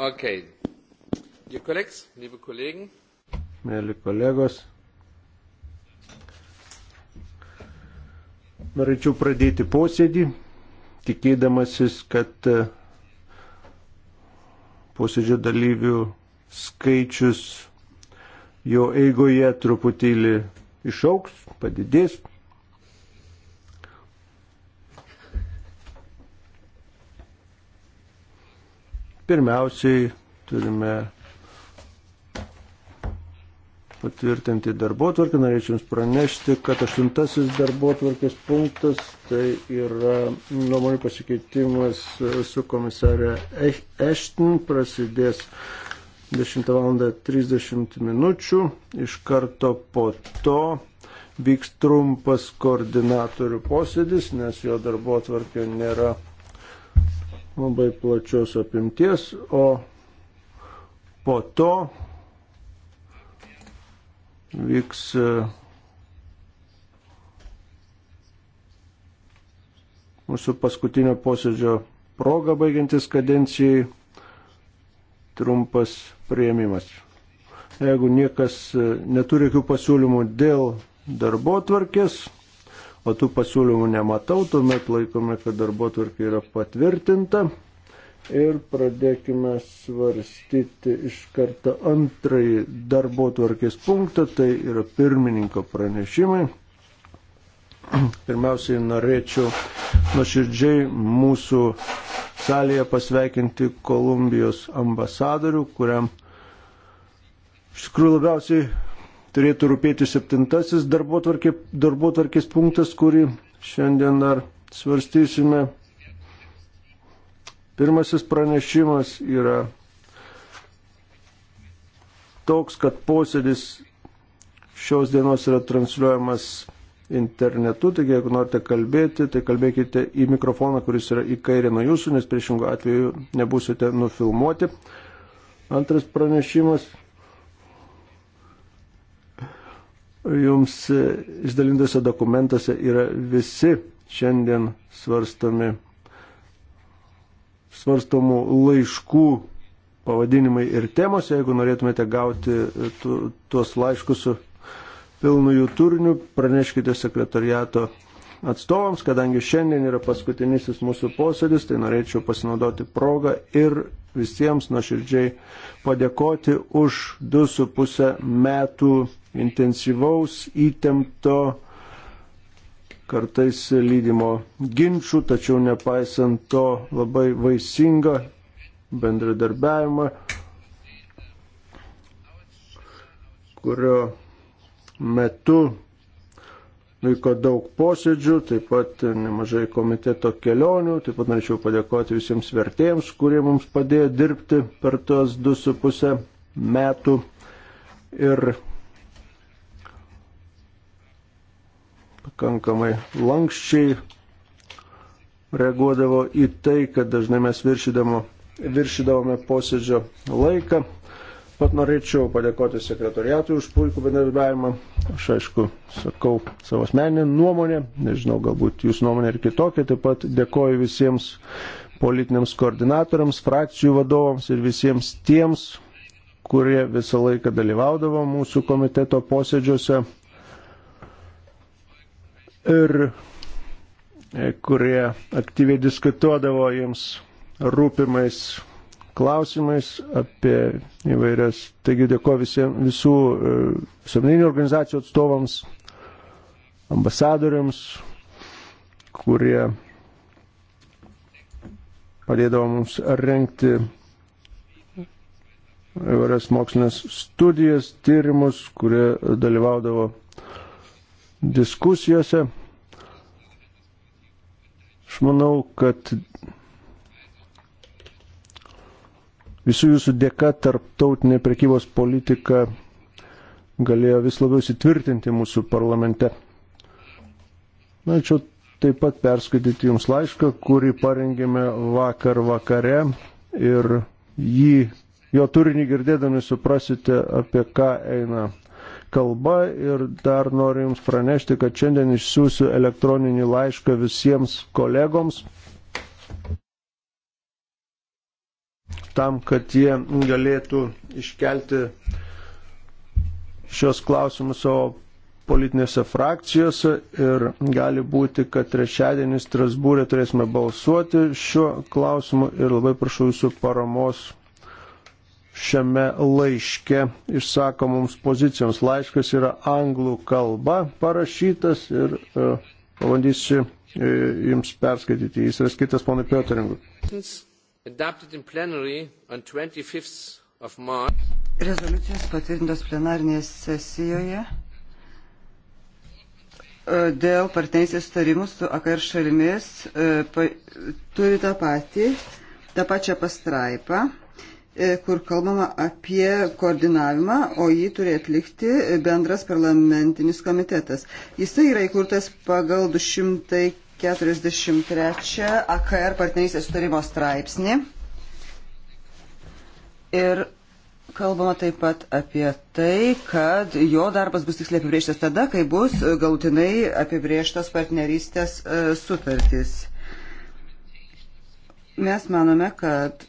Okay. Dear colleagues, liebe Kollegen. Mėly kolegos. Norėčiau pradėti posėdį, tikėdamasis, kad e, posėdžio dalyvių skaičius jo eigoje truputėlį išauks, padidės. Pirmiausiai turime patvirtinti darbo tvarkę. Norėčiau Jums pranešti, kad aštuntasis darbo tvarkės punktas tai yra nuomonių pasikeitimas su komisarė Ešten prasidės 10 val. 30 minučių. Iš karto po to vyks trumpas koordinatorių posėdis, nes jo darbo tvarkė nėra labai plačios apimties, o po to vyks e, mūsų paskutinio posėdžio proga baigiantis kadencijai trumpas prieimimas. Jeigu niekas e, neturi jokių pasiūlymų dėl darbo tvarkės, o tų pasiūlymų nematau, tuomet laikome, kad darbo tvarkė yra patvirtinta. Ir pradėkime svarstyti iš karto antrąjį darbo tvarkės punktą, tai yra pirmininko pranešimai. Pirmiausiai norėčiau nuoširdžiai mūsų salėje pasveikinti Kolumbijos ambasadorių, kuriam iš tikrųjų labiausiai turėtų rūpėti septintasis darbotvarkės punktas, kurį šiandien dar svarstysime. Pirmasis pranešimas yra toks, kad posėdis šios dienos yra transliuojamas internetu, taigi jeigu norite kalbėti, tai kalbėkite į mikrofoną, kuris yra į kairę nuo jūsų, nes priešingų atveju nebusite nufilmuoti. Antras pranešimas jums išdalintose dokumentuose yra visi šiandien svarstomi, svarstomų laiškų pavadinimai ir temos. Jeigu norėtumėte gauti tu, tuos laiškus su pilnu jų turiniu, praneškite sekretariato atstovams, kadangi šiandien yra paskutinisis mūsų posėdis, tai norėčiau pasinaudoti progą ir visiems nuoširdžiai padėkoti už 2,5 metų intensyvaus, įtempto, kartais lydimo ginčių, tačiau nepaisant to labai vaisingą bendradarbiavimą, kurio metu vyko daug posėdžių, taip pat nemažai komiteto kelionių, taip pat norėčiau padėkoti visiems vertėjams, kurie mums padėjo dirbti per tuos du su pusę metų ir pakankamai lankščiai reaguodavo į tai, kad dažnai mes viršydavome posėdžio laiką. Pat norėčiau padėkoti sekretoriatui už puikų bendradarbiavimą. Aš aišku, sakau savo asmeninę nuomonę, nežinau, galbūt jūs nuomonė ir kitokia. Taip pat dėkoju visiems politiniams koordinatoriams, frakcijų vadovams ir visiems tiems, kurie visą laiką dalyvaudavo mūsų komiteto posėdžiuose ir e, kurie aktyviai diskutuodavo jiems rūpimais klausimais apie įvairias. Taigi dėkuoju visiems visų e, visuomeninių organizacijų atstovams, ambasadoriams, kurie padėdavo mums renkti įvairias mokslinės studijas, tyrimus, kurie dalyvaudavo diskusijose. Aš manau, kad visų jūsų dėka tarptautinė prekybos politika galėjo vis labiau įsitvirtinti mūsų parlamente. Norėčiau taip pat perskaityti Jums laišką, kurį parengėme vakar vakare ir jį, jo turinį girdėdami suprasite, apie ką eina kalba ir dar noriu Jums pranešti, kad šiandien išsiųsiu elektroninį laišką visiems kolegoms tam, kad jie galėtų iškelti šios klausimus savo politinėse frakcijose ir gali būti, kad trečiadienį Strasbūrė turėsime balsuoti šiuo klausimu ir labai prašau jūsų paramos šiame laiške išsakomoms pozicijoms. Laiškas yra anglų kalba parašytas ir e, pabandysiu e, jums perskaityti. Jis yra skirtas ponui Piotringui. Rezoliucijos patvirtintos plenarinėje sesijoje e, dėl partnerystės sutarimų su AKR šalimis turi tą patį, tą pačią pastraipą. E, kur kalbama apie koordinavimą, o jį turi atlikti bendras parlamentinis komitetas. Jisai yra įkurtas pagal 243 AKR partnerystės sutarimo straipsnį. Ir kalbama taip pat apie tai, kad jo darbas bus tiksliai apibrieštas tada, kai bus galutinai apibrieštos partnerystės e, sutartys. Mes manome, kad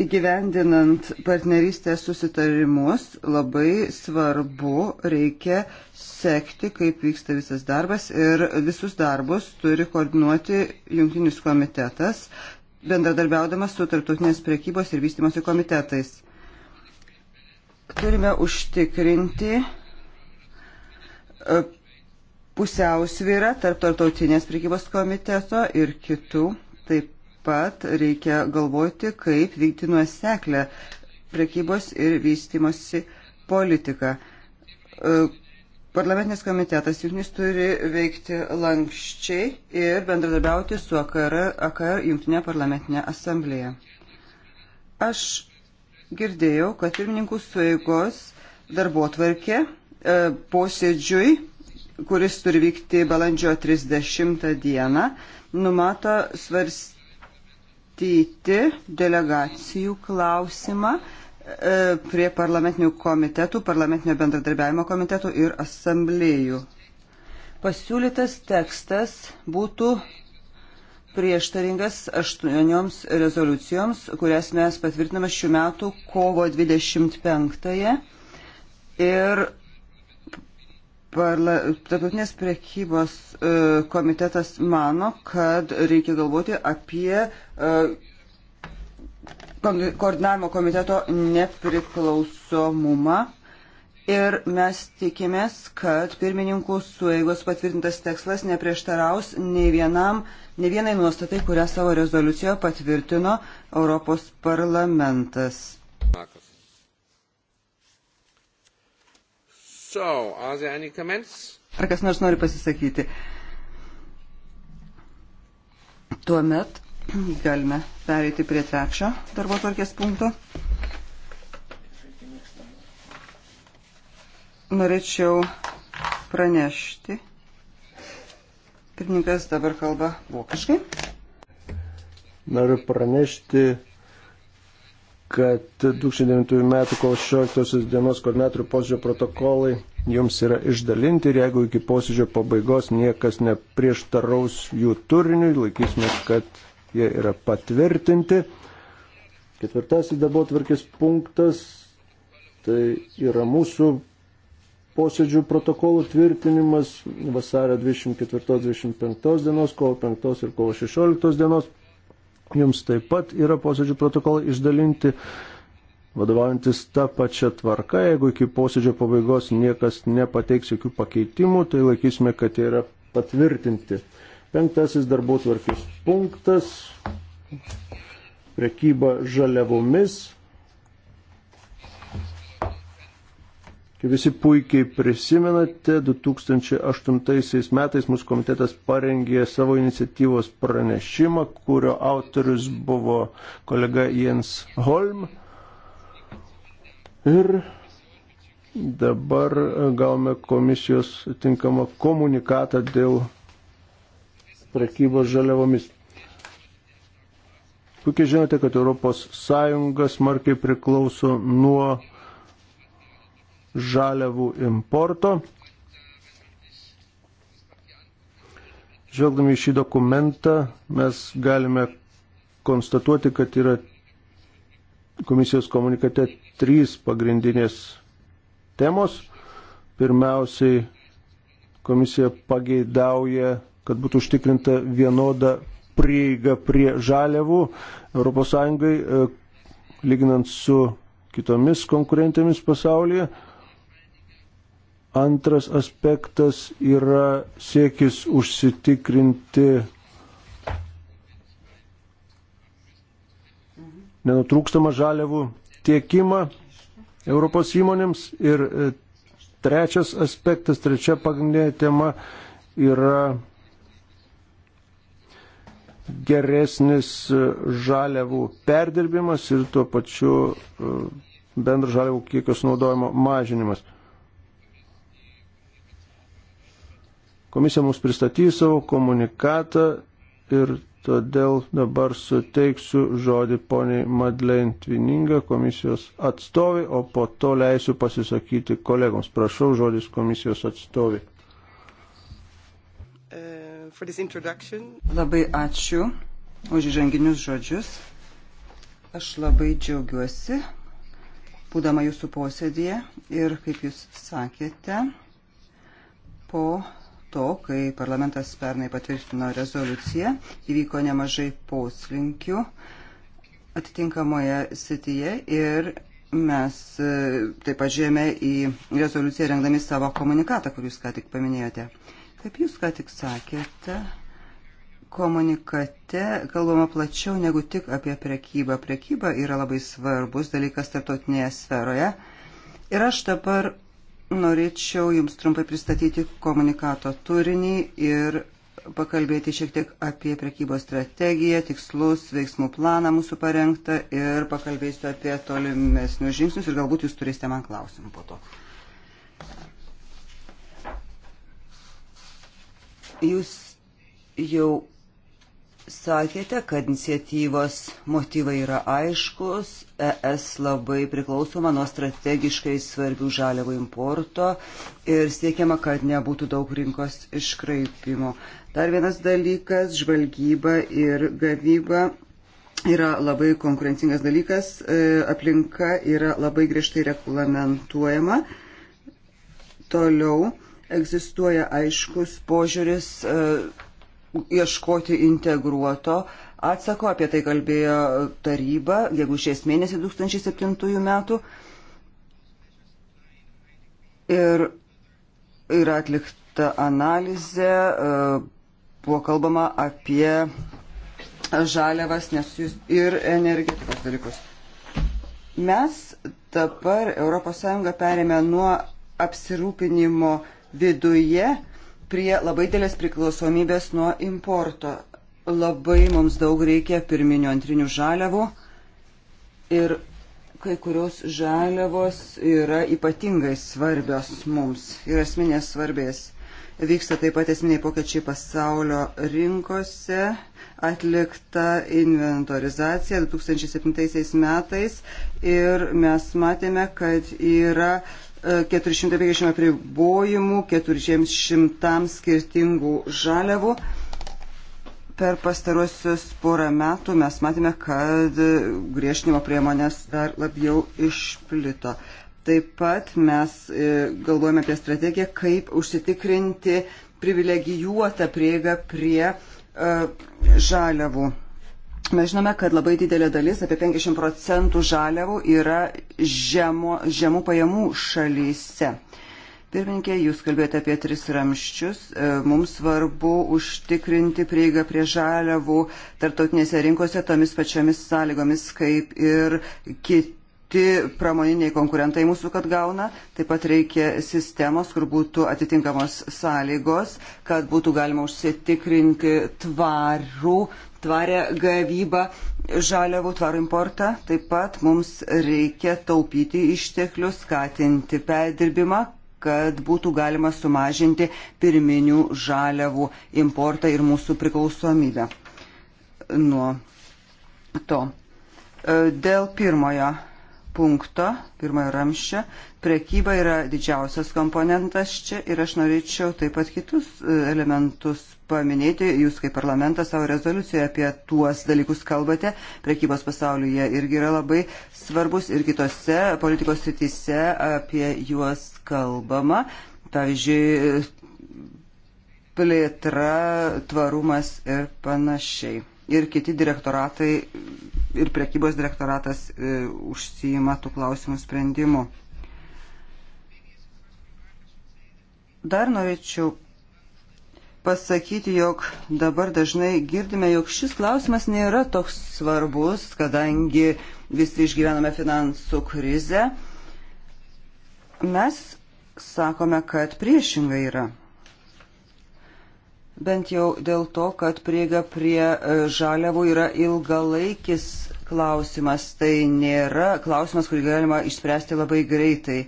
Įgyvendinant partnerystės susitarimus labai svarbu reikia sekti, kaip vyksta visas darbas ir visus darbus turi koordinuoti jungtinis komitetas, bendradarbiaudamas su tarptautinės priekybos ir vystimosi komitetais. Turime užtikrinti e, pusiausvyrą tarp tarptautinės priekybos komiteto ir kitų, taip pat reikia galvoti, kaip vykti nuoseklę prekybos ir vystimosi politiką. E, parlamentinis komitetas jungtinis turi veikti lankščiai ir bendradarbiauti su AKR, AKR jungtinė parlamentinė asamblėje. Aš girdėjau, kad pirmininkų sueigos darbo tvarkė e, posėdžiui, kuris turi vykti balandžio 30 dieną, numato svarstyti svarstyti delegacijų klausimą e, prie parlamentinių komitetų, parlamentinio bendradarbiavimo komitetų ir asamblėjų. Pasiūlytas tekstas būtų prieštaringas aštuonioms rezoliucijoms, kurias mes patvirtiname šių metų kovo 25-ąją ir Tarptautinės priekybos e, komitetas mano, kad reikia galvoti apie e, koordinavimo komiteto nepriklausomumą. Ir mes tikimės, kad pirmininkų sueigos patvirtintas tekstas neprieštaraus nei, vienam, nei vienai nuostatai, kurią savo rezoliucijoje patvirtino Europos parlamentas. So, are there any comments? Ar kas nors nori pasisakyti? Tuomet galime pereiti prie trečio darbo tvarkės punkto. Norėčiau pranešti. Pirmininkas dabar kalba vokiškai. Noriu pranešti, kad 2009 m. kovo 16 dienos koordinatorių posėdžio protokolai jums yra išdalinti ir jeigu iki posėdžio pabaigos niekas neprieštaraus jų turiniui, laikysime, kad jie yra patvirtinti. Ketvirtasis darbo tvarkės punktas tai yra mūsų posėdžių protokolų tvirtinimas vasario 24-25 dienos, kovo 5 ir kovo 16 dienos. Jums taip pat yra posėdžių protokolai išdalinti vadovaujantis tą pačią tvarką, jeigu iki posėdžio pabaigos niekas nepateiks jokių pakeitimų, tai laikysime, kad jie yra patvirtinti. Penktasis darbų tvarkės punktas - prekyba žaliavomis. Kaip visi puikiai prisimenate, 2008 metais mūsų komitetas parengė savo iniciatyvos pranešimą, kurio autorius buvo kolega Jens Holm. Ir dabar gavome komisijos tinkamą komunikatą dėl prekybos žaliavomis. Puikiai žinote, kad ES smarkiai priklauso nuo žaliavų importo. Žvelgdami į šį dokumentą mes galime konstatuoti, kad yra komisijos komunikate trys pagrindinės temos. Pirmiausiai komisija pageidauja, kad būtų užtikrinta vienoda prieiga prie žaliavų ES, e, lyginant su kitomis konkurentėmis pasaulyje. Antras aspektas yra siekis užsitikrinti nenutrūkstamą žaliavų tiekimą Europos įmonėms. Ir e, trečias aspektas, trečia pagrindinė tema yra geresnis e, žaliavų perdirbimas ir tuo pačiu e, bendro žaliavų kiekio sunaudojimo mažinimas. Komisija mums pristatys savo komunikatą ir Todėl dabar suteiksiu žodį poniai Madlein Tvininga, komisijos atstovai, o po to leisiu pasisakyti kolegoms. Prašau, žodis komisijos atstovai. Uh, labai ačiū už įžanginius žodžius. Aš labai džiaugiuosi, būdama jūsų posėdėje ir, kaip jūs sakėte, po to, kai parlamentas pernai patvirtino rezoliuciją, įvyko nemažai poslinkių atitinkamoje sityje ir mes e, taip pat žiūrėjome į rezoliuciją rengdami savo komunikatą, kurį jūs ką tik paminėjote. Kaip jūs ką tik sakėte, komunikate kalbama plačiau negu tik apie prekybą. Prekyba yra labai svarbus dalykas tarptautinėje sferoje. Ir aš dabar norėčiau Jums trumpai pristatyti komunikato turinį ir pakalbėti šiek tiek apie prekybos strategiją, tikslus, veiksmų planą mūsų parengtą ir pakalbėsiu apie tolimesnius žingsnius ir galbūt Jūs turėsite man klausimų po to. Jūs jau Sakėte, kad iniciatyvos motyvai yra aiškus, ES labai priklausoma nuo strategiškai svarbių žaliavų importo ir siekiama, kad nebūtų daug rinkos iškraipimo. Dar vienas dalykas - žvalgyba ir gavyba yra labai konkurencingas dalykas, e, aplinka yra labai griežtai reglamentuojama. Toliau egzistuoja aiškus požiūris. E, ieškoti integruoto atsako, apie tai kalbėjo taryba, jeigu šies mėnesį 2007 metų. Ir yra atlikta analizė, e, buvo kalbama apie žaliavas nesijus ir energetikos dalykus. Mes dabar ES perėmė nuo apsirūpinimo viduje prie labai dėlės priklausomybės nuo importo. Labai mums daug reikia pirminių antrinių žaliavų ir kai kurios žaliavos yra ypatingai svarbios mums ir asmenės svarbės. Vyksta taip pat esminiai pokyčiai pasaulio rinkose. Atlikta inventorizacija 2007 metais ir mes matėme, kad yra 450 apribojimų, 400 skirtingų žaliavų. Per pastarosius porą metų mes matėme, kad griežtinimo priemonės dar labiau išplito. Taip pat mes e, galvojame apie strategiją, kaip užsitikrinti privilegijuotą prieigą prie e, žaliavų. Mes žinome, kad labai didelė dalis, apie 50 procentų žaliavų yra žemo, žemų pajamų šalyse. Pirmininkė, jūs kalbėjote apie tris ramščius. E, mums svarbu užtikrinti prieigą prie žaliavų tarptautinėse rinkose tomis pačiomis sąlygomis, kaip ir kiti kiti pramoniniai konkurentai mūsų, kad gauna. Taip pat reikia sistemos, kur būtų atitinkamos sąlygos, kad būtų galima užsitikrinti tvarų tvarę gavybą žaliavų, tvarų importą. Taip pat mums reikia taupyti išteklius, skatinti perdirbimą, kad būtų galima sumažinti pirminių žaliavų importą ir mūsų priklausomybę nuo to. E, dėl pirmojo punkto, pirmojo ramščio, prekyba yra didžiausias komponentas čia ir aš norėčiau taip pat kitus e, elementus paminėti, jūs kaip parlamentas savo rezoliucijoje apie tuos dalykus kalbate, prekybos pasaulyje irgi yra labai svarbus ir kitose politikos srityse apie juos kalbama. Pavyzdžiui, plėtra, tvarumas ir panašiai. Ir kiti direktoratai ir prekybos direktoratas e, užsijima tų klausimų sprendimu. Dar norėčiau pasakyti, jog dabar dažnai girdime, jog šis klausimas nėra toks svarbus, kadangi visi išgyvename finansų krizę. Mes sakome, kad priešingai yra. Bent jau dėl to, kad prieiga prie e, žaliavų yra ilgalaikis klausimas, tai nėra klausimas, kurį galima išspręsti labai greitai.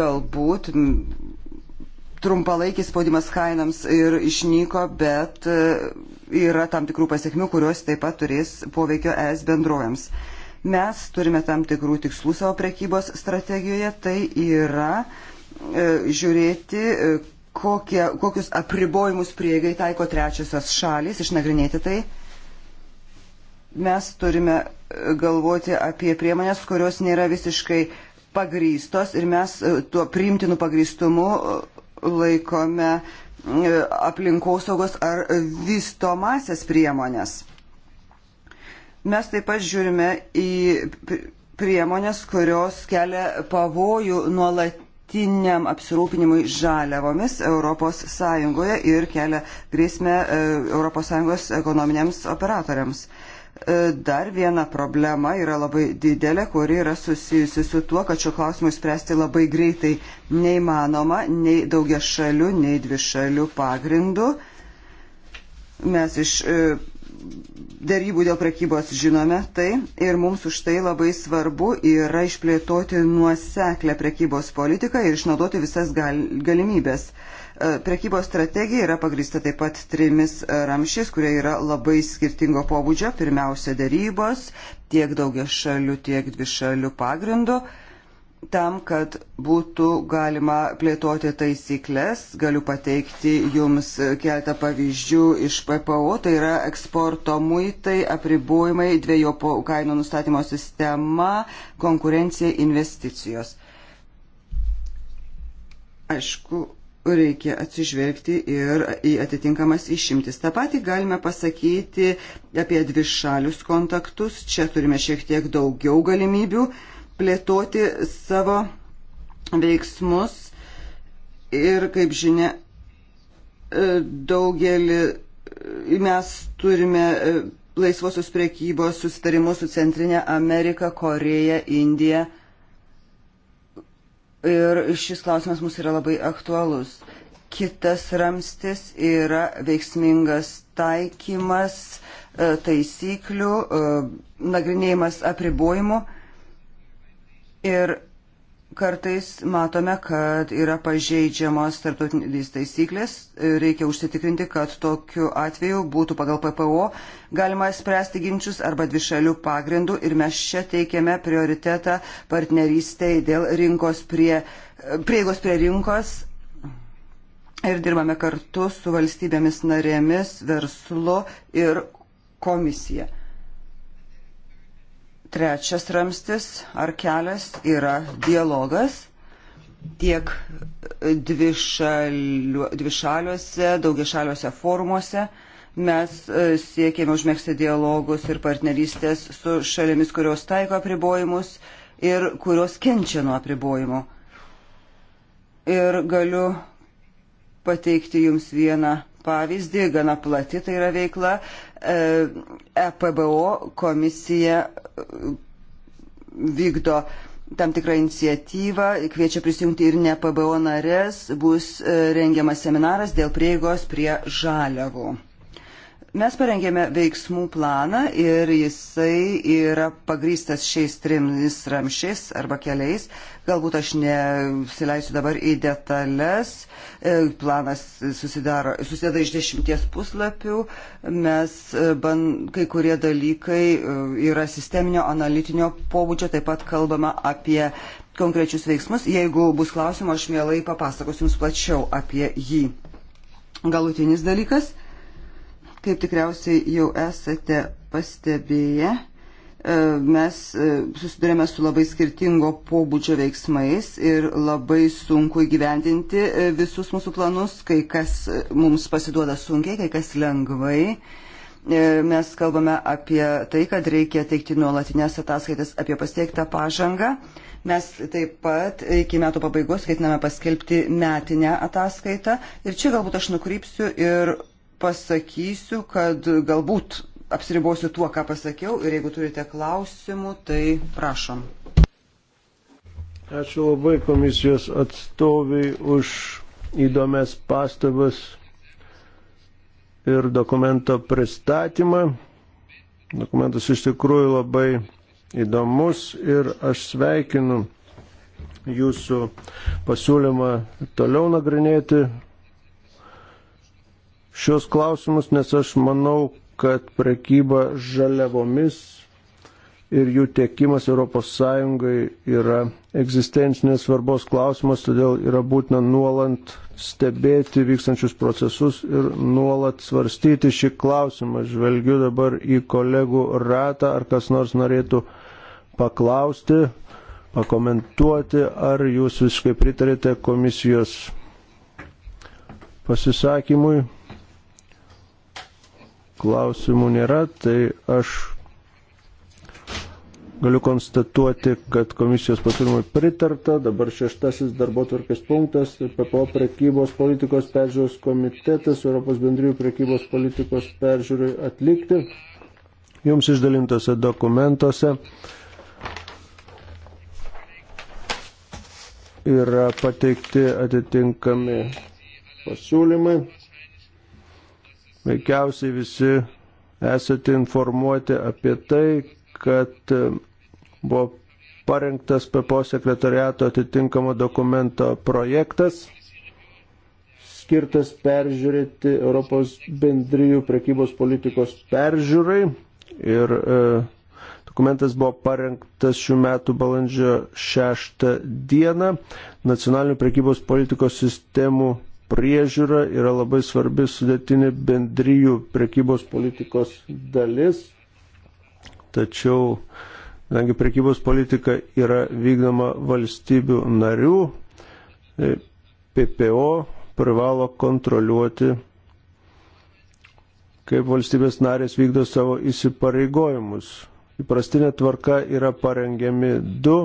Galbūt trumpalaikis spaudimas kainams ir išnyko, bet e, yra tam tikrų pasiekmių, kurios taip pat turės poveikio ES bendrovėms. Mes turime tam tikrų tikslų savo prekybos strategijoje, tai yra e, žiūrėti, e, kokie, kokius apribojimus prieigai taiko trečiosios šalis, išnagrinėti tai. Mes turime galvoti apie priemonės, kurios nėra visiškai pagrystos ir mes tuo priimtinu pagrystumu laikome e, aplinkosaugos ar vystomasias priemonės. Mes taip pat žiūrime į priemonės, kurios kelia pavojų nuolatiniam apsirūpinimui žaliavomis ES ir kelia grėsmę ES ekonominiams operatoriams. E, dar viena problema yra labai didelė, kuri yra susijusi su tuo, kad šio klausimu spręsti labai greitai neįmanoma, nei daugia šalių, nei dvi šalių pagrindų. Mes iš e, dėrybų dėl prekybos žinome tai ir mums už tai labai svarbu yra išplėtoti nuoseklę prekybos politiką ir išnaudoti visas gal, galimybės. Uh, E, prekybos strategija yra pagrįsta taip pat trimis e, ramšiais, kurie yra labai skirtingo pobūdžio. Pirmiausia, darybos tiek daugia šalių, tiek dvi šalių pagrindų. Tam, kad būtų galima plėtoti taisyklės, galiu pateikti jums keletą pavyzdžių iš PPO, tai yra eksporto muitai, apribojimai, dviejų kainų nustatymo sistema, konkurencija, investicijos. Aišku, reikia atsižvelgti ir į atitinkamas išimtis. Ta patį galime pasakyti apie dvišalius kontaktus. Čia turime šiek tiek daugiau galimybių plėtoti savo veiksmus ir, kaip žinia, daugelį mes turime laisvosios priekybos susitarimus su Centrinė Amerika, Koreja, Indija – ir šis klausimas mums yra labai aktualus. Kitas ramstis yra veiksmingas taikymas e, taisyklių, e, nagrinėjimas apribojimų ir kartais matome, kad yra pažeidžiamos tarptautinės taisyklės. Reikia užsitikrinti, kad tokiu atveju būtų pagal PPO galima spręsti ginčius arba dvišalių pagrindų ir mes čia teikiame prioritetą partnerystėj dėl rinkos prie, prieigos prie rinkos. Ir dirbame kartu su valstybėmis narėmis, verslu ir komisija. Trečias ramstis ar kelias yra dialogas tiek dvišaliuose, daugiašaliuose forumuose. Mes e, siekėme užmėgsti dialogus ir partnerystės su šalimis, kurios taiko apribojimus ir kurios kenčia nuo apribojimų. Ir galiu pateikti Jums vieną pavyzdį, gana plati tai yra veikla. EPBO e komisija e, vykdo tam tikrą iniciatyvą, kviečia prisijungti ir ne PBO narės, bus e, rengiamas seminaras dėl prieigos prie žaliavų. Mes parengėme veiksmų planą ir jisai yra pagrystas šiais trimis ramšiais arba keliais. Galbūt aš nesileisiu dabar į detalės. E, planas susidaro, susideda iš dešimties puslapių. Mes, e, ban, kai kurie dalykai e, yra sisteminio analitinio pobūdžio, taip pat kalbama apie konkrečius veiksmus. Jeigu bus klausimų, aš mielai papasakosiu Jums plačiau apie jį. Galutinis dalykas Kaip tikriausiai jau esate pastebėję, e, mes e, susidurėme su labai skirtingo pobūdžio veiksmais ir labai sunku įgyvendinti e, visus mūsų planus, kai kas mums pasiduoda sunkiai, kai kas lengvai. Mes kalbame apie tai, kad reikia teikti nuolatinės ataskaitas apie pasteiktą pažangą. Mes taip pat iki metų pabaigos ketiname paskelbti metinę ataskaitą. Ir čia galbūt aš nukrypsiu ir pasakysiu, kad galbūt apsiribosiu tuo, ką pasakiau ir jeigu turite klausimų, tai prašom. Ačiū labai komisijos atstoviai už įdomias pastabas ir dokumento pristatymą. Dokumentas iš tikrųjų labai įdomus ir aš sveikinu jūsų pasiūlymą toliau nagrinėti šios klausimus, nes aš manau, kad prekyba žaliavomis ir jų tiekimas ES yra egzistencinės svarbos klausimas, todėl yra būtina nuolant stebėti vykstančius procesus ir nuolat svarstyti šį klausimą. Žvelgiu dabar į kolegų ratą, ar kas nors norėtų paklausti, pakomentuoti, ar jūs visiškai pritarėte komisijos pasisakymui klausimų nėra, tai aš galiu konstatuoti, kad komisijos pasiūlymui pritarta. Dabar šeštasis darbo tvarkės punktas - PPO prekybos politikos peržiūros komitetas Europos bendrijų prekybos politikos peržiūrai atlikti. Jums išdalintose dokumentuose yra pateikti atitinkami pasiūlymai. Veikiausiai visi esate informuoti apie tai, kad e, buvo parengtas PPO sekretariato atitinkamo dokumento projektas skirtas peržiūrėti Europos bendrijų prekybos politikos peržiūrai. Ir e, dokumentas buvo parengtas šių metų balandžio 6 dieną. Nacionalinių prekybos politikos sistemų priežiūra yra labai svarbi sudėtinė bendryjų prekybos politikos dalis, tačiau, kadangi prekybos politika yra vykdoma valstybių narių, e, PPO privalo kontroliuoti, kaip valstybės narės vykdo savo įsipareigojimus. Įprastinė tvarka yra parengiami du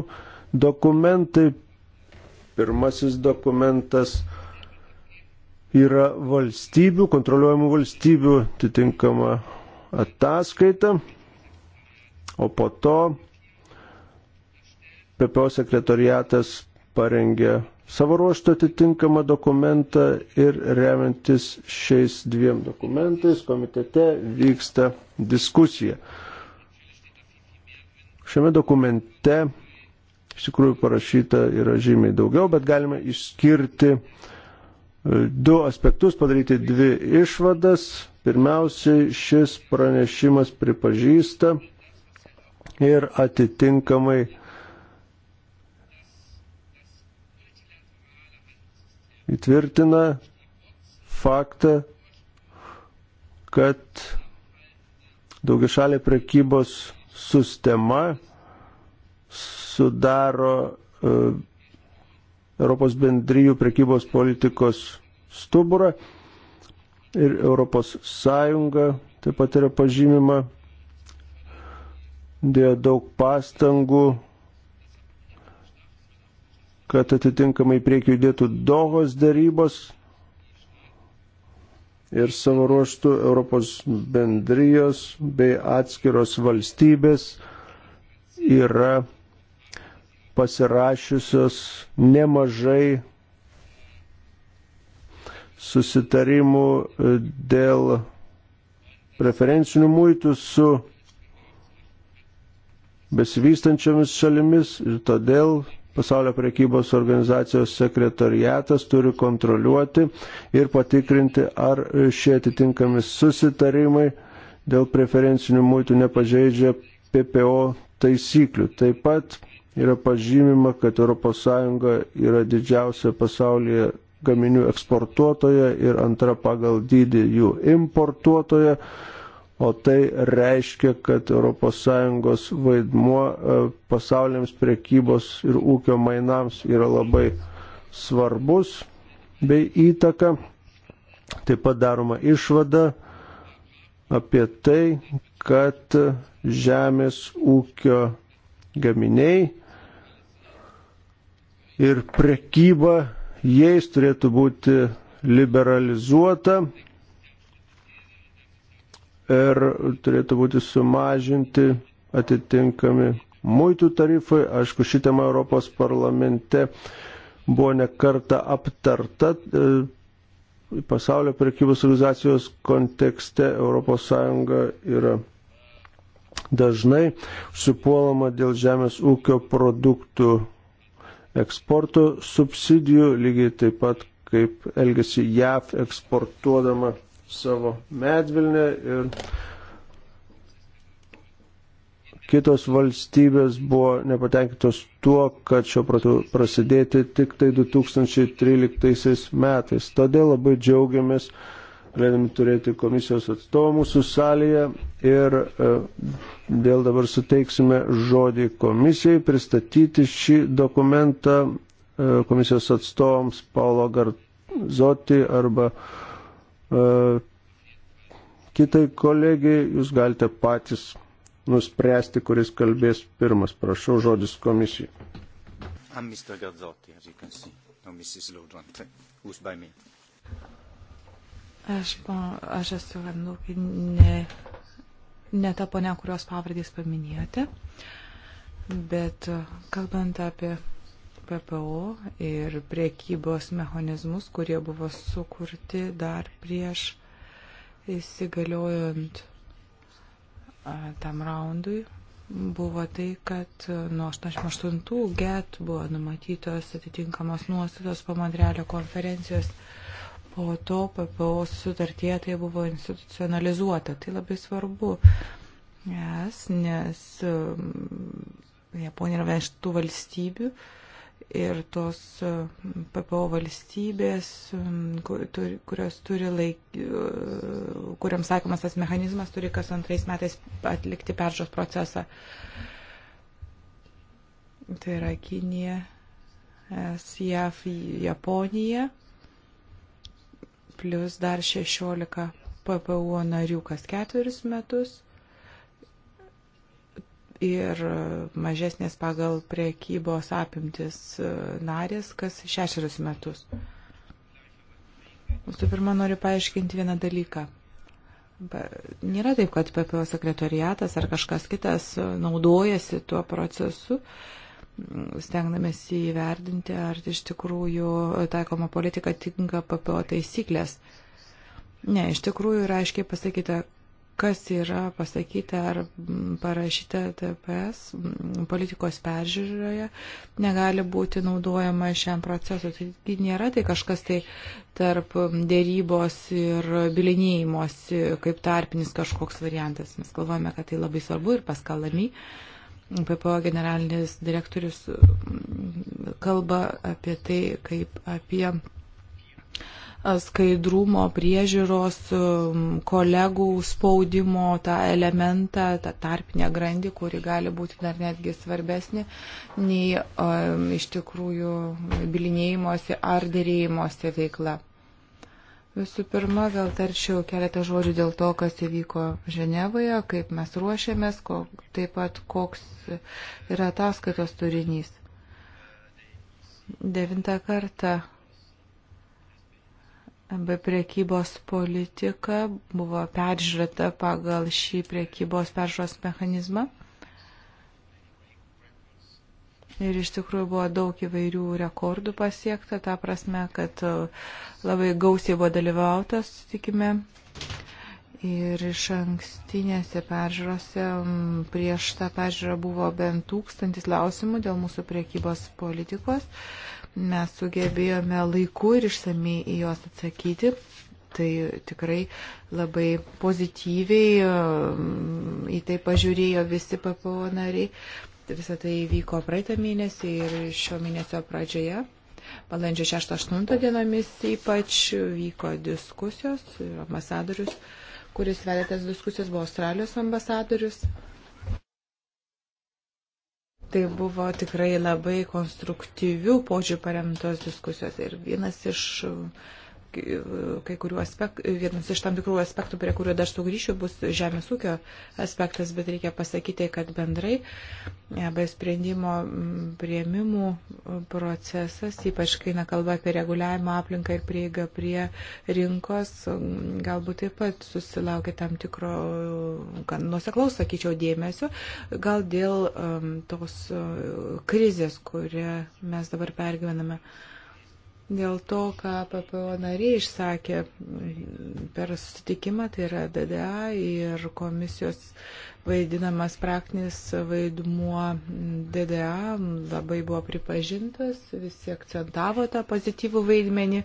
dokumentai. Pirmasis dokumentas yra valstybių, kontroliuojamų valstybių atitinkama ataskaita, o po to PPO sekretariatas parengė savo ruoštų atitinkamą dokumentą ir remiantis šiais dviem dokumentais komitete vyksta diskusija. Šiame dokumente iš tikrųjų parašyta yra žymiai daugiau, bet galime išskirti uh, du aspektus, padaryti dvi išvadas. Pirmiausiai, šis pranešimas pripažįsta ir atitinkamai įtvirtina faktą, kad daugišalė prekybos sistema sudaro uh, Europos bendryjų prekybos politikos stuburą ir Europos Sąjunga taip pat yra pažymima, dėjo daug pastangų, kad atitinkamai priekių judėtų dogos darybos ir savo ruoštų Europos bendrijos bei atskiros valstybės yra pasirašiusios nemažai susitarimų e, dėl preferencinių muitų su besivystančiomis šalimis ir todėl pasaulio prekybos organizacijos sekretariatas turi kontroliuoti ir patikrinti, ar šie atitinkami susitarimai dėl preferencinių muitų nepažeidžia PPO taisyklių. Taip pat yra pažymima, kad ES yra didžiausia pasaulyje gaminių eksportuotoja ir antra pagal dydį jų importuotoja, o tai reiškia, kad ES vaidmuo e, pasauliams priekybos ir ūkio mainams yra labai svarbus bei įtaka. Taip pat daroma išvada apie tai, kad žemės ūkio gaminiai ir prekyba jais turėtų būti liberalizuota ir turėtų būti sumažinti atitinkami muitų tarifai. Aišku, ši tema Europos parlamente buvo nekarta aptarta. E, pasaulio prekybos organizacijos kontekste ES yra dažnai supuolama dėl žemės ūkio produktų eksporto subsidijų, lygiai taip pat kaip elgesi JAV eksportuodama savo medvilnę ir kitos valstybės buvo nepatenkintos tuo, kad šio prasidėti tik tai 2013 metais. Todėl labai džiaugiamės galėdami turėti komisijos atstovų mūsų salėje ir e, dėl dabar suteiksime žodį komisijai pristatyti šį dokumentą e, komisijos atstovams Paulo Garzoti arba e, kitai kolegijai. Jūs galite patys nuspręsti, kuris kalbės pirmas. Prašau žodis komisijai. I'm Mr. Gazzotti, as you can see, no Mrs. Lodrante, who's by me. Aš, aš esu ne, ne ta ponia, kurios pavardės paminėjote, bet kalbant apie PPO ir priekybos mechanizmus, kurie buvo sukurti dar prieš įsigaliojant tam raundui, buvo tai, kad nuo 88 get buvo numatytos atitinkamos nuostatos po Montrealio konferencijos po to PPO sutartie tai buvo institucionalizuota. Tai labai svarbu, nes, nes um, Japonija yra viena iš tų valstybių ir tos um, PPO valstybės, um, kurios turi laik, uh, kuriam sakomas tas mechanizmas, turi kas antrais metais atlikti peržos procesą. Tai yra Kinija, SJF, Japonija plus dar 16 PPO narių kas ketverius metus ir mažesnės pagal priekybos apimtis narės kas šešerius metus. Visų pirma, noriu paaiškinti vieną dalyką. Nėra taip, kad PPO sekretoriatas ar kažkas kitas naudojasi tuo procesu. Uh, stengnamės įverdinti, ar iš tikrųjų taikoma politika tinka PPO taisyklės. Ne, iš tikrųjų yra aiškiai pasakyta, kas yra pasakyta ar parašyta TPS politikos peržiūroje, negali būti naudojama šiam procesui. Tai nėra tai kažkas tai tarp dėrybos ir bilinėjimosi kaip tarpinis kažkoks variantas. Mes galvojame, kad tai labai svarbu ir paskalami. Uh, PPO generalinis direktorius mm, kalba apie tai, kaip apie skaidrumo, priežiūros, mm, kolegų spaudimo tą elementą, tą tarpinę grandį, kuri gali būti dar netgi svarbesnė nei o, iš tikrųjų bilinėjimuose ar dėrėjimuose veikla. Visų pirma, gal tarčiau keletą žodžių dėl to, kas įvyko Ženevoje, kaip mes ruošiamės, ko, taip pat koks yra ataskaitos turinys. Devinta kartą be priekybos politika buvo peržiūrėta pagal šį priekybos peržiūros mechanizmą. Ir iš tikrųjų buvo daug įvairių rekordų pasiekta, ta prasme, kad e, labai gausiai buvo dalyvauta susitikime. Ir iš ankstinėse peržiūrose prieš tą peržiūrą buvo bent tūkstantis klausimų dėl mūsų priekybos politikos. Mes sugebėjome laiku ir išsamei į juos atsakyti tai tikrai labai pozityviai e, į tai pažiūrėjo visi PPO nariai. Visą tai vyko praeitą mėnesį ir šio mėnesio pradžioje. Balandžio 6-8 dienomis ypač vyko diskusijos, ambasadorius, kuris vedė tas diskusijas, buvo Australijos ambasadorius. Tai buvo tikrai labai konstruktyvių požiūrį paremtos diskusijos ir vienas iš uh, kai kurių aspektų, vienas iš tam tikrų aspektų, prie kurio dar sugrįšiu, bus žemės ūkio aspektas, bet reikia pasakyti, kad bendrai be sprendimo prieimimų procesas, ypač kai na kalba apie reguliavimą aplinką ir prieigą prie rinkos, galbūt taip pat susilaukia tam tikro, nuseklaus, sakyčiau, dėmesio, gal dėl um, tos uh, krizės, kurią mes dabar pergyvename. Uh, dėl to, ką PPO nariai išsakė per susitikimą, tai yra DDA ir komisijos vaidinamas praktinis vaidmuo DDA labai buvo pripažintas, visi akcentavo tą pozityvų vaidmenį.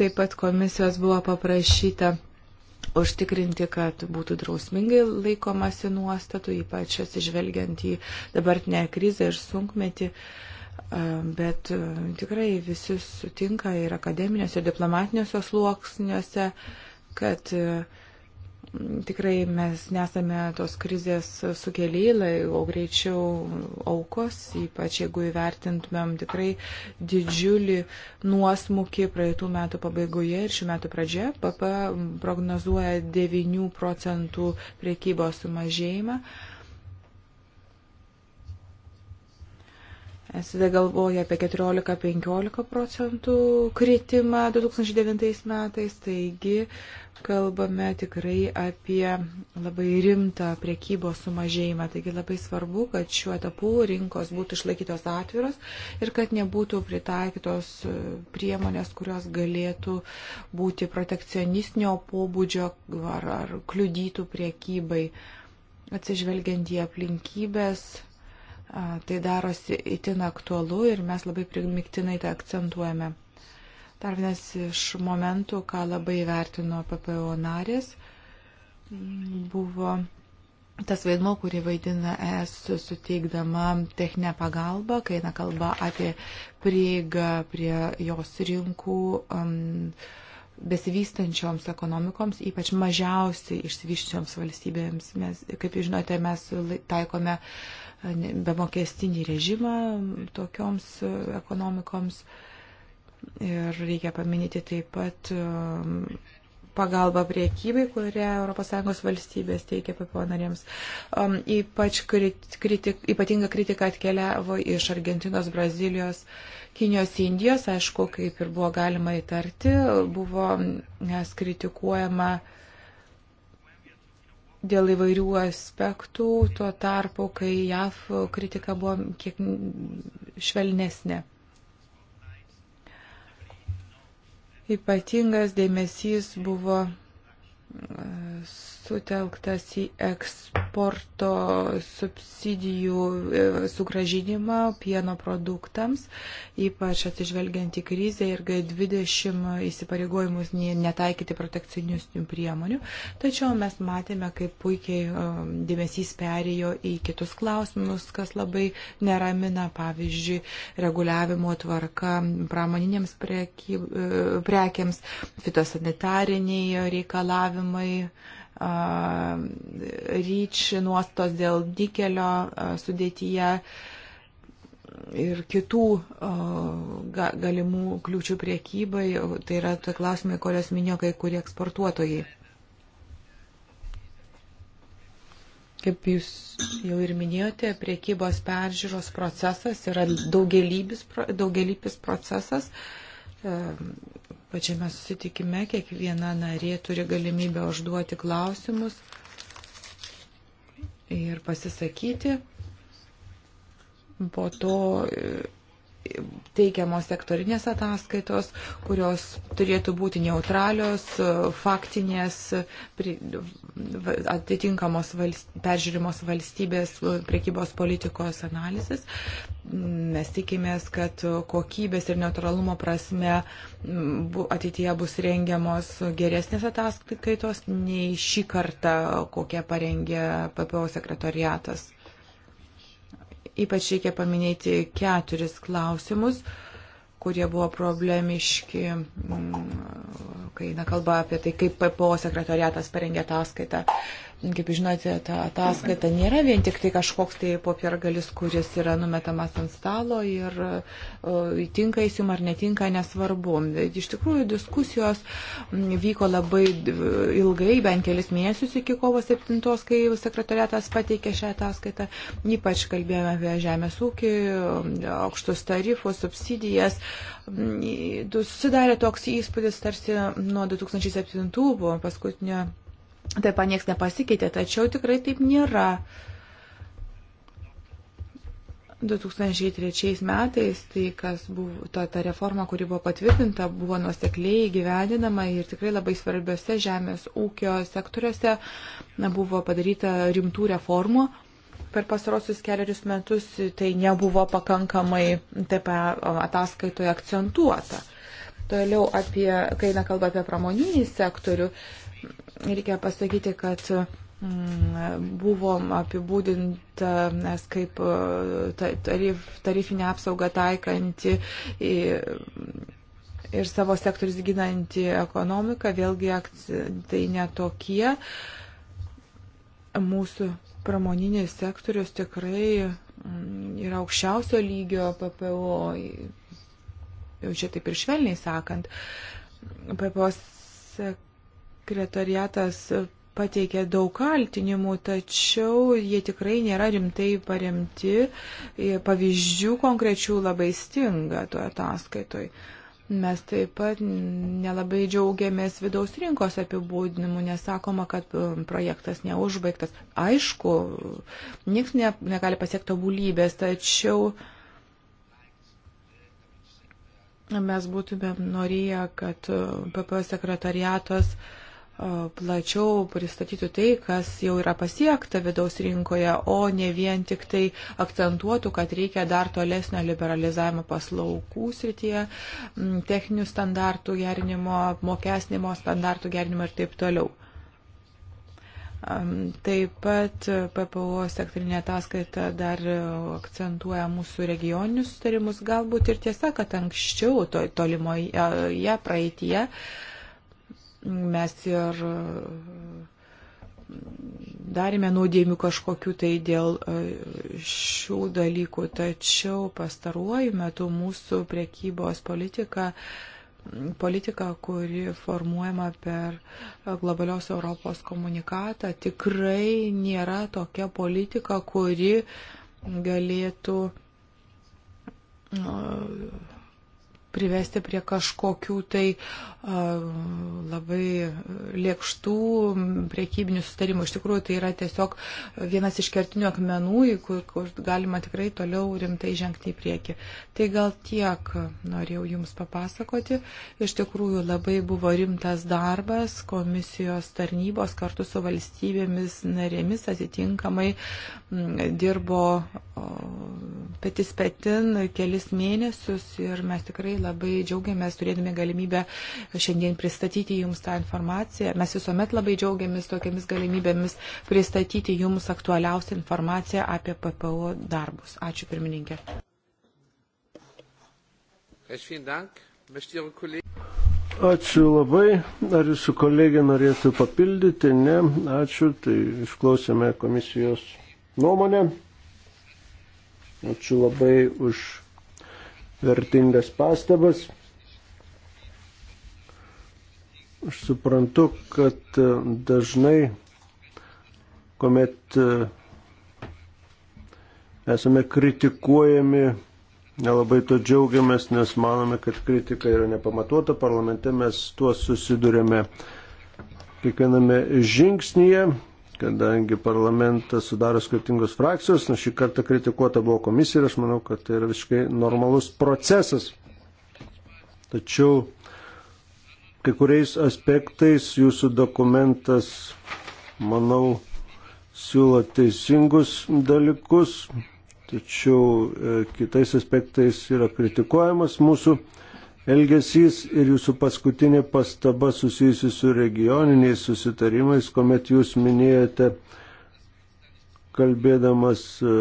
Taip pat komisijos buvo paprašyta užtikrinti, kad būtų drausmingai laikomasi nuostatų, ypač atsižvelgiant į dabartinę krizę ir sunkmetį. Uh, bet tikrai visi sutinka ir akademiniuose, ir diplomatiniuose sluoksniuose, kad tikrai mes nesame tos krizės sukėlėjai, o greičiau aukos, ypač jeigu įvertintumėm tikrai didžiulį nuosmukį praeitų metų pabaigoje ir šių metų pradžioje, PP prognozuoja 9 procentų priekybos sumažėjimą. Uh, SD galvoja apie 14-15 procentų kritimą 2009 metais, taigi kalbame tikrai apie labai rimtą priekybos sumažėjimą. Taigi labai svarbu, kad šiuo etapu rinkos būtų išlaikytos atviros ir kad nebūtų pritaikytos e, priemonės, kurios galėtų būti protekcionistinio pobūdžio ar, ar kliudytų priekybai, atsižvelgiant į aplinkybės Tai darosi itin aktualu ir mes labai primiktinai tai akcentuojame. Dar vienas iš momentų, ką labai vertino PPO narės, buvo tas vaidmo, kurį vaidina ES suteikdama techninę pagalbą, kai eina kalba apie prieigą prie jos rinkų. Um, besivystančioms ekonomikoms, ypač mažiausiai išsivyščioms valstybėms. Mes, kaip jūs žinote, mes taikome uh, bemokestinį režimą tokioms e, ekonomikoms. Ir reikia paminėti taip pat e, pagalba priekybai, kurią ES valstybės teikia PPO narėms. Um, ypač kritik, ypatinga kritika atkeliavo iš Argentinos, Brazilijos, Kinijos, Indijos, aišku, kaip ir buvo galima įtarti, buvo nes kritikuojama uh, dėl įvairių aspektų, tuo tarpu, kai JAF kritika buvo kiek švelnesnė. Ypatingas dėmesys buvo sutelktas į eksporto subsidijų e, sugražinimą pieno produktams, ypač atsižvelgiant į krizę ir G20 įsipareigojimus netaikyti protekcionistinių priemonių. Tačiau mes matėme, kaip puikiai e, dėmesys perėjo į kitus klausimus, kas labai neramina, pavyzdžiui, reguliavimo tvarka pramoninėms e, prekiams, fitosanitariniai reikalavimai ryč nuostos dėl dikelio sudėtyje ir kitų galimų kliūčių priekybai. Tai yra tai klausimai, kurios minėjo kai kurie eksportuotojai. Kaip jūs jau ir minėjote, priekybos peržiūros procesas yra daugelybis, daugelybis procesas pačiame susitikime kiekviena narė turi galimybę užduoti klausimus ir pasisakyti. Po to e, teikiamos sektorinės ataskaitos, kurios turėtų būti neutralios, e, faktinės, atitinkamos valst, peržiūrimos valstybės e, priekybos politikos analizės. Mes tikimės, kad kokybės ir neutralumo prasme ateityje bus rengiamos geresnės ataskaitos nei šį kartą, kokią parengė PPO sekretoriatas. Ypač reikia paminėti keturis klausimus kurie buvo problemiški, mm, kai na, kalba apie tai, kaip PPO sekretariatas parengė ataskaitą kaip žinote, ta ataskaita nėra vien tik tai kažkoks tai popiergalis, kuris yra numetamas ant stalo ir tinka jis jums ar netinka, nesvarbu. Iš tikrųjų, diskusijos vyko labai ilgai, bent kelis mėnesius iki kovo 7, kai sekretariatas pateikė šią ataskaitą. Ypač kalbėjome apie žemės ūkį, aukštus tarifus, subsidijas. Susidarė toks įspūdis tarsi nuo 2007 paskutinio Taip, nieks nepasikeitė, tačiau tikrai taip nėra. 2003 metais tai, kas buvo, ta, ta reforma, kuri buvo patvirtinta, buvo nuosekliai gyvendinama ir tikrai labai svarbiose žemės ūkio sektoriuose na, buvo padaryta rimtų reformų. Per pasarosius keliarius metus tai nebuvo pakankamai taip, ataskaitoje akcentuota. Toliau, apie, kai nekalba apie pramoninį sektorių, reikia pasakyti, kad mm, buvo apibūdinta kaip e, tarif, tarifinė apsauga taikanti ir savo sektorius ginanti ekonomiką, vėlgi tai netokie. Mūsų pramoninis sektorius tikrai mm, yra aukščiausio lygio PPO, jau čia taip ir švelniai sakant, PPO sektorius Sekretariatas pateikė daug kaltinimų, tačiau jie tikrai nėra rimtai paremti, e, pavyzdžių konkrečių labai stinga toje ataskaitoje. Mes taip pat nelabai džiaugiamės vidaus rinkos apibūdinimu, nes sakoma, kad e, projektas neužbaigtas. Aišku, nieks ne, negali pasiekti tobulybės, tačiau mes būtumėm norėję, kad e, PP sekretariatos uh, plačiau pristatytų tai, kas jau yra pasiekta vidaus rinkoje, o ne vien tik tai akcentuotų, kad reikia dar tolesnio liberalizavimo paslaugų srityje, techninių standartų gerinimo, mokesnimo standartų gerinimo ir taip toliau. Taip pat PPO sektorinė ataskaita dar akcentuoja mūsų regioninius sutarimus, galbūt ir tiesa, kad anksčiau to, tolimoje praeitie. Uh, mes ir darėme nuodėmių kažkokiu tai dėl e, šių dalykų, tačiau pastaruoju metu mūsų priekybos politika, politika, kuri formuojama per globalios Europos komunikatą, tikrai nėra tokia politika, kuri galėtų uh, privesti prie kažkokių tai labai lėkštų priekybinių sustarimų. Iš tikrųjų, tai yra tiesiog vienas iš kertinių akmenų, į kur, kur galima tikrai toliau rimtai žengti į priekį. Tai gal tiek norėjau Jums papasakoti. Iš tikrųjų, labai buvo rimtas darbas komisijos tarnybos kartu su valstybėmis narėmis atitinkamai dirbo petis petin kelis mėnesius ir mes tikrai labai džiaugiamės turėdami galimybę šiandien pristatyti Jums tą informaciją. Mes visuomet labai džiaugiamės tokiamis galimybėmis pristatyti Jums aktualiausią informaciją apie PPO darbus. Ačiū pirmininkė. Ačiū labai. Ar jūsų kolegė norėtų papildyti? Ne. Ačiū. Tai išklausėme komisijos nuomonę. Ačiū labai už vertingas pastabas. Aš suprantu, kad e, dažnai, kuomet e, esame kritikuojami, nelabai to džiaugiamės, nes manome, kad kritika yra nepamatuota. Parlamente mes tuo susidurėme kiekviename žingsnyje kadangi parlamentą sudaro skirtingos frakcijos, nors nu, šį kartą kritikuota buvo komisija ir aš manau, kad tai yra visiškai normalus procesas. Tačiau kai kuriais aspektais jūsų dokumentas, manau, siūlo teisingus dalykus, tačiau e, kitais aspektais yra kritikuojamas mūsų elgesys ir jūsų paskutinė pastaba susijusi su regioniniais susitarimais, kuomet jūs minėjote, kalbėdamas e,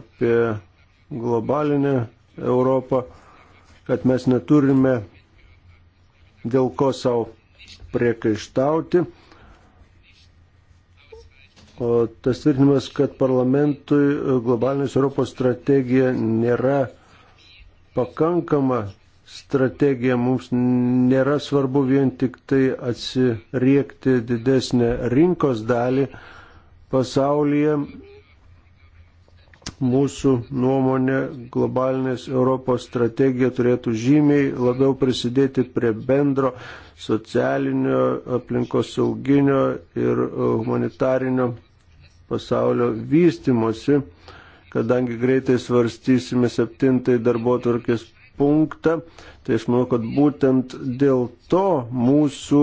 apie globalinę Europą, kad mes neturime dėl ko savo priekaištauti. O tas tvirtinimas, kad parlamentui e, globalinės Europos strategija nėra pakankama strategija mums nėra svarbu vien tik tai atsiriekti didesnę rinkos dalį pasaulyje. Mūsų nuomonė globalinės Europos strategija turėtų žymiai labiau prisidėti prie bendro socialinio, aplinkos sauginio ir humanitarinio pasaulio vystimosi kadangi greitai svarstysime septintai darbo tvarkės punktą. Tai aš manau, kad būtent dėl to mūsų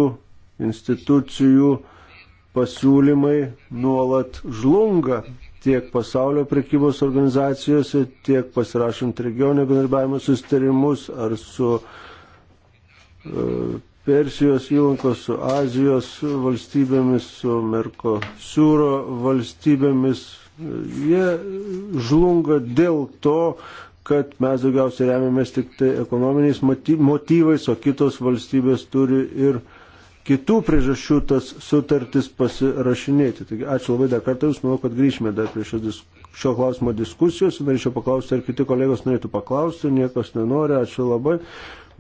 institucijų pasiūlymai nuolat žlunga tiek pasaulio prekybos organizacijose, tiek pasirašant regionio bendarbiavimo sustarimus ar su e, Persijos įlankos, su Azijos valstybėmis, su Merkosiūro valstybėmis. Jie žlunga dėl to, kad mes daugiausiai remiamės tik tai ekonominiais motyvais, o kitos valstybės turi ir kitų priežasčių tas sutartis pasirašinėti. Taigi ačiū labai dar kartą, jūs manau, kad grįžime dar prie šio, disk... šio klausimo diskusijos. Norėčiau paklausti, ar kiti kolegos norėtų paklausti, niekas nenori, ačiū labai.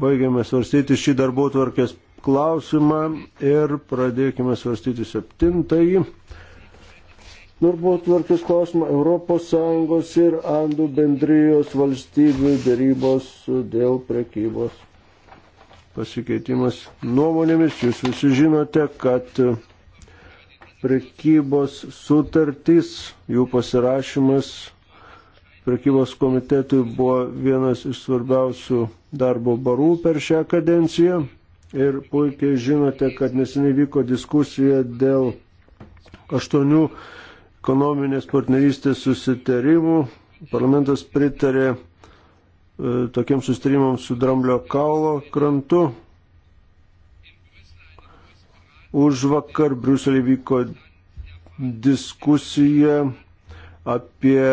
Baigiame svarstyti šį darbo tvarkės klausimą ir pradėkime svarstyti septintąjį darbo tvarkės klausimą ES ir Andų bendrijos valstybių darybos dėl prekybos. Pasikeitimas nuomonėmis, jūs visi žinote, kad prekybos sutartys, jų pasirašymas prekybos komitetui buvo vienas iš svarbiausių darbo barų per šią kadenciją. Ir puikiai žinote, kad neseniai vyko diskusija dėl aštuonių ekonominės partnerystės susitarimų. Parlamentas pritarė e, tokiems susitarimams su Dramblio kaulo krantu. Už vakar Briuselį vyko diskusija apie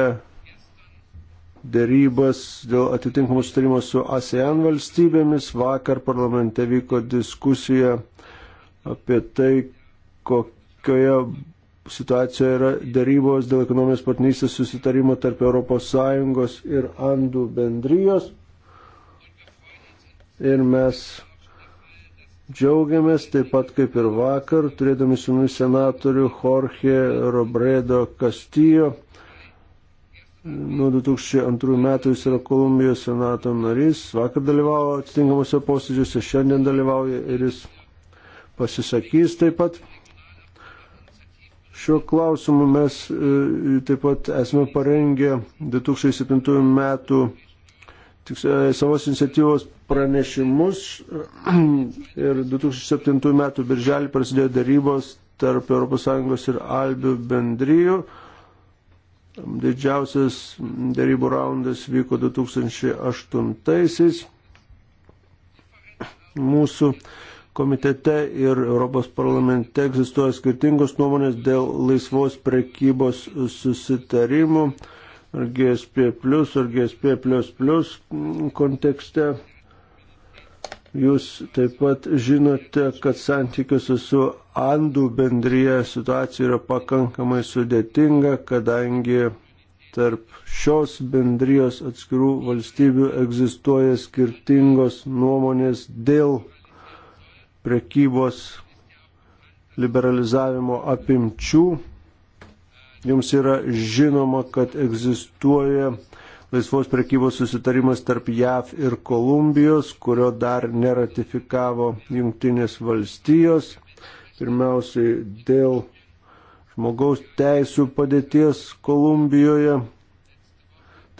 dėrybas dėl atitinkamo sutarimo su ASEAN valstybėmis. Vakar parlamente vyko diskusija apie tai, kokioje situacija yra darybos dėl ekonomijos partnerystės susitarimo tarp ES ir Andų bendrijos. Ir mes džiaugiamės, taip pat kaip ir vakar, turėdami su mumis senatorių Jorge Robredo Castillo. Nuo 2002 metų jis yra Kolumbijos senato narys, vakar dalyvavo atitinkamuose posėdžiuose, šiandien dalyvauja ir jis pasisakys taip pat. Šiuo klausimu mes e, taip pat esame parengę 2007 metų e, savos iniciatyvos pranešimus ir 2007 metų birželį prasidėjo darybos tarp ES ir Albių bendryjų. Didžiausias darybų raundas vyko 2008-aisiais. Mūsų komitete ir Europos parlamente egzistuoja skirtingos nuomonės dėl laisvos prekybos susitarimų ar GSP plus ar GSP plus plus kontekste. Jūs taip pat žinote, kad santykiuose su Andų bendryje situacija yra pakankamai sudėtinga, kadangi tarp šios bendrijos atskirų valstybių egzistuoja skirtingos nuomonės dėl prekybos liberalizavimo apimčių. Jums yra žinoma, kad egzistuoja laisvos prekybos susitarimas tarp JAV ir Kolumbijos, kurio dar neratifikavo Junktinės valstijos. Pirmiausiai dėl žmogaus teisų padėties Kolumbijoje.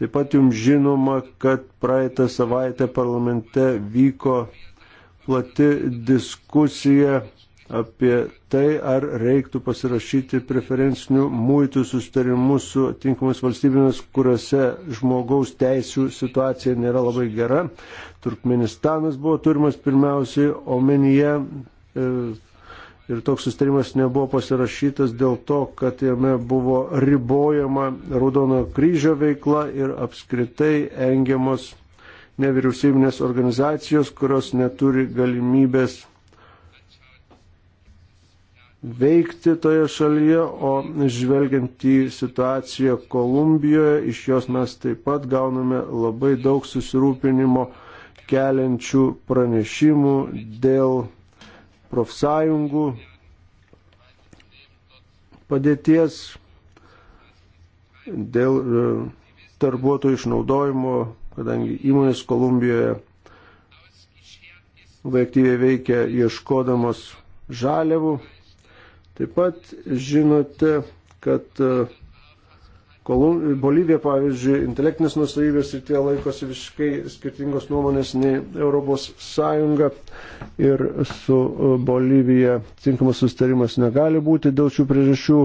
Taip pat jums žinoma, kad praeitą savaitę parlamente vyko plati diskusija apie tai, ar reiktų pasirašyti preferencinių mūtų sustarimų su tinkamus valstybėmis, kuriuose žmogaus teisų situacija nėra labai gera. Turkmenistanas buvo turimas pirmiausiai omenyje e, ir toks sustarimas nebuvo pasirašytas dėl to, kad jame buvo ribojama Raudono kryžio veikla ir apskritai engiamos nevyriausybinės organizacijos, kurios neturi galimybės veikti toje šalyje, o žvelgiant į situaciją Kolumbijoje, iš jos mes taip pat gauname labai daug susirūpinimo keliančių pranešimų dėl profsąjungų padėties, dėl e, darbuotojų išnaudojimo kadangi įmonės Kolumbijoje labai aktyviai veikia ieškodamos žaliavų. Taip pat žinote, kad e, Kolum... Bolivija, pavyzdžiui, intelektinės nusavybės ir tie laikosi visiškai skirtingos nuomonės nei Europos Sąjunga ir su e, Bolivija tinkamas sustarimas negali būti dėl šių priežasčių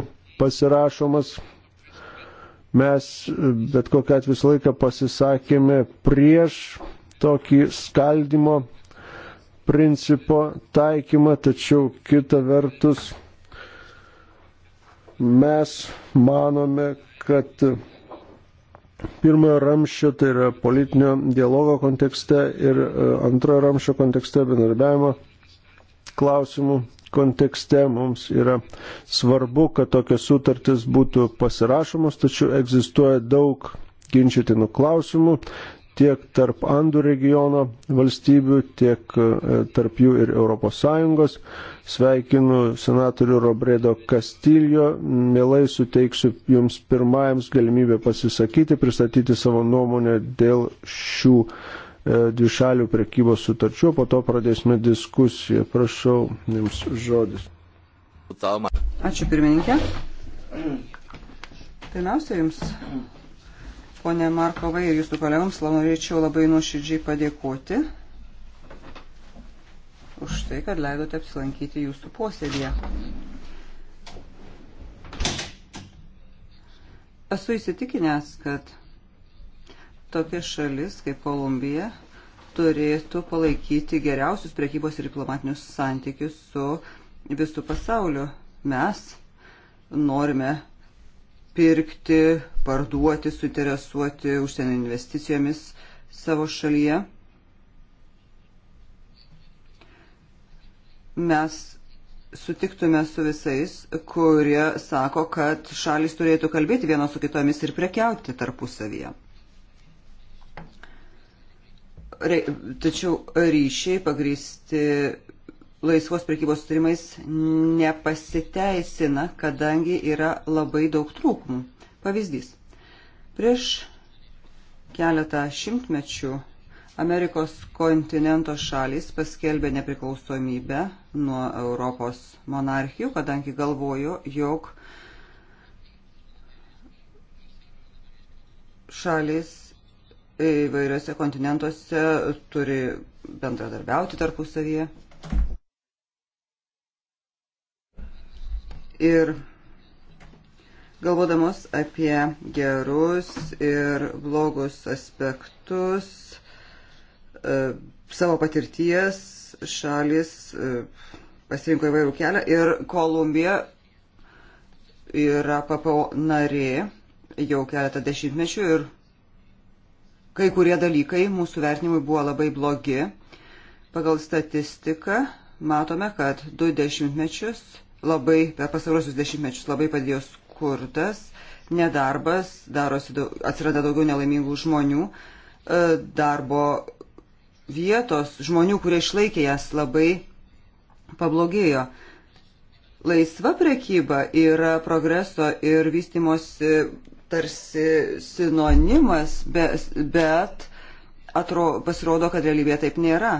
pasirašomas Mes bet kokią atveju visą laiką pasisakėme prieš tokį skaldimo principo taikymą, tačiau kita vertus mes manome, kad pirmojo ramščio, tai yra politinio dialogo kontekste ir e, antrojo ramščio kontekste bendarbiavimo klausimų kontekste mums yra svarbu, kad tokios sutartys būtų pasirašomos, tačiau egzistuoja daug ginčytinų klausimų tiek tarp Andų regiono valstybių, tiek e, tarp jų ir ES. Sveikinu senatorių Robredo Kastiljo, mielai suteiksiu jums pirmajams galimybę pasisakyti, pristatyti savo nuomonę dėl šių klausimų E, dvišalių prekybos sutarčių, po to pradėsime diskusiją. Prašau, jums žodis. Ačiū pirmininkė. Pirmiausia, jums, ponė Markovai ir jūsų kolegams, norėčiau labai nuoširdžiai padėkoti už tai, kad leidote apsilankyti jūsų posėdėje. Esu įsitikinęs, kad tokia šalis kaip Kolumbija turėtų palaikyti geriausius prekybos ir diplomatinius santykius su visų pasauliu. Mes norime pirkti, parduoti, suinteresuoti užsienio investicijomis savo šalyje. Mes sutiktume su visais, kurie sako, kad šalis turėtų kalbėti vienos su kitomis ir prekiauti tarpusavyje tačiau ryšiai pagristi laisvos prekybos sutarimais nepasiteisina, kadangi yra labai daug trūkumų. Pavyzdys. Prieš keletą šimtmečių Amerikos kontinento šalis paskelbė nepriklausomybę nuo Europos monarchijų, kadangi galvojo, jog šalis įvairiose kontinentuose turi bendradarbiauti tarpusavyje. Ir galvodamos apie gerus ir blogus aspektus e, savo patirties šalis e, pasirinko įvairių kelią ir Kolumbija yra PPO narė jau keletą dešimtmečių ir kai kurie dalykai mūsų vertinimui buvo labai blogi. Pagal statistiką matome, kad du dešimtmečius, labai, per pasarosius dešimtmečius labai padėjo skurdas, nedarbas, darosi, atsiranda daugiau nelaimingų žmonių, e, darbo vietos žmonių, kurie išlaikė jas, labai pablogėjo. Laisva prekyba yra progreso ir vystimosi tarsi sinonimas, bet, bet atro, pasirodo, kad realybėje taip nėra.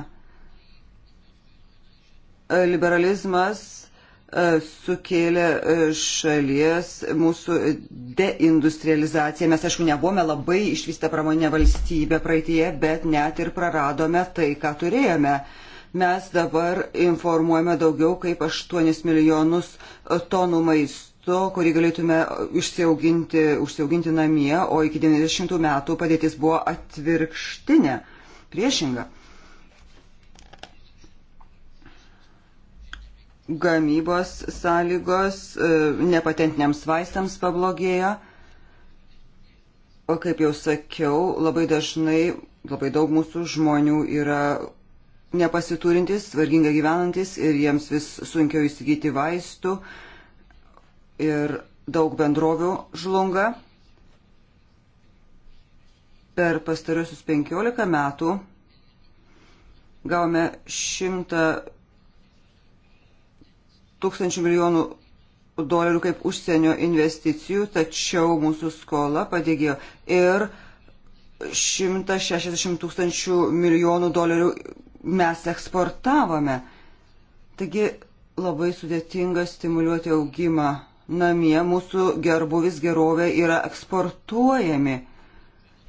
E, liberalizmas e, sukėlė e, šalies mūsų deindustrializaciją. Mes, aišku, nebuvome labai išvystę pramoninę valstybę praeitie, bet net ir praradome tai, ką turėjome. Mes dabar informuojame daugiau kaip 8 milijonus tonų maisto maisto, kurį galėtume užsiauginti, užsiauginti namie, o iki 90 metų padėtis buvo atvirkštinė, priešinga. Gamybos sąlygos e, nepatentiniams vaistams pablogėjo, o kaip jau sakiau, labai dažnai, labai daug mūsų žmonių yra nepasiturintis, vargingai gyvenantis ir jiems vis sunkiau įsigyti vaistų. Uh, ir daug bendrovių žlunga. Per pastariusius 15 metų gavome 100 tūkstančių milijonų dolerių kaip užsienio investicijų, tačiau mūsų skola padėgėjo ir 160 tūkstančių milijonų dolerių mes eksportavome. Taigi labai sudėtinga stimuliuoti augimą namie mūsų gerbuvis gerovė yra eksportuojami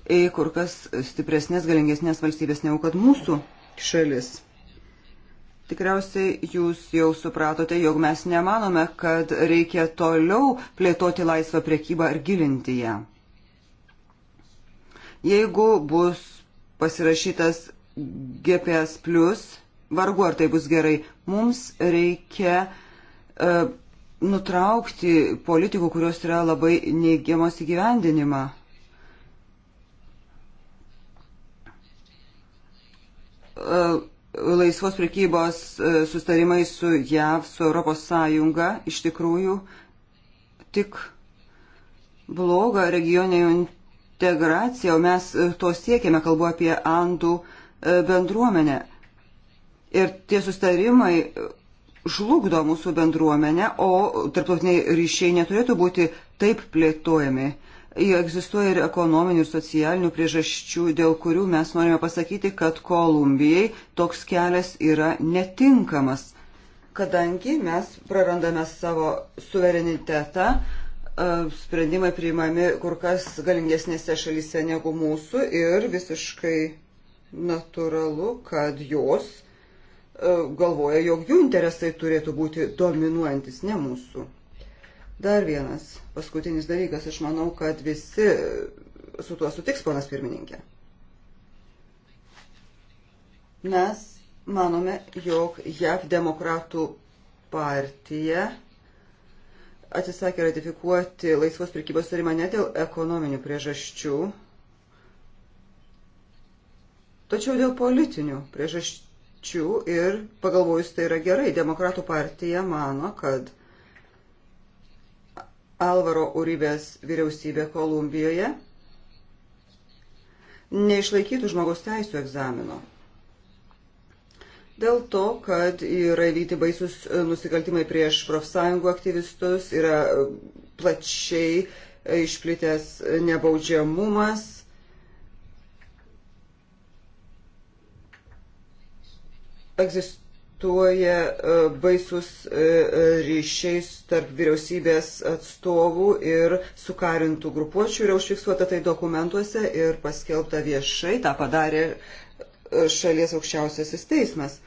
į kur kas stipresnės, galingesnės valstybės negu kad mūsų šalis. Tikriausiai jūs jau supratote, jog mes nemanome, kad reikia toliau plėtoti laisvą priekybą ar gilinti ją. Jeigu bus pasirašytas GPS, vargu ar tai bus gerai, mums reikia uh, nutraukti politikų, kurios yra labai neigiamos įgyvendinimą. E, laisvos prekybos e, sustarimai su JAV, su Europos Sąjunga iš tikrųjų tik blogą regionę integraciją, o mes e, to siekiame, kalbu apie Andų bendruomenę. Ir tie sustarimai žlugdo mūsų bendruomenę, o tarptautiniai ryšiai neturėtų būti taip plėtojami. Jie egzistuoja ir ekonominių ir socialinių priežasčių, dėl kurių mes norime pasakyti, kad Kolumbijai toks kelias yra netinkamas, kadangi mes prarandame savo suverenitetą, e, sprendimai priimami kur kas galingesnėse šalyse negu mūsų ir visiškai natūralu, kad jos E, galvoja, jog jų interesai turėtų būti dominuojantis, ne mūsų. Dar vienas paskutinis dalykas, aš manau, kad visi su tuo sutiks, ponas pirmininkė. Mes manome, jog JAV demokratų partija atsisakė ratifikuoti laisvos prekybos tarimą ne dėl ekonominių priežasčių, tačiau dėl politinių priežasčių krypčių ir pagalvojus tai yra gerai. Demokratų partija mano, kad Alvaro Uribės vyriausybė Kolumbijoje neišlaikytų žmogaus teisų egzamino. Dėl to, kad yra įvykti baisus nusikaltimai prieš profsąjungų aktyvistus, yra plačiai išplitęs nebaudžiamumas, egzistuoja e, baisus e, ryšiais tarp vyriausybės atstovų ir sukarintų grupuočių yra užfiksuota tai dokumentuose ir paskelbta viešai, tą padarė e, šalies aukščiausiasis teismas.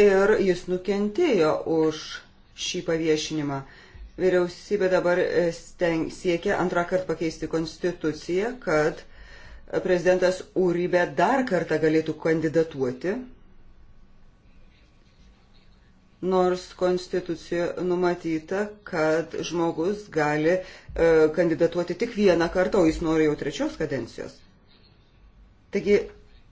Ir jis nukentėjo už šį paviešinimą. Vyriausybė dabar steng, siekia antrą kartą pakeisti konstituciją, kad prezidentas Uribe dar kartą galėtų kandidatuoti, nors konstitucijoje numatyta, kad žmogus gali e, kandidatuoti tik vieną kartą, o jis nori jau trečios kadencijos. Taigi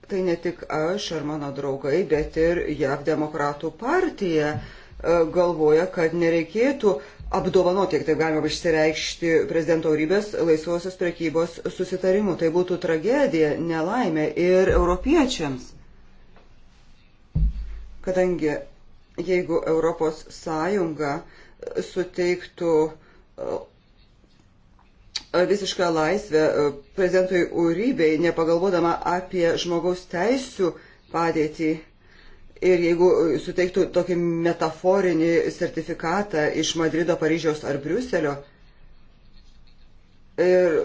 tai ne tik aš ar mano draugai, bet ir JAV demokratų partija E, galvoja, kad nereikėtų apdovanoti, kiek taip galima išsireikšti, prezidento rybės laisvosios prekybos susitarimu. Tai būtų tragedija, nelaimė ir europiečiams. Kadangi jeigu Europos Sąjunga suteiktų e, visišką laisvę e, prezidentui Urybei, nepagalvodama apie žmogaus teisų padėtį Ir jeigu suteiktų tokį metaforinį sertifikatą iš Madrido, Paryžiaus ar Briuselio ir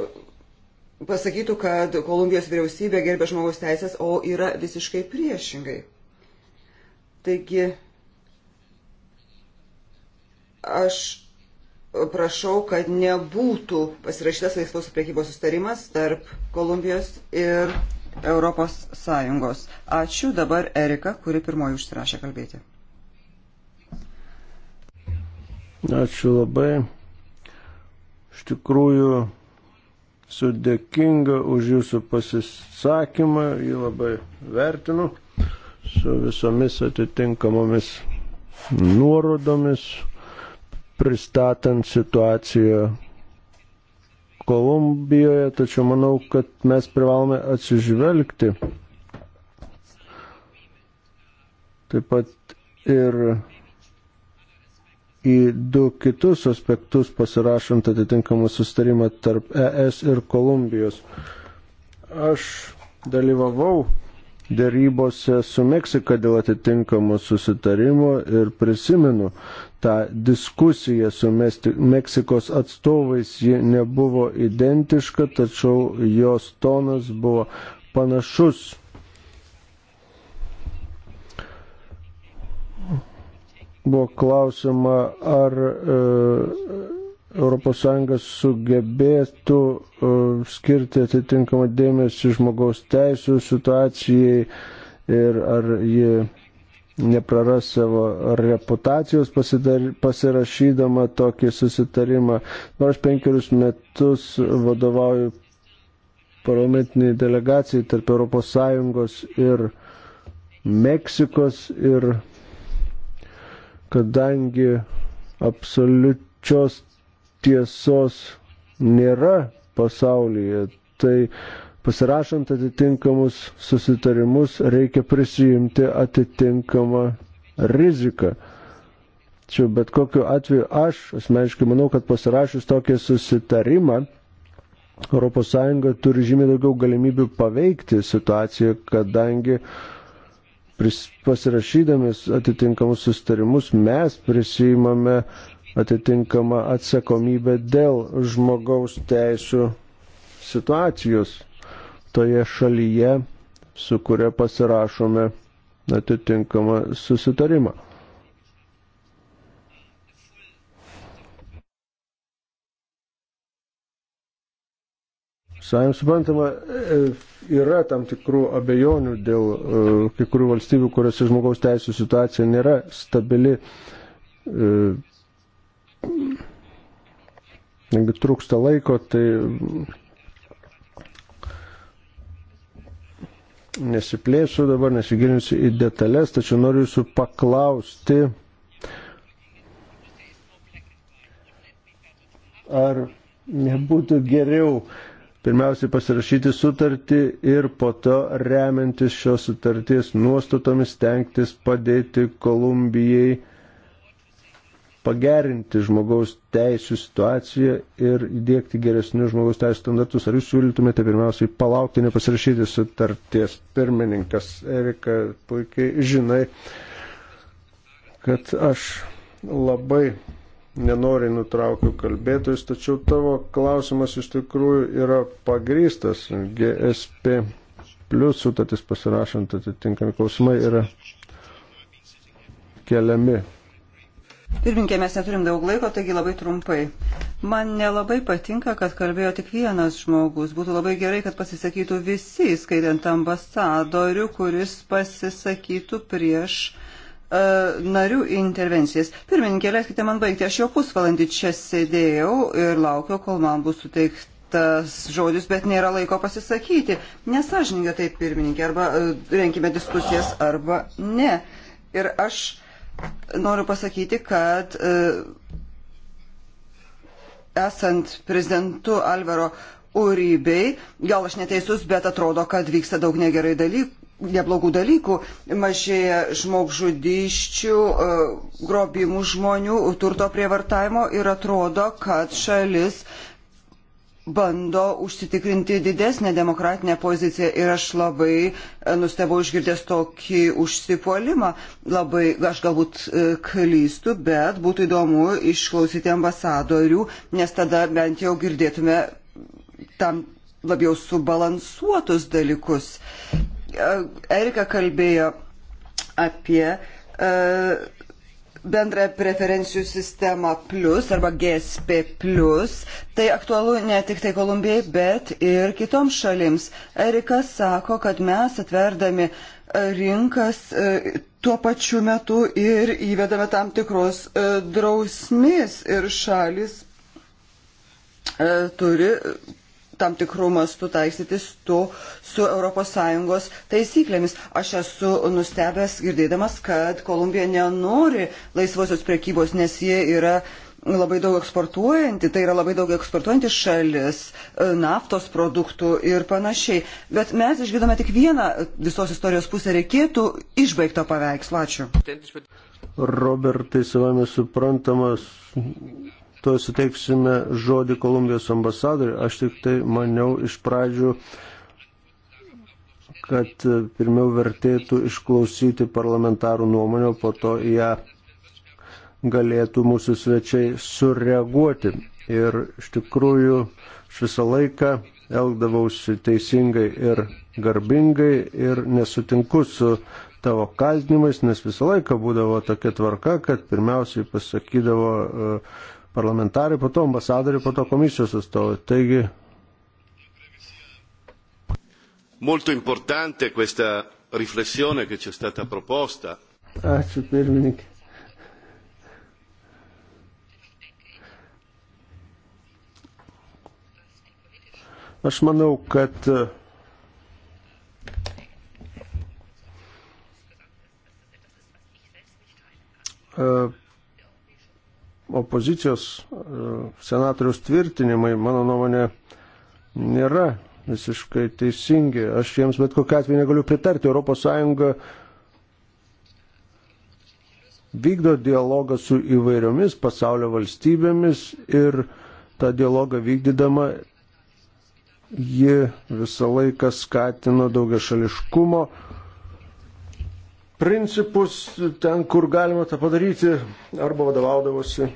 pasakytų, kad Kolumbijos vyriausybė gerbė žmogaus teisės, o yra visiškai priešingai. Taigi, aš prašau, kad nebūtų pasirašytas laisvos priekybos sustarimas tarp Kolumbijos ir Europos Sąjungos. Ačiū dabar Erika, kuri pirmoji užsirašė kalbėti. Ačiū labai. Iš tikrųjų, esu dėkinga už jūsų pasisakymą, jį labai vertinu su visomis atitinkamomis nuorodomis, pristatant situaciją Kolumbijoje, tačiau manau, kad mes privalome atsižvelgti taip pat ir į du kitus aspektus pasirašant atitinkamą sustarimą tarp ES ir Kolumbijos. Aš dalyvavau dėrybose su Meksika dėl atitinkamo susitarimo ir prisimenu tą diskusiją su Meksikos atstovais. Ji nebuvo identiška, tačiau jos tonas buvo panašus. Buvo klausima, ar e, ES sugebėtų e, skirti atitinkamą dėmesį žmogaus teisų situacijai ir ar ji nepraras savo reputacijos pasirašydama tokį susitarimą. Nors penkerius metus vadovauju parlamentiniai delegacijai tarp ES ir Meksikos ir kadangi absoliučios tiesos nėra pasaulyje. Tai pasirašant atitinkamus susitarimus reikia prisijimti atitinkamą riziką. Čia bet kokiu atveju aš asmeniškai manau, kad pasirašius tokį susitarimą, ES turi žymiai daugiau galimybių paveikti situaciją, kadangi pasirašydami atitinkamus susitarimus mes prisijimame uh, atitinkamą atsakomybę dėl žmogaus teisų situacijos toje šalyje, su kuria pasirašome atitinkamą susitarimą. Savim suprantama, e, yra tam tikrų abejonių dėl e, kai kurių valstybių, kuriuose žmogaus teisų situacija nėra stabili. E, Jeigu trūksta laiko, tai nesiplėsiu dabar, nesigilinsiu į detalės, tačiau noriu jūsų paklausti, ar nebūtų geriau pirmiausiai pasirašyti sutartį ir po to remiantis šios sutarties nuostatomis tenktis padėti Kolumbijai pagerinti žmogaus teisų situaciją ir įdėkti geresnius žmogaus teisų standartus. Ar jūs siūlytumėte pirmiausiai palaukti, nepasirašyti sutarties pirmininkas Erika, puikiai žinai, kad aš labai nenoriai nutraukiu kalbėtojus, tačiau tavo klausimas iš tikrųjų yra pagrystas. GSP plus sutartis pasirašant atitinkami klausimai yra keliami Pirminkė, mes neturim daug laiko, taigi labai trumpai. Man nelabai patinka, kad kalbėjo tik vienas žmogus. Būtų labai gerai, kad pasisakytų visi, skaitant ambasadorių, kuris pasisakytų prieš e, narių intervencijas. Pirmininkė, leiskite man baigti. Aš jau pusvalandį čia sėdėjau ir laukiau, kol man bus suteiktas žodis, bet nėra laiko pasisakyti. Nesažininga taip, pirmininkė, arba e, renkime diskusijas, arba ne. Ir aš noriu pasakyti, kad e, esant prezidentu Alvaro Urybei, gal aš neteisus, bet atrodo, kad vyksta daug negerai dalykų. Neblogų dalykų mažėja žmogžudyščių, e, grobimų žmonių, turto prievartavimo ir atrodo, kad šalis bando užsitikrinti didesnę demokratinę poziciją ir aš labai e, nustebau išgirdęs tokį užsipuolimą. Labai, aš galbūt e, klystu, bet būtų įdomu išklausyti ambasadorių, nes tada bent jau girdėtume tam labiau subalansuotus dalykus. E, Erika kalbėjo apie uh, bendrą preferencijų sistemą plus arba GSP plus. Tai aktualu ne tik tai Kolumbijai, bet ir kitoms šalims. Erikas sako, kad mes atverdami e, rinkas e, tuo pačiu metu ir įvedame tam tikros e, drausmės ir šalis turi tam tikrų mastų taikstytis tu su ES taisyklėmis. Aš esu nustebęs girdėdamas, kad Kolumbija nenori laisvosios priekybos, nes jie yra labai daug eksportuojanti, tai yra labai daug eksportuojanti šalis, e, naftos produktų ir panašiai. Bet mes išgirdome tik vieną visos istorijos pusę, reikėtų išbaigto paveikslo. Ačiū. Robertai savame suprantamas to suteiksime žodį Kolumbijos ambasadoriui. Aš tik tai maniau iš pradžių, kad e, pirmiau vertėtų išklausyti parlamentarų nuomonę, po to ją galėtų mūsų svečiai sureaguoti. Ir iš tikrųjų aš visą laiką elgdavausi teisingai ir garbingai ir nesutinku su tavo kaltinimais, nes visą laiką būdavo tokia tvarka, kad pirmiausiai pasakydavo uh, parlamentarai, po to ambasadoriai, po to komisijos atstovai. Taigi. Molto importante questa riflessione che ci è stata proposta. Ačiū pirmininkė. Aš manau, kad uh, opozicijos e, senatoriaus tvirtinimai, mano nuomonė, nėra visiškai teisingi. Aš jiems bet kokiu atveju negaliu pritarti. ES vykdo dialogą su įvairiomis pasaulio valstybėmis ir tą dialogą vykdydama ji visą laiką skatino daugia šališkumo principus ten, kur galima tą padaryti, arba vadovaudavosi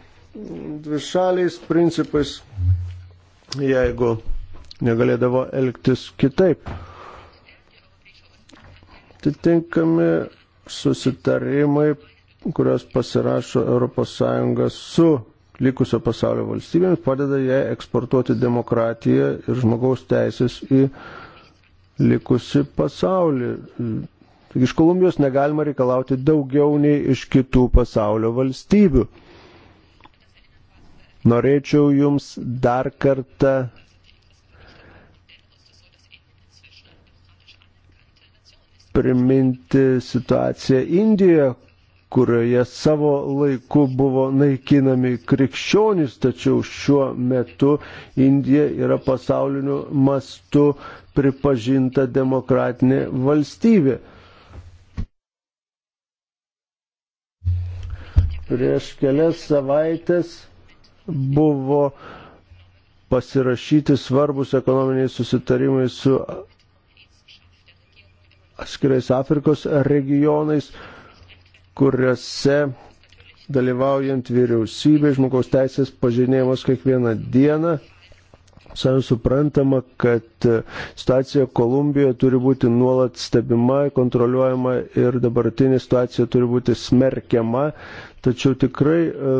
dvišaliais principais, jeigu negalėdavo elgtis kitaip. Atitinkami susitarimai, kurios pasirašo ES su likusio pasaulio valstybėmis, padeda jai eksportuoti demokratiją ir žmogaus teisės į likusi pasaulį. Iš Kolumbijos negalima reikalauti daugiau nei iš kitų pasaulio valstybių. Norėčiau Jums dar kartą priminti situaciją Indijoje, kurioje savo laiku buvo naikinami krikščionys, tačiau šiuo metu Indija yra pasauliniu mastu pripažinta demokratinė valstybė. Prieš kelias savaitės buvo pasirašyti svarbus ekonominiai susitarimai su atskirais Afrikos regionais, kuriuose dalyvaujant vyriausybė žmogaus teisės pažinėjimas kiekvieną dieną Savai suprantama, kad e, situacija Kolumbijoje turi būti nuolat stebima, kontroliuojama ir dabartinė situacija turi būti smerkiama. Tačiau tikrai e,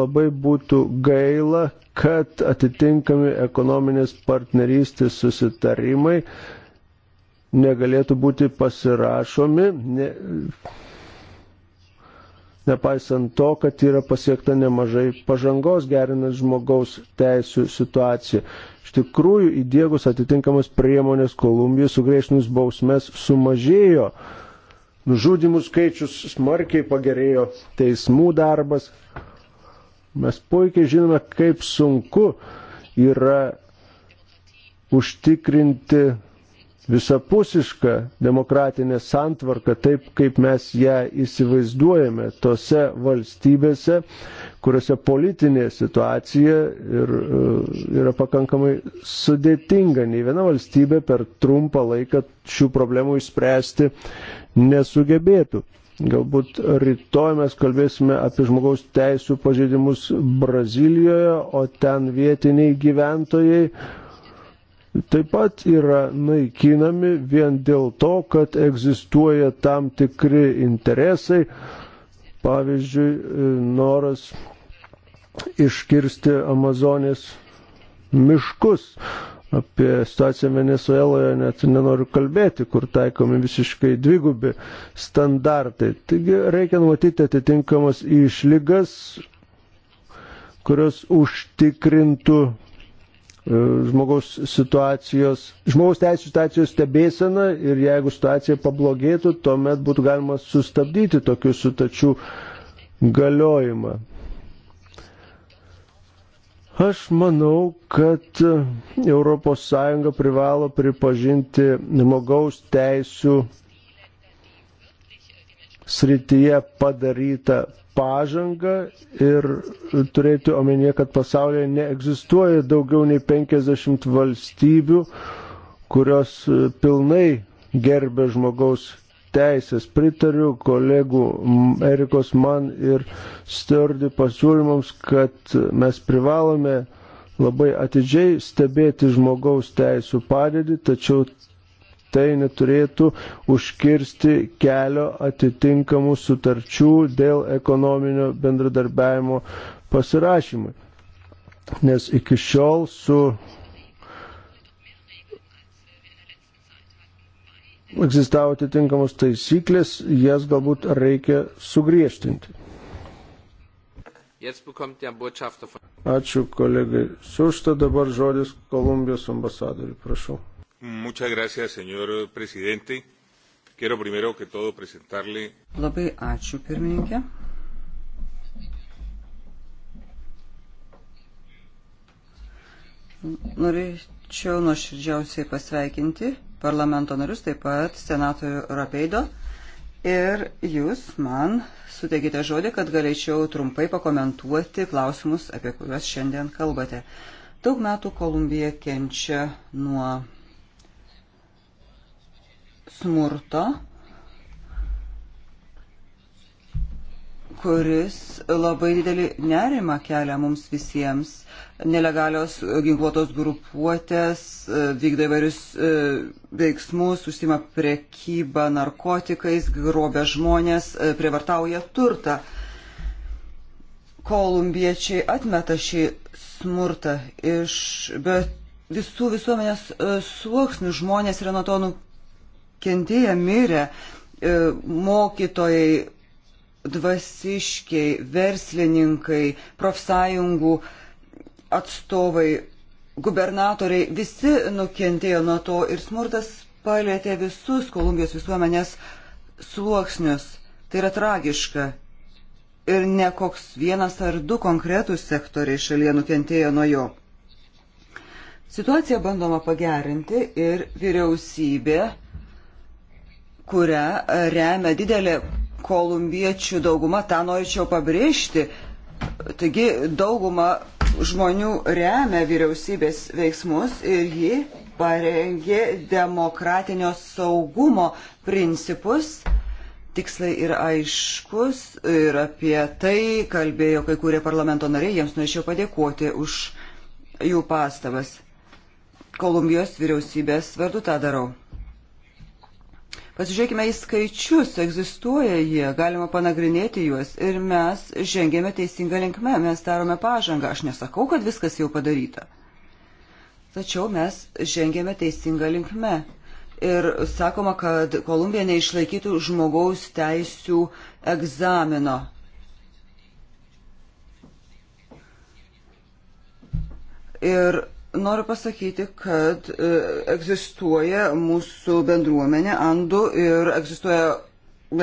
labai būtų gaila, kad atitinkami ekonominės partnerystės susitarimai negalėtų būti pasirašomi. Ne, nepaisant to, kad yra pasiekta nemažai pažangos gerinant žmogaus teisų situaciją. Iš tikrųjų, įdėgus atitinkamas priemonės Kolumbijos sugriešinus bausmes sumažėjo, nužudimų skaičius smarkiai pagerėjo, teismų darbas. Mes puikiai žinome, kaip sunku yra užtikrinti visapusišką demokratinę santvarką taip, kaip mes ją įsivaizduojame tose valstybėse, kuriuose politinė situacija ir, e, yra pakankamai sudėtinga. Nei viena valstybė per trumpą laiką šių problemų išspręsti nesugebėtų. Galbūt rytoj mes kalbėsime apie žmogaus teisų pažeidimus Brazilijoje, o ten vietiniai gyventojai taip pat yra naikinami vien dėl to, kad egzistuoja tam tikri interesai, pavyzdžiui, e, noras iškirsti Amazonės miškus. Apie situaciją Venezueloje net nenoriu kalbėti, kur taikomi visiškai dvigubi standartai. Taigi reikia numatyti atitinkamas išlygas, kurios užtikrintų E, žmogaus situacijos, žmogaus teisų situacijos stebėsena ir jeigu situacija pablogėtų, tuomet būtų galima sustabdyti tokių sutačių galiojimą. Aš manau, kad ES privalo pripažinti žmogaus teisų srityje padarytą pažangą ir turėti omenyje, kad pasaulyje neegzistuoja daugiau nei 50 valstybių, kurios e, pilnai gerbė žmogaus teisės. Pritariu kolegų Erikos man ir Sturdi pasiūlymams, kad mes privalome labai atidžiai stebėti žmogaus teisų padėdį, tačiau tai neturėtų užkirsti kelio atitinkamų sutarčių dėl ekonominio bendradarbiavimo pasirašymui. Nes iki šiol su egzistavo atitinkamos taisyklės, jas galbūt reikia sugriežtinti. Ačiū kolegai. Sušta dabar žodis Kolumbijos ambasadoriui, prašau. Muchas gracias, señor presidente. Quiero primero que todo presentarle. Labai ačiū, pirmininkė. Norėčiau nuoširdžiausiai pasveikinti parlamento narius, taip pat senatorių Rapeido. Ir jūs man suteikite žodį, kad galėčiau trumpai pakomentuoti klausimus, apie kuriuos šiandien kalbate. Daug metų Kolumbija kenčia nuo smurto, kuris labai didelį nerimą kelia mums visiems. Nelegalios ginkluotos grupuotės e, vykdo įvairius e, veiksmus, užsima prekybą narkotikais, grobia žmonės, e, prievartauja turtą. Kolumbiečiai atmeta šį smurtą iš, bet visų visuomenės sluoksnių žmonės yra nuo to nu- kentėję mirė e, mokytojai, dvasiškiai, verslininkai, profsąjungų atstovai, gubernatoriai, visi nukentėjo nuo to ir smurtas palėtė visus Kolumbijos visuomenės sluoksnius. Tai yra tragiška. Ir ne koks vienas ar du konkretūs sektoriai šalyje nukentėjo nuo jo. Situaciją bandoma pagerinti ir vyriausybė kurią e, remia didelė kolumbiečių dauguma, tą norėčiau pabrėžti. Taigi dauguma žmonių remia vyriausybės veiksmus ir ji parengė demokratinio saugumo principus. Tikslai yra aiškus ir apie tai kalbėjo kai kurie parlamento nariai, jiems norėčiau padėkoti už jų pastabas. Kolumbijos vyriausybės vardu tą darau. Pasižiūrėkime į skaičius, egzistuoja jie, galima panagrinėti juos ir mes žengėme teisingą linkmę, mes darome pažangą. Aš nesakau, kad viskas jau padaryta. Tačiau mes žengėme teisingą linkmę. Ir sakoma, kad Kolumbija neišlaikytų žmogaus teisų egzamino. Ir Noriu pasakyti, kad e, egzistuoja mūsų bendruomenė Andų ir egzistuoja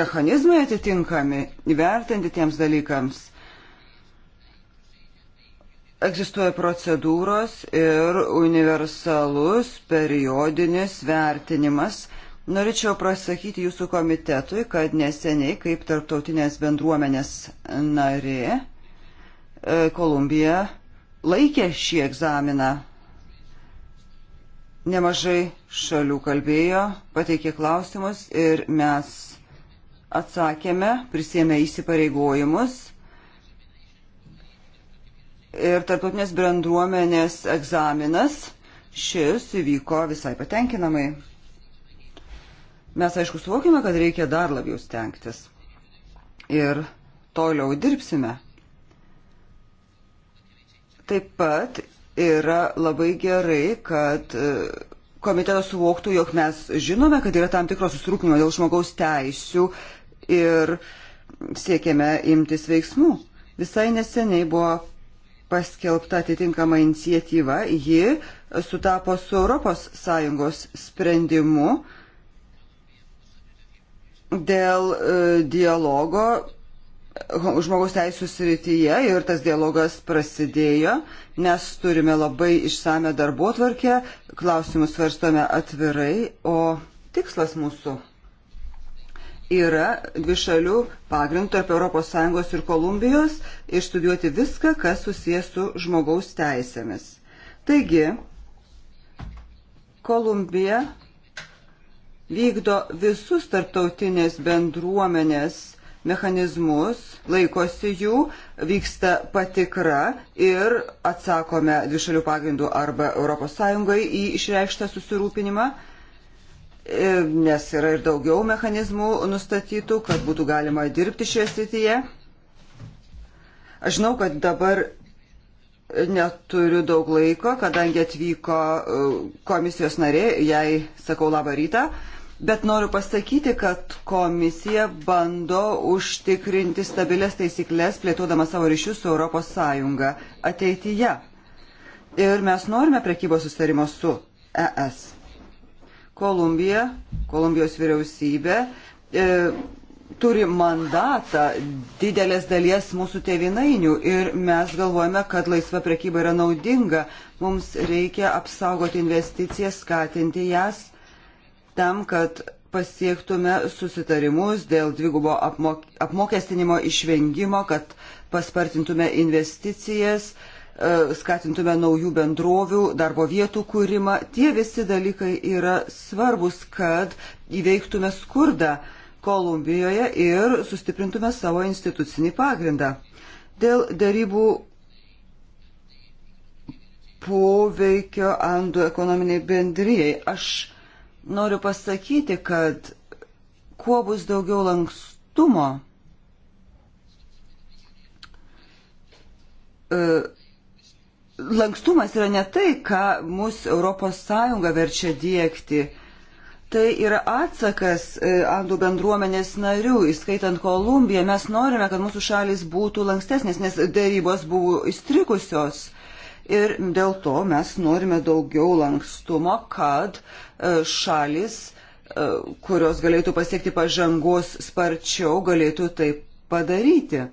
mechanizmai atitinkami įvertinti tiems dalykams. Egzistuoja procedūros ir universalus periodinis vertinimas. Norėčiau pasakyti jūsų komitetui, kad neseniai kaip tarptautinės bendruomenės narė e, Kolumbija laikė šį egzaminą Nemažai šalių kalbėjo, pateikė klausimus ir mes atsakėme, prisėmė įsipareigojimus. Ir tarptautinės bendruomenės egzaminas šis įvyko visai patenkinamai. Mes aišku suvokime, kad reikia dar labiau stengtis. Ir toliau dirbsime. Taip pat yra labai gerai, kad e, komitetas suvoktų, jog mes žinome, kad yra tam tikros susirūpinimo dėl žmogaus teisių ir siekiame imtis veiksmų. Visai neseniai buvo paskelbta atitinkama iniciatyva, ji sutapo su ES sprendimu dėl e, dialogo žmogaus teisų srityje ir tas dialogas prasidėjo, nes turime labai išsame darbo tvarkę, klausimus svarstome atvirai, o tikslas mūsų yra dvišalių pagrindų tarp ES ir Kolumbijos išstudijuoti viską, kas susijęs su žmogaus teisėmis. Taigi, Kolumbija vykdo visus tarptautinės bendruomenės mechanizmus, laikosi jų, vyksta patikra ir atsakome dvišalių pagrindų arba ES į išreikštą susirūpinimą, e, nes yra ir daugiau mechanizmų nustatytų, kad būtų galima dirbti šioje srityje. Aš žinau, kad dabar neturiu daug laiko, kadangi atvyko e, komisijos narė, jai sakau labą rytą. Bet noriu pasakyti, kad komisija bando užtikrinti stabilės taisyklės, plėtodama savo ryšius su ES ateityje. Ir mes norime prekybos sustarimo su ES. Kolumbija, Kolumbijos vyriausybė e, turi mandatą didelės dalies mūsų tevinainių ir mes galvojame, kad laisva prekyba yra naudinga. Mums reikia apsaugoti investicijas, skatinti jas tam, kad pasiektume susitarimus dėl dvigubo apmok apmokestinimo išvengimo, kad paspartintume investicijas, e, skatintume naujų bendrovių, darbo vietų kūrimą. Tie visi dalykai yra svarbus, kad įveiktume skurdą Kolumbijoje ir sustiprintume savo institucinį pagrindą. Dėl darybų poveikio Andų ekonominiai bendrijai. Aš Noriu pasakyti, kad kuo bus daugiau lankstumo, e, lankstumas yra ne tai, ką mus ES verčia dėkti. Tai yra atsakas e, Andų bendruomenės narių, įskaitant Kolumbiją. Mes norime, kad mūsų šalis būtų lankstesnės, nes dėrybos buvo įstrikusios. Ir dėl to mes norime daugiau lankstumo, kad E, šalis, e, kurios galėtų pasiekti pažangos sparčiau, galėtų tai padaryti.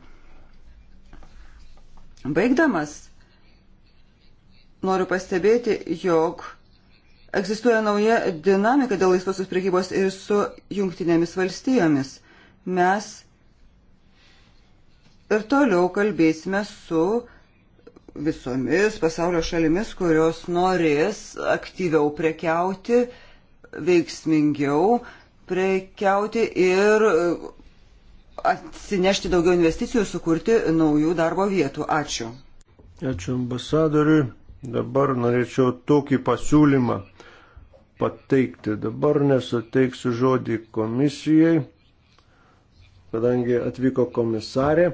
Baigdamas, noriu pastebėti, jog egzistuoja nauja dinamika dėl laisvosios priekybos ir su jungtinėmis valstijomis. Mes ir toliau kalbėsime su visomis pasaulio šalimis, kurios norės aktyviau prekiauti, veiksmingiau prekiauti ir atsinešti daugiau investicijų, sukurti naujų darbo vietų. Ačiū. Ačiū ambasadoriui. Dabar norėčiau tokį pasiūlymą pateikti. Dabar nesuteiksiu žodį komisijai, kadangi atvyko komisarė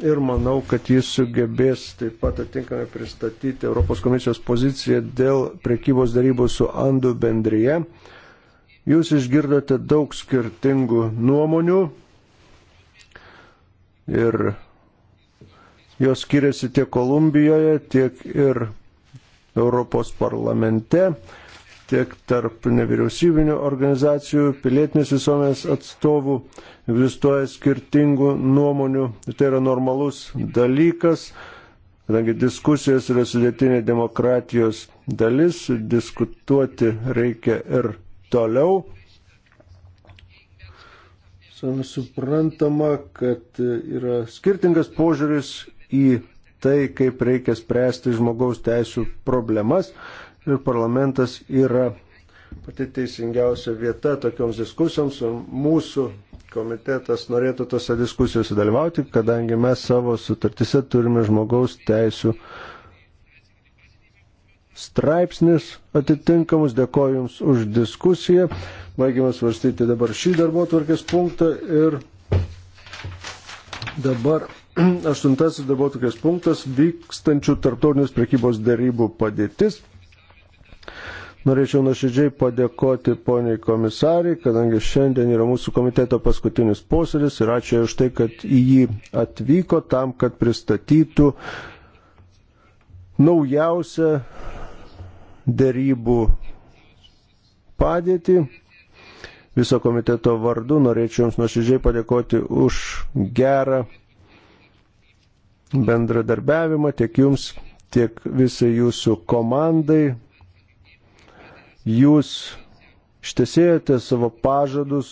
ir manau, kad jis sugebės taip pat atinkamai pristatyti Europos komisijos poziciją dėl prekybos darybų su Andų bendryje. Jūs išgirdote daug skirtingų nuomonių ir jos skiriasi tiek Kolumbijoje, tiek ir Europos parlamente, tiek tarp nevyriausybinių organizacijų, pilietinės visuomenės atstovų egzistuoja skirtingų nuomonių ir tai yra normalus dalykas, kadangi diskusijos yra sudėtinė demokratijos dalis, diskutuoti reikia ir toliau. Savai suprantama, kad yra skirtingas požiūris į tai, kaip reikia spręsti žmogaus teisų problemas ir parlamentas yra pati teisingiausia vieta tokioms diskusijoms. Mūsų komitetas norėtų tose diskusijose dalyvauti, kadangi mes savo sutartise turime žmogaus teisų straipsnis atitinkamus. Dėkoju Jums už diskusiją. Baigime svarstyti dabar šį darbo tvarkės punktą ir dabar aštuntasis darbo tvarkės punktas vykstančių tarptautinės prekybos darybų padėtis. Norėčiau nuoširdžiai padėkoti poniai komisariai, kadangi šiandien yra mūsų komiteto paskutinis posėdis ir ačiū už tai, kad į jį atvyko tam, kad pristatytų naujausią dėrybų padėtį. Viso komiteto vardu norėčiau Jums nuoširdžiai padėkoti už gerą bendradarbiavimą tiek Jums, tiek visai Jūsų komandai jūs ištesėjote savo pažadus,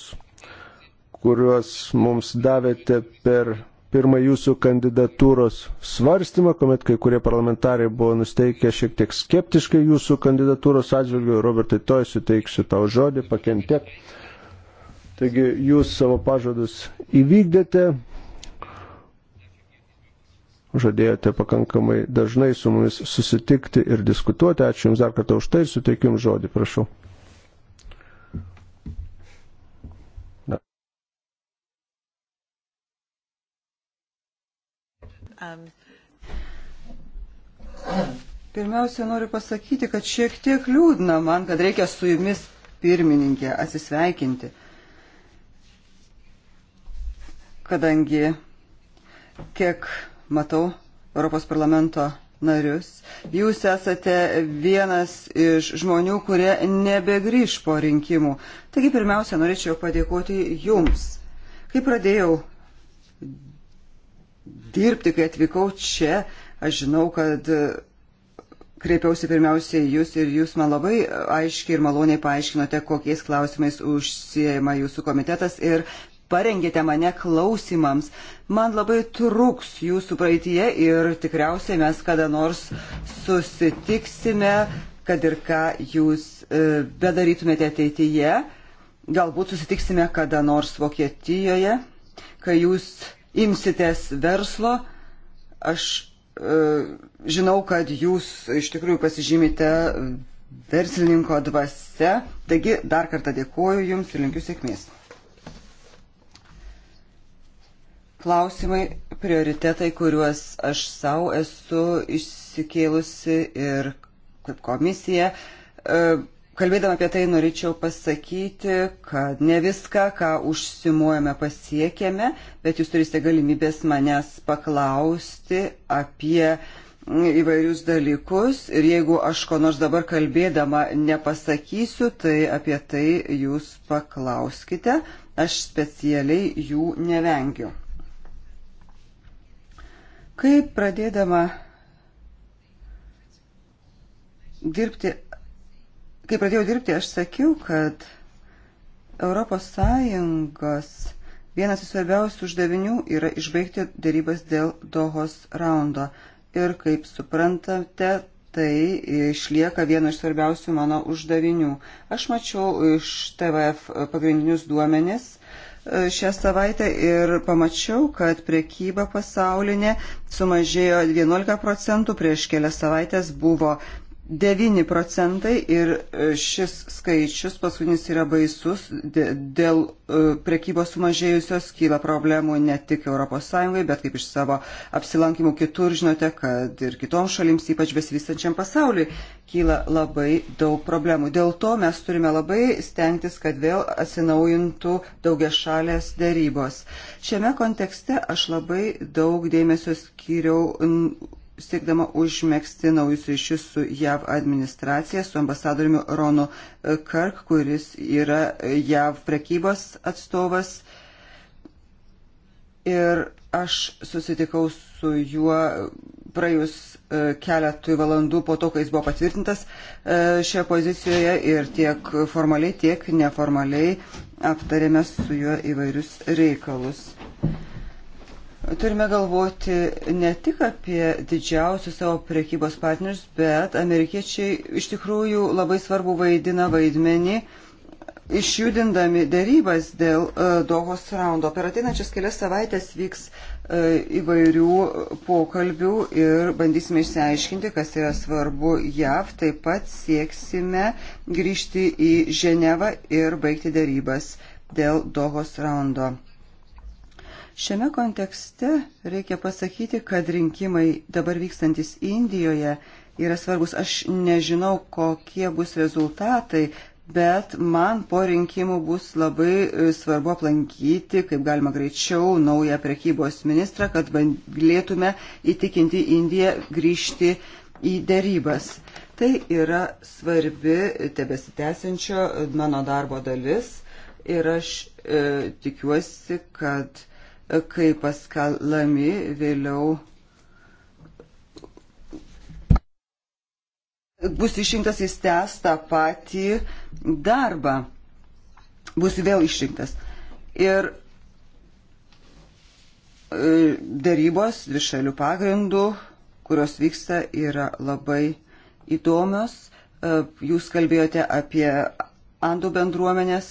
kuriuos mums davėte per pirmą jūsų kandidatūros svarstymą, kuomet kai kurie parlamentarai buvo nusteikę šiek tiek skeptiškai jūsų kandidatūros atžvilgiu. Robertai, to suteiksiu tau žodį, pakentėk. Taigi jūs savo pažadus įvykdėte, žadėjote pakankamai dažnai su mumis susitikti ir diskutuoti. Ačiū Jums dar kartą už tai ir suteikiu Jums žodį, prašau. Na. Um, pirmiausia, noriu pasakyti, kad šiek tiek liūdna man, kad reikia su jumis pirmininkė atsisveikinti, kadangi kiek matau Europos parlamento narius. Jūs esate vienas iš žmonių, kurie nebegrįž po rinkimų. Taigi pirmiausia, norėčiau padėkoti jums. Kai pradėjau dirbti, kai atvykau čia, aš žinau, kad kreipiausi pirmiausiai jūs ir jūs man labai aiškiai ir maloniai paaiškinote, kokiais klausimais užsiema jūsų komitetas ir parengėte mane klausimams. Man labai trūks jūsų praeitie ir tikriausiai mes kada nors susitiksime, kad ir ką jūs e, bedarytumėte ateityje. Galbūt susitiksime kada nors Vokietijoje, kai jūs imsitės verslo. Aš e, žinau, kad jūs iš tikrųjų pasižymite verslininko dvasia. Taigi dar kartą dėkuoju Jums ir linkiu sėkmės. klausimai, prioritetai, kuriuos aš savo esu išsikėlusi ir kaip komisija. E, kalbėdama apie tai norėčiau pasakyti, kad ne viską, ką užsimuojame, pasiekėme, bet jūs turite galimybės manęs paklausti apie įvairius dalykus ir jeigu aš ko nors dabar kalbėdama nepasakysiu, tai apie tai jūs paklauskite, aš specialiai jų nevengiu. Kaip pradėdama dirbti, kai pradėjau dirbti, aš sakiau, kad Europos Sąjungos vienas iš svarbiausių uždavinių yra išbaigti dėrybas dėl Dohos raundo. Ir kaip suprantate, tai išlieka vienu iš svarbiausių mano uždavinių. Aš mačiau iš TVF pagrindinius duomenis E, šią savaitę ir pamačiau, kad priekyba pasaulinė sumažėjo 11 procentų, prieš kelias savaitės buvo 9 procentai ir e, šis skaičius paskutinis yra baisus. Dėl e, prekybos sumažėjusios kyla problemų ne tik ES, bet kaip iš savo apsilankimų kitur žinote, kad ir kitoms šalims, ypač besivystančiam pasauliui, kyla labai daug problemų. Dėl to mes turime labai stengtis, kad vėl atsinaujintų daugia šalės dėrybos. Šiame kontekste aš labai daug dėmesio skyriau siekdama užmėgsti naujus ryšius su JAV administracija, su ambasadoriumi Ronu e, Kirk, kuris yra e, JAV prekybos atstovas. Ir aš susitikau su juo praėjus e, keletui valandų po to, kai jis buvo patvirtintas šioje pozicijoje ir tiek formaliai, tiek neformaliai aptarėme su juo įvairius reikalus. Turime galvoti ne tik apie didžiausius savo priekybos partnerius, bet amerikiečiai iš tikrųjų labai svarbu vaidina vaidmenį išjudindami dėrybas dėl uh, Dohos raundo. Per ateinančias kelias savaitės vyks uh, įvairių pokalbių ir bandysime išsiaiškinti, kas yra svarbu JAV. Taip pat sieksime grįžti į Ženevą ir baigti dėrybas dėl Dohos raundo. Šiame kontekste reikia pasakyti, kad rinkimai dabar vykstantis Indijoje yra svarbus. Aš nežinau, kokie bus rezultatai, bet man po rinkimų bus labai e, svarbu aplankyti, kaip galima greičiau, naują prekybos ministrą, kad galėtume įtikinti Indiją grįžti į dėrybas. Tai yra svarbi tebesitęsiančio mano darbo dalis ir aš e, tikiuosi, kad kai paskalami vėliau bus išrinktas, jis tęs tą patį darbą. Bus vėl išrinktas. Ir e, darybos dvišalių pagrindų, kurios vyksta, yra labai įdomios. E, jūs kalbėjote apie Andų bendruomenės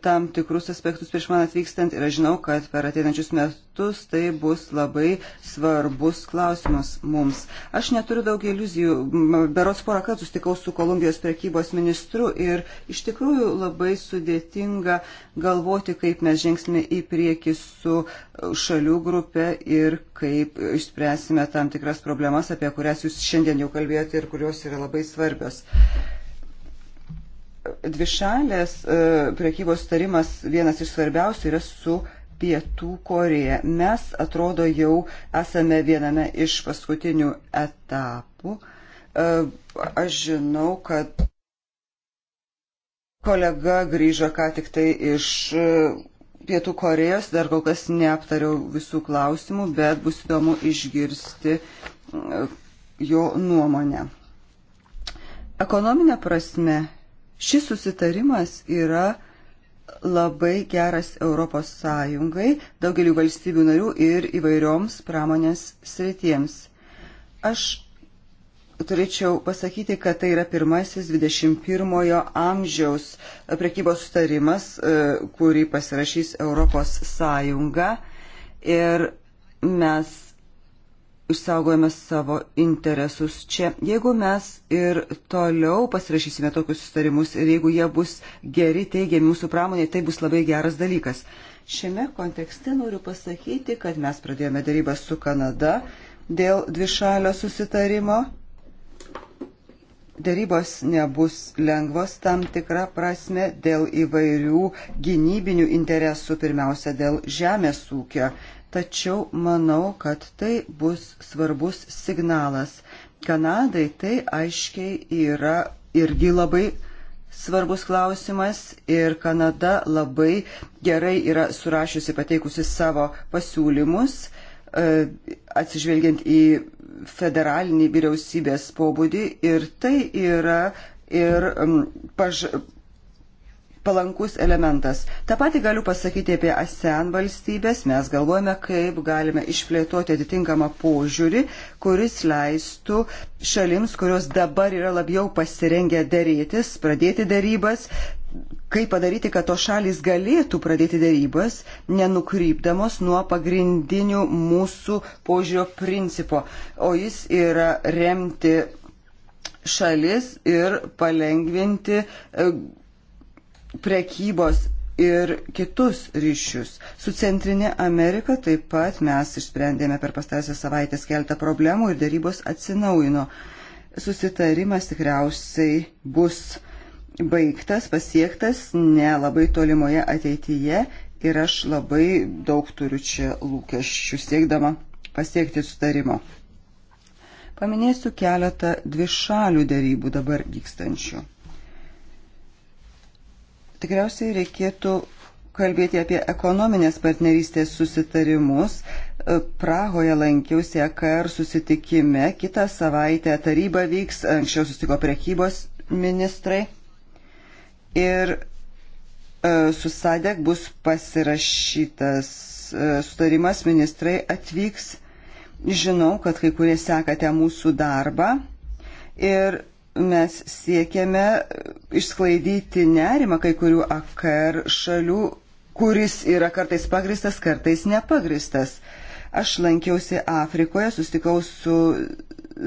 tam tikrus aspektus prieš man atvykstant ir aš žinau, kad per ateinančius metus tai bus labai svarbus klausimas mums. Aš neturiu daug iliuzijų. Berots porą kartų sustikau su Kolumbijos prekybos ministru ir iš tikrųjų labai sudėtinga galvoti, kaip mes žingsime į priekį su šalių grupė ir kaip išspręsime tam tikras problemas, apie kurias jūs šiandien jau kalbėjote ir kurios yra labai svarbios. Uh, dvišalės e, priekybos starimas vienas iš svarbiausių yra su Pietų Koreja. Mes atrodo jau esame viename iš paskutinių etapų. E, aš žinau, kad kolega grįžo ką tik tai iš e, Pietų Korejos, dar kol kas neaptariau visų klausimų, bet bus įdomu išgirsti jo nuomonę. Ekonominė prasme Šis susitarimas yra labai geras Europos Sąjungai, daugeliu valstybių narių ir įvairioms pramonės sritiems. Aš turėčiau pasakyti, kad tai yra pirmasis 21-ojo amžiaus prekybos sustarimas, e, kurį pasirašys Europos Sąjunga. Ir mes išsaugojame savo interesus čia. Jeigu mes ir toliau pasirašysime tokius sustarimus ir jeigu jie bus geri, teigiami mūsų pramonė, tai bus labai geras dalykas. Šiame kontekste noriu pasakyti, kad mes pradėjome darybą su Kanada dėl dvišalio susitarimo. Darybos nebus lengvos tam tikrą prasme dėl įvairių gynybinių interesų, pirmiausia dėl žemės ūkio tačiau manau, kad tai bus svarbus signalas. Kanadai tai aiškiai yra irgi labai svarbus klausimas ir Kanada labai gerai yra surašiusi pateikusi savo pasiūlymus, e, atsižvelgiant į federalinį vyriausybės pobūdį ir tai yra ir paž, palankus elementas. Ta pati galiu pasakyti apie ASEAN valstybės. Mes galvojame, kaip galime išplėtoti atitinkamą požiūrį, kuris leistų šalims, kurios dabar yra labiau pasirengę dėrėtis, pradėti dėrybas, kaip padaryti, kad to šalis galėtų pradėti dėrybas, nenukrypdamos nuo pagrindinių mūsų požiūrio principo, o jis yra remti šalis ir palengvinti e, prekybos ir kitus ryšius. Su Centrinė Amerika taip pat mes išsprendėme per pastarąsią savaitę keltą problemų ir darybos atsinaujino. Susitarimas tikriausiai bus baigtas, pasiektas nelabai tolimoje ateityje ir aš labai daug turiu čia lūkesčių siekdama pasiekti sutarimo. Paminėsiu keletą dvišalių darybų dabar vykstančių. Tikriausiai reikėtų kalbėti apie ekonominės partnerystės susitarimus. E, Prahoje lankiausi EKR susitikime, kitą savaitę taryba vyks, anksčiau susitiko prekybos ministrai. Ir e, su SADEK bus pasirašytas e, sutarimas, ministrai atvyks. Žinau, kad kai kurie sekate mūsų darbą ir mes siekiame išsklaidyti nerimą kai kurių AKR šalių, kuris yra kartais pagristas, kartais nepagristas. Aš lankiausi Afrikoje, sustikau su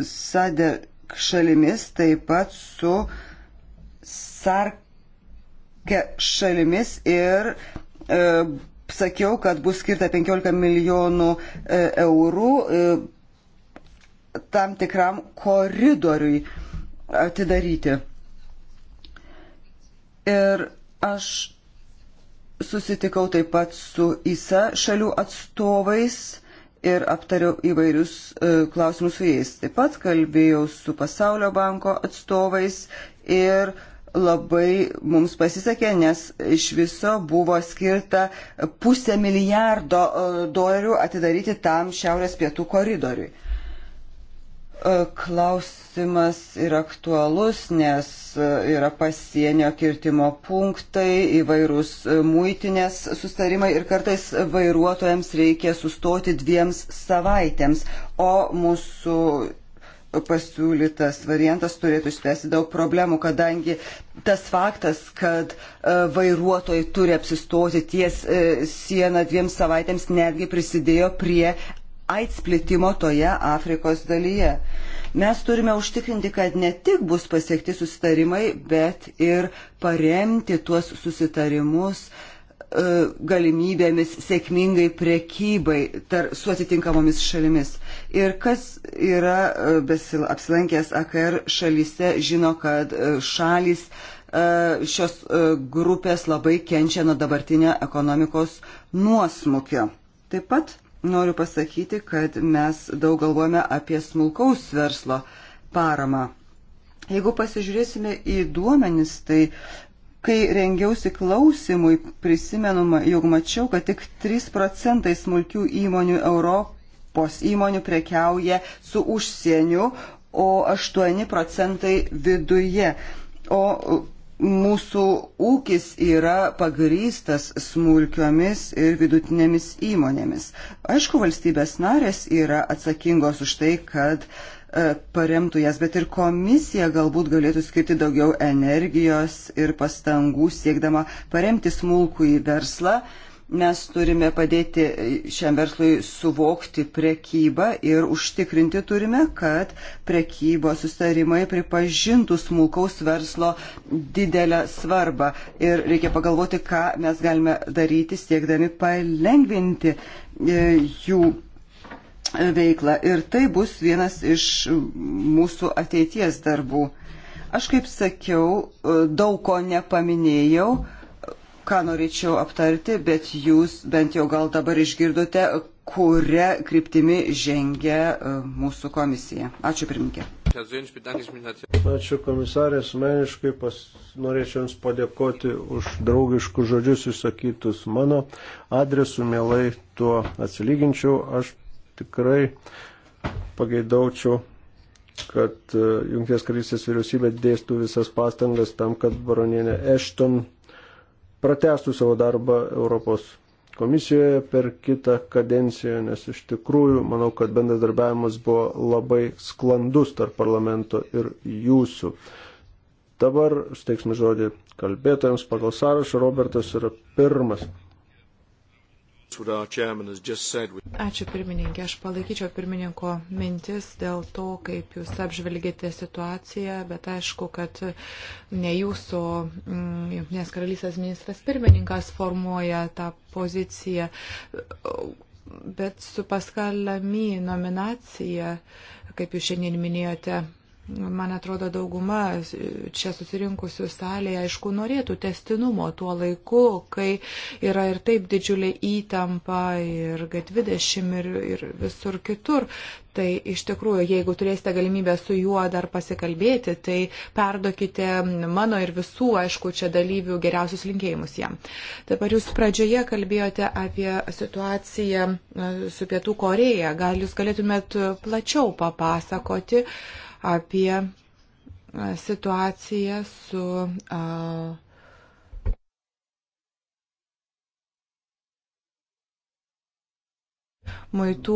SADEK šalimis, taip pat su SARKE šalimis ir e, sakiau, kad bus skirta 15 milijonų e, eurų e, tam tikram koridoriui. E, atidaryti. Ir aš susitikau taip pat su ISA šalių atstovais ir aptariau įvairius e, klausimus su jais. Taip pat kalbėjau su Pasaulio banko atstovais ir labai mums pasisekė, nes iš viso buvo skirta pusę milijardo e, dolerių atidaryti tam šiaurės pietų koridoriui. E, klausimas yra aktualus, nes e, yra pasienio kirtimo punktai, įvairūs e, muitinės sustarimai ir kartais vairuotojams reikia sustoti dviems savaitėms, o mūsų pasiūlytas variantas turėtų išspręsti daug problemų, kadangi tas faktas, kad vairuotojai turi apsistoti ties sieną dviem savaitėms, netgi prisidėjo prie AIDS plitimo toje Afrikos dalyje. Mes turime užtikrinti, kad ne tik bus pasiekti susitarimai, bet ir paremti tuos susitarimus e, galimybėmis sėkmingai prekybai tar, su atitinkamomis šalimis. Ir kas yra e, besil, apsilankęs AKR šalyse, žino, kad e, šalis šios grupės labai kenčia nuo dabartinio ekonomikos nuosmukio. Taip pat noriu pasakyti, kad mes daug galvojame apie smulkaus verslo paramą. Jeigu pasižiūrėsime į duomenis, tai kai rengiausi klausimui, prisimenu, jog mačiau, kad tik 3 procentai smulkių įmonių Europos įmonių prekiauja su užsieniu, o 8 procentai viduje. O mūsų ūkis yra pagrystas smulkiomis ir vidutinėmis įmonėmis. Aišku, valstybės narės yra atsakingos už tai, kad e, paremtų jas, bet ir komisija galbūt galėtų skirti daugiau energijos ir pastangų siekdama paremti smulkų į verslą. Uh, Mes turime padėti šiam verslui suvokti prekybą ir užtikrinti turime, kad prekybos sustarimai pripažintų smulkaus verslo didelę svarbą. Ir reikia pagalvoti, ką mes galime daryti, siekdami palengvinti e, jų veiklą. Ir tai bus vienas iš mūsų ateities darbų. Aš kaip sakiau, e, daug ko nepaminėjau, ką norėčiau aptarti, bet jūs bent jau gal dabar išgirdote, kuria kryptimi žengia e, mūsų komisija. Ačiū pirmininkė. Ačiū komisarė, asmeniškai pas, norėčiau Jums padėkoti už draugiškus žodžius išsakytus mano adresu, mielai tuo atsilyginčiau. Aš tikrai pageidaučiau, kad e, Junkties karalystės vyriausybė dėstų visas pastangas tam, kad baronienė Ešton pratestų savo darbą Europos komisijoje per kitą kadenciją, nes iš tikrųjų manau, kad bendradarbiavimas buvo labai sklandus tarp parlamento ir jūsų. Dabar steiksime žodį kalbėtojams pagal sąrašą. Robertas yra pirmas. Ačiū pirmininkė, aš palaikyčiau pirmininko mintis dėl to, kaip jūs apžvelgėte situaciją, bet aišku, kad ne jūsų mm, Junktinės karalystės ministras pirmininkas formuoja tą poziciją, bet su paskalami nominacija, kaip jūs šiandien minėjote, Man atrodo, dauguma čia susirinkusių salėje, aišku, norėtų testinumo tuo laiku, kai yra ir taip didžiulė įtampa ir G20 ir, ir visur kitur. Tai iš tikrųjų, jeigu turėsite galimybę su juo dar pasikalbėti, tai perdokite mano ir visų, aišku, čia dalyvių geriausius linkėjimus jam. Dabar jūs pradžioje kalbėjote apie situaciją e, su Pietų Koreja. Gal jūs galėtumėt plačiau papasakoti? Uh, apie situaciją su. Uh, maitų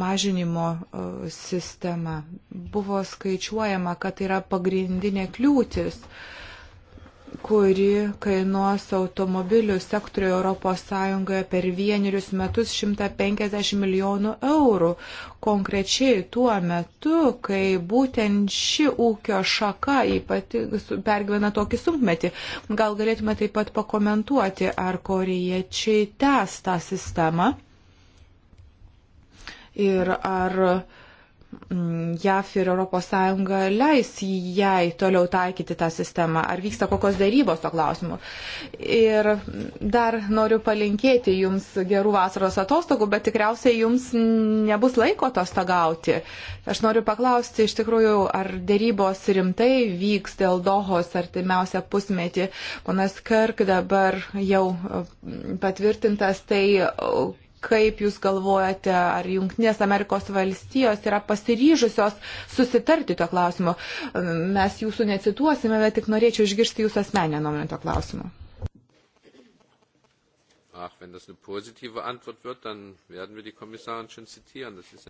mažinimo sistema. Buvo skaičiuojama, kad tai yra pagrindinė kliūtis uh, kuri kainuos automobilių sektoriui Europos Sąjungoje per vienerius metus 150 milijonų eurų. Konkrečiai tuo metu, kai būtent ši ūkio šaka ypati pergyvena tokį sunkmetį. Gal galėtume taip pat pakomentuoti, ar koriečiai tęs tą sistemą ir ar uh, Mm, JAF ir ES leis jai toliau taikyti tą sistemą? Ar vyksta kokios darybos to klausimu? Ir dar noriu palinkėti jums gerų vasaros atostogų, bet tikriausiai jums nebus laiko atostogauti. Aš noriu paklausti iš tikrųjų, ar darybos rimtai vyks dėl Dohos artimiausią pusmetį. Ponas Kirk dabar jau patvirtintas, tai kaip Jūs galvojate, ar Junktinės Amerikos valstijos yra pasiryžusios susitarti to klausimu? Mes Jūsų necituosime, bet tik norėčiau išgirsti Jūsų asmenę nuomonę to klausimu. Ach, wenn das eine positive Antwort wird, dann werden wir die Kommissarin schon zitieren. Das ist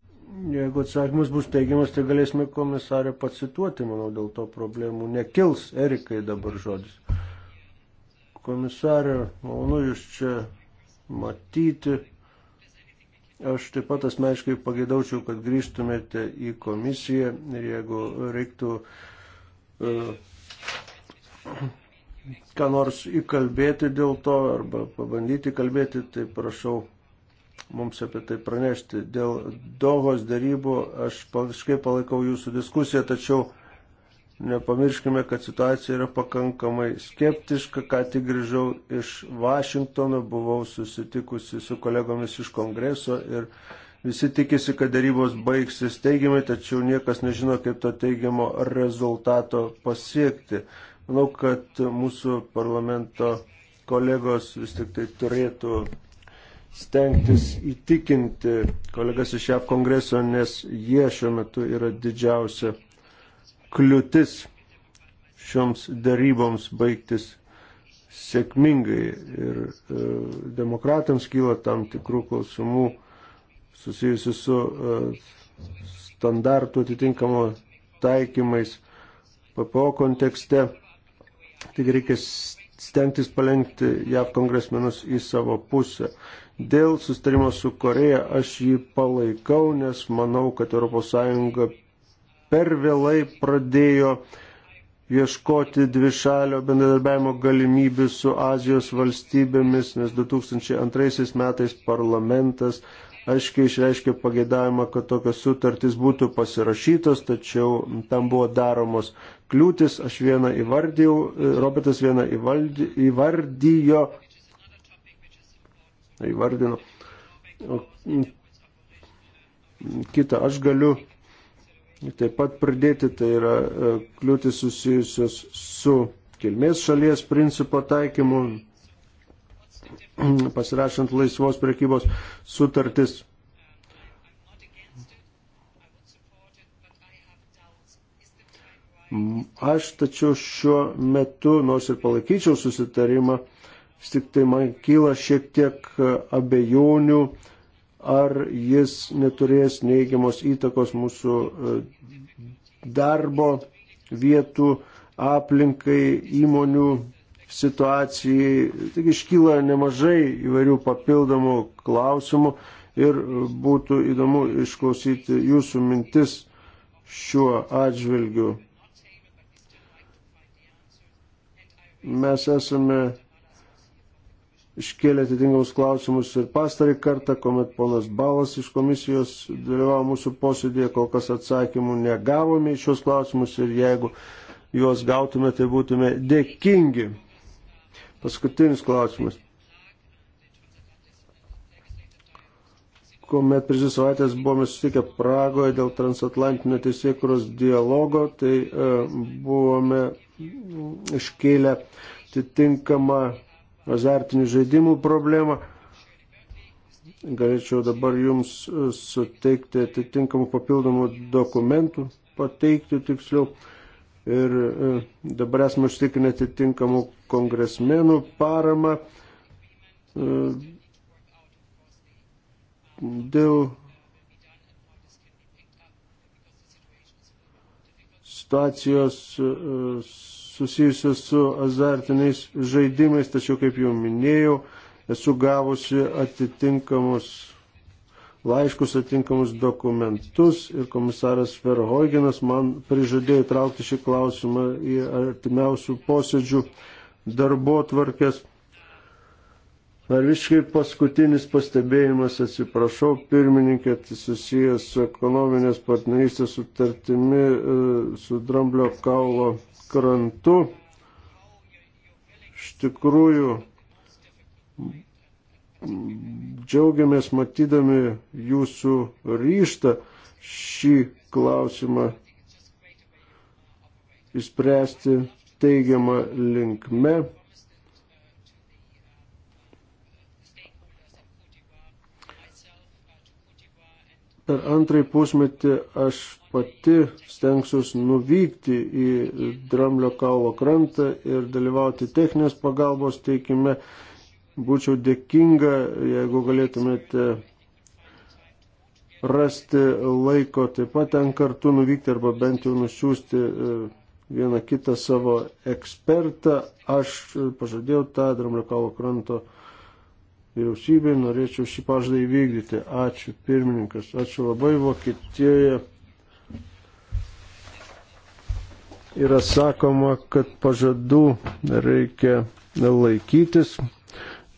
Jeigu atsakymas bus teigiamas, tai galėsime komisarę pacituoti, manau, dėl to problemų nekils. Erikai dabar žodis. Komisarė, malonu jūs čia matyti. Aš taip pat asmeniškai pagėdaučiau, kad grįžtumėte į komisiją ir jeigu reiktų uh, ką nors įkalbėti dėl to arba pabandyti kalbėti, tai prašau mums apie tai pranešti. Dėl Dohos darybų aš visiškai palaikau jūsų diskusiją, tačiau Nepamirškime, kad situacija yra pakankamai skeptiška. Ką tik grįžau iš Vašingtono, buvau susitikusi su kolegomis iš kongreso ir visi tikisi, kad darybos baigsis teigiamai, tačiau niekas nežino, kaip to teigiamo rezultato pasiekti. Manau, kad mūsų parlamento kolegos vis tik tai turėtų stengtis įtikinti kolegas iš JAV kongreso, nes jie šiuo metu yra didžiausia kliūtis šioms daryboms baigtis sėkmingai ir e, demokratams kyla tam tikrų klausimų susijusių su e, standartų atitinkamo taikymais PPO kontekste. Tik reikia stengtis palengti JAV kongresmenus į savo pusę. Dėl sustarimo su Koreja aš jį palaikau, nes manau, kad ES per vėlai pradėjo ieškoti dvišalio bendradarbiavimo galimybių su Azijos valstybėmis, nes 2002 metais parlamentas aiškiai išreiškė pageidavimą, kad tokios sutartys būtų pasirašytos, tačiau tam buvo daromos kliūtis. Aš vieną įvardijau, Robertas vieną įvardijo, įvardino, kitą aš galiu Taip pat pridėti tai yra e, kliūtis susijusios su kilmės šalies principo taikymu, pasirašant laisvos prekybos sutartis. Aš tačiau šiuo metu, nors ir palaikyčiau susitarimą, vis tik tai man kyla šiek tiek e, abejonių ar jis neturės neigiamos įtakos mūsų e, darbo vietų aplinkai, įmonių situacijai. Taigi iškyla nemažai įvairių papildomų klausimų ir būtų įdomu išklausyti jūsų mintis šiuo atžvilgiu. Mes esame iškėlė atitinkamus klausimus ir pastarį kartą, kuomet ponas Balas iš komisijos dalyvavo mūsų posėdėje, kol kas atsakymų negavome į šios klausimus ir jeigu juos gautume, tai būtume dėkingi. Paskutinis klausimas. Kuomet prieš dvi savaitės buvome susitikę Pragoje dėl transatlantinio teisėkuros dialogo, tai e, buvome iškėlę atitinkamą azartinių žaidimų problemą. Galėčiau dabar jums e, suteikti atitinkamų papildomų dokumentų, pateikti tiksliau. Ir e, dabar esame užtikrinę atitinkamų kongresmenų paramą e, dėl situacijos susijusios su azartiniais žaidimais, tačiau, kaip jau minėjau, esu gavusi atitinkamus laiškus, atitinkamus dokumentus ir komisaras Verhoigenas man prižadėjo įtraukti šį klausimą į artimiausių posėdžių darbo tvarkės. Ar visiškai paskutinis pastebėjimas, atsiprašau, pirmininkė, tai susijęs su ekonominės partnerystės sutartimi e, su Dramblio kaulo krantu. Iš tikrųjų, džiaugiamės matydami jūsų ryštą šį klausimą įspręsti teigiamą linkme. per antrąjį pusmetį aš pati stengsiuos nuvykti į Dramblio kaulo krantą ir dalyvauti techninės pagalbos teikime. Būčiau dėkinga, jeigu galėtumėte rasti laiko taip pat ten kartu nuvykti arba bent jau nusiųsti e, vieną kitą savo ekspertą. Aš pažadėjau tą Dramblio kaulo kranto vyriausybei, norėčiau šį pažadą įvykdyti. Ačiū pirmininkas, ačiū labai Vokietijoje. Yra sakoma, kad pažadų reikia laikytis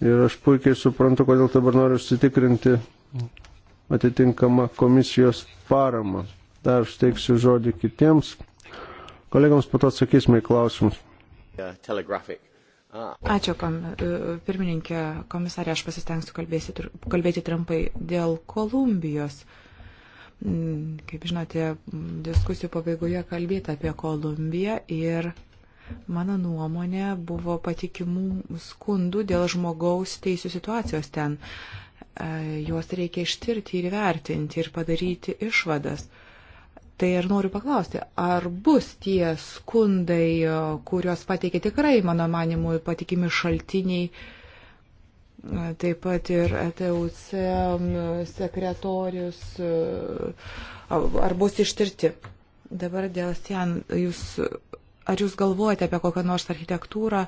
ir aš puikiai suprantu, kodėl dabar noriu užsitikrinti atitinkamą komisijos paramą. Dar aš teiksiu žodį kitiems kolegams, po to atsakysime į klausimus. Yeah, telegraphic. Ačiū, kom, e, pirmininkė, komisarė, aš pasistengsiu kalbėsi, kalbėti trumpai dėl Kolumbijos. Mm, kaip žinote, diskusijų pabaigoje kalbėta apie Kolumbiją ir mano nuomonė buvo patikimų skundų dėl žmogaus teisų situacijos ten. E, juos reikia ištirti ir įvertinti ir padaryti išvadas. Tai ir noriu paklausti, ar bus tie skundai, e, kuriuos pateikė tikrai, mano manimu, patikimi šaltiniai, e, taip pat ir ETUC sekretorius, e, ar bus ištirti. Dabar dėl Sian, jūs, ar jūs galvojate apie kokią nors architektūrą,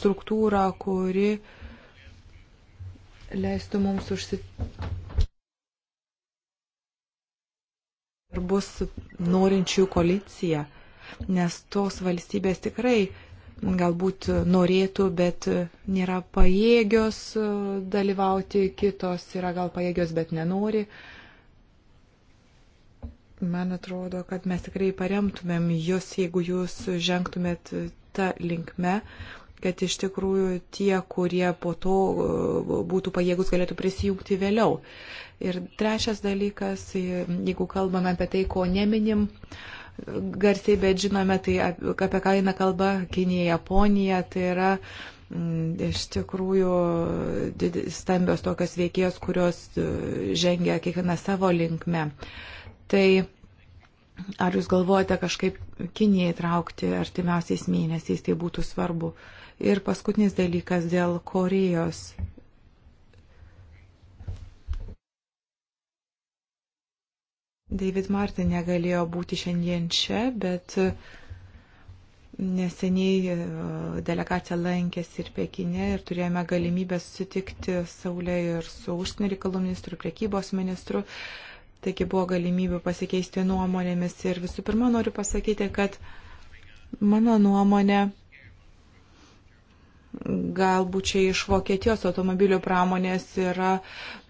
struktūrą, kuri leistų mums užsitikrinti? ir bus norinčių koalicija, nes tos valstybės tikrai galbūt norėtų, bet nėra pajėgios e, dalyvauti, kitos yra gal pajėgios, bet nenori. Man atrodo, kad mes tikrai paremtumėm jūs, jeigu jūs žengtumėt tą linkmę, kad iš tikrųjų tie, kurie po to e, būtų pajėgus, galėtų prisijungti vėliau. Ir trečias dalykas, e, jeigu kalbame apie tai, ko neminim, garsiai, bet žinome, tai apie ką eina kalba Kinija, Japonija, tai yra mm, iš tikrųjų stambios tokios veikėjos, kurios e, žengia kiekvieną savo linkme. Tai ar jūs galvojate kažkaip Kiniją įtraukti artimiausiais mėnesiais, tai būtų svarbu? Uh, Ir paskutinis dalykas dėl Korejos. David Martin negalėjo būti šiandien čia, bet neseniai e, delegacija lankėsi ir Pekinė ir turėjome galimybę susitikti Saulė ir su užsienio reikalų ministru, priekybos ministru. Taigi buvo galimybė pasikeisti nuomonėmis ir visų pirma noriu pasakyti, kad mano nuomonė galbūt čia iš Vokietijos automobilių pramonės yra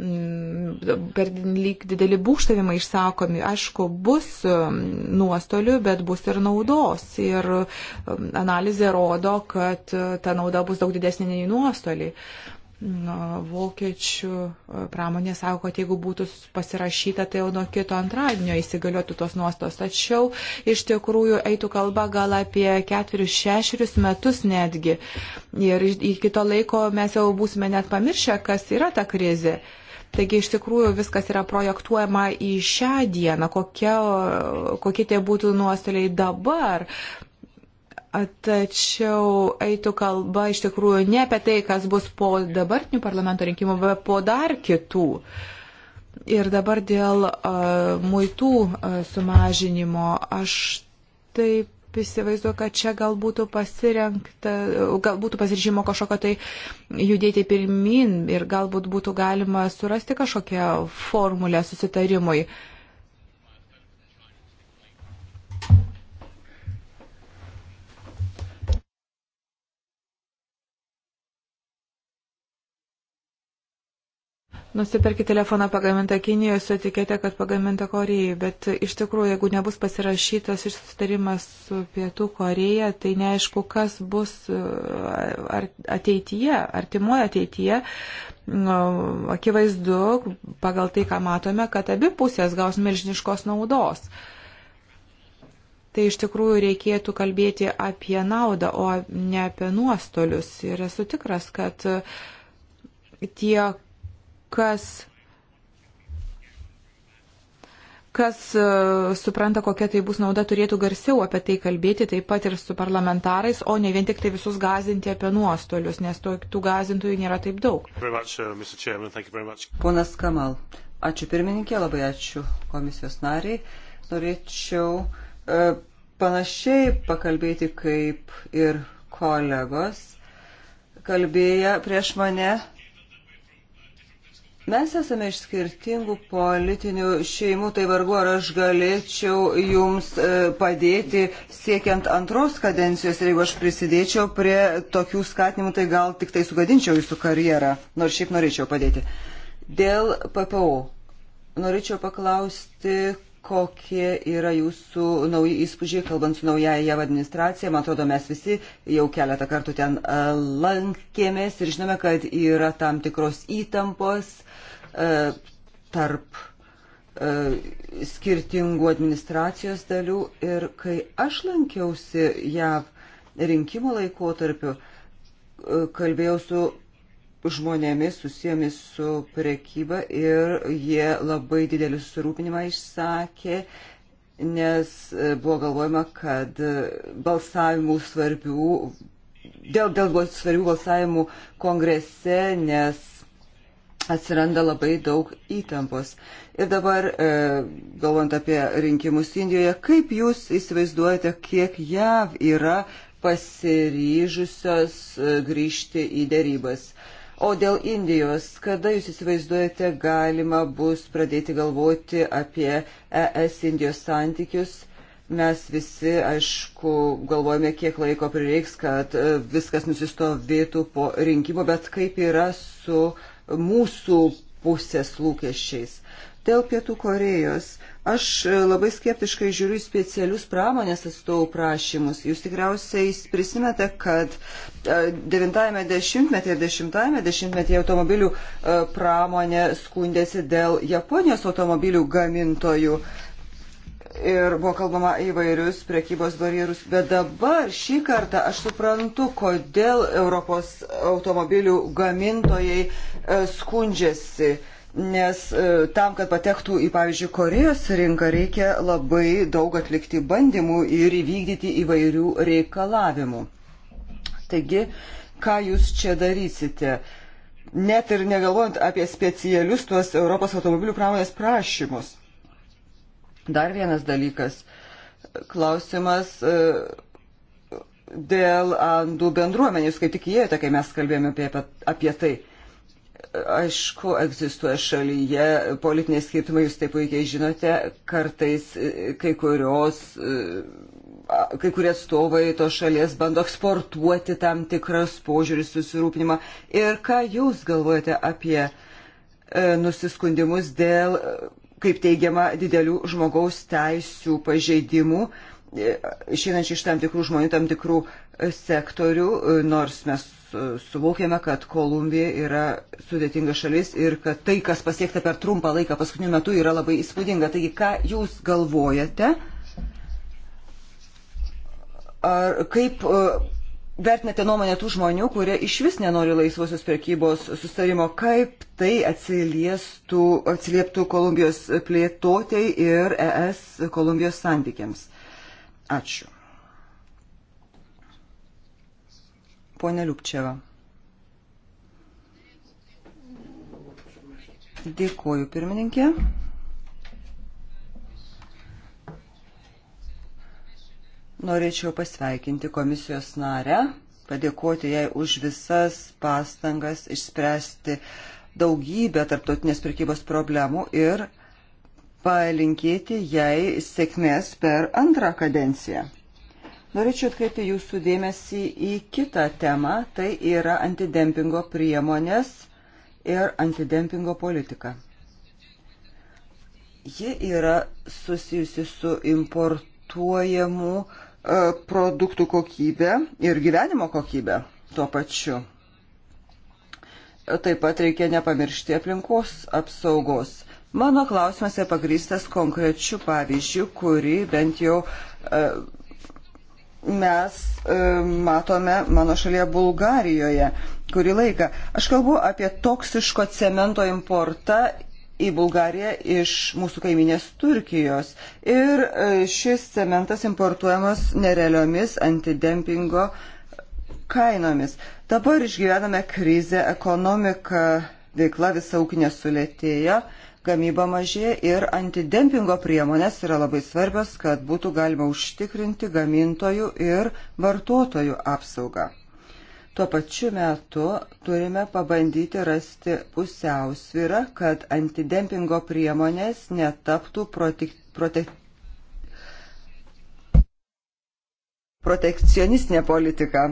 mm, per lyg dideli būkštavimai išsakomi. Aišku, bus mm, nuostolių, bet bus ir naudos. Ir mm, analizė rodo, kad e, ta nauda bus daug didesnė nei nuostoliai. Vokiečių e, pramonė sako, kad jeigu būtų pasirašyta, tai jau nuo kito antradienio įsigaliotų tos nuostos. Tačiau iš tikrųjų eitų kalba gal apie ketverius, šešerius metus netgi. Ir iki to laiko mes jau būsime net pamiršę, kas yra ta krizė. Taigi iš tikrųjų viskas yra projektuojama į šią dieną, kokie, kokie tie būtų nuostoliai dabar. Tačiau eitų kalba iš tikrųjų ne apie tai, kas bus po dabartinių parlamento rinkimų, bet po dar kitų. Ir dabar dėl uh, muitų uh, sumažinimo aš taip įsivaizduoju, kad čia gal būtų pasirinkta, gal būtų pasiržymo kažkokio tai judėti pirmin ir galbūt būtų galima surasti kažkokią formulę susitarimui. Uh, Nusipirkit telefoną pagamintą Kinijoje, sutikėte, kad pagamintą Korejai, bet iš tikrųjų, jeigu nebus pasirašytas ir sustarimas su Pietų Koreja, tai neaišku, kas bus uh, ar ateityje, artimoje ateityje. Nu, akivaizdu, pagal tai, ką matome, kad abi pusės gaus milžiniškos naudos. Tai iš tikrųjų reikėtų kalbėti apie naudą, o ne apie nuostolius. Ir esu tikras, kad tie kas kas e, supranta, kokia tai bus nauda, turėtų garsiau apie tai kalbėti, taip pat ir su parlamentarais, o ne vien tik tai visus gazinti apie nuostolius, nes to, tų gazintojų nėra taip daug. Much, uh, Ponas Kamal, ačiū pirmininkė, labai ačiū komisijos nariai. Norėčiau uh, panašiai pakalbėti kaip ir kolegos kalbėję prieš mane Mes esame iš skirtingų politinių šeimų, tai vargu ar aš galėčiau jums e, padėti siekiant antros kadencijos ir jeigu aš prisidėčiau prie tokių skatinimų, tai gal tik tai sugadinčiau jūsų karjerą, nors šiaip norėčiau padėti. Dėl PPO norėčiau paklausti, kokie yra jūsų nauji įspūdžiai, kalbant su naujaja JAV administracija. Man atrodo, mes visi jau keletą kartų ten e, lankėmės ir žinome, kad yra tam tikros įtampos E, tarp e, skirtingų administracijos dalių ir kai aš lankiausi JAV rinkimų laikotarpiu, e, kalbėjau su žmonėmis susijomis su prekyba ir jie labai didelį susirūpinimą išsakė, nes buvo galvojama, kad balsavimų svarbių, dėl, dėl svarbių balsavimų kongrese, nes atsiranda labai daug įtampos. Ir dabar, e, galvant apie rinkimus Indijoje, kaip jūs įsivaizduojate, kiek JAV yra pasiryžusios e, grįžti į dėrybas? O dėl Indijos, kada jūs įsivaizduojate, galima bus pradėti galvoti apie ES Indijos santykius? Mes visi, aišku, galvojame, kiek laiko prireiks, kad e, viskas nusistovėtų po rinkimo, bet kaip yra su uh, mūsų pusės lūkesčiais. Dėl Pietų Korejos. Aš labai skeptiškai žiūriu į specialius pramonės atstovų prašymus. Jūs tikriausiai prisimete, kad 90-ame e, dešimtmetyje ir 10-ame dešimtmetyje automobilių e, pramonė skundėsi dėl Japonijos automobilių gamintojų. Uh, ir buvo kalbama įvairius prekybos barjerus, bet dabar šį kartą aš suprantu, kodėl Europos automobilių gamintojai e, skundžiasi, nes e, tam, kad patektų į, pavyzdžiui, Korejos rinką, reikia labai daug atlikti bandymų ir įvykdyti įvairių reikalavimų. Taigi, ką jūs čia darysite? Net ir negalvojant apie specialius tuos Europos automobilių pramonės prašymus Dar vienas dalykas. Klausimas e, dėl Andų bendruomenės, kai tik įėjote, kai mes kalbėjome apie, apie tai. Aišku, egzistuoja šalyje politiniai skirtumai, jūs tai puikiai žinote, kartais e, kai, kurios, e, kai kurie atstovai to šalies bando eksportuoti tam tikras požiūris susirūpinimą. Ir ką jūs galvojate apie nusiskundimus dėl kaip teigiama, didelių žmogaus teisų pažeidimų, e, išeinančių iš tam tikrų žmonių, tam tikrų e, sektorių, e, nors mes suvokiame, kad Kolumbija yra sudėtinga šalis ir kad tai, kas pasiekta per trumpą laiką paskutiniu metu, yra labai įspūdinga. Taigi, ką Jūs galvojate, ar kaip vertinate nuomonę tų žmonių, kurie iš vis nenori laisvosios prekybos sustarimo, kaip tai atsilieptų Kolumbijos plėtotei ir ES Kolumbijos santykiams? Ačiū. Pone Liupčeva. Dėkuoju, pirmininkė. Norėčiau pasveikinti komisijos narę, padėkoti jai už visas pastangas išspręsti daugybę tarptautinės prekybos problemų ir palinkėti jai sėkmės per antrą kadenciją. Norėčiau atkreipti jūsų dėmesį į kitą temą, tai yra antidempingo priemonės ir antidempingo politika. Ji yra susijusi su importuojamų uh, E, produktų kokybę ir gyvenimo kokybę tuo pačiu. Taip pat reikia nepamiršti aplinkos apsaugos. Mano klausimas yra pagrįstas konkrečiu pavyzdžiu, kurį bent jau e, mes e, matome mano šalyje Bulgarijoje kurį laiką. Aš kalbu apie toksiško cemento importą į Bulgariją iš mūsų kaiminės Turkijos. Ir e, šis cementas importuojamas nereliomis antidempingo kainomis. Dabar išgyvename krizę, ekonomika veikla visą ūkinę sulėtėjo, gamyba mažėja ir antidempingo priemonės yra labai svarbios, kad būtų galima užtikrinti gamintojų ir vartotojų apsaugą. Tuo pačiu metu turime pabandyti rasti pusiausvyrą, kad antidempingo priemonės netaptų protek... Protek... protekcionistinė politika.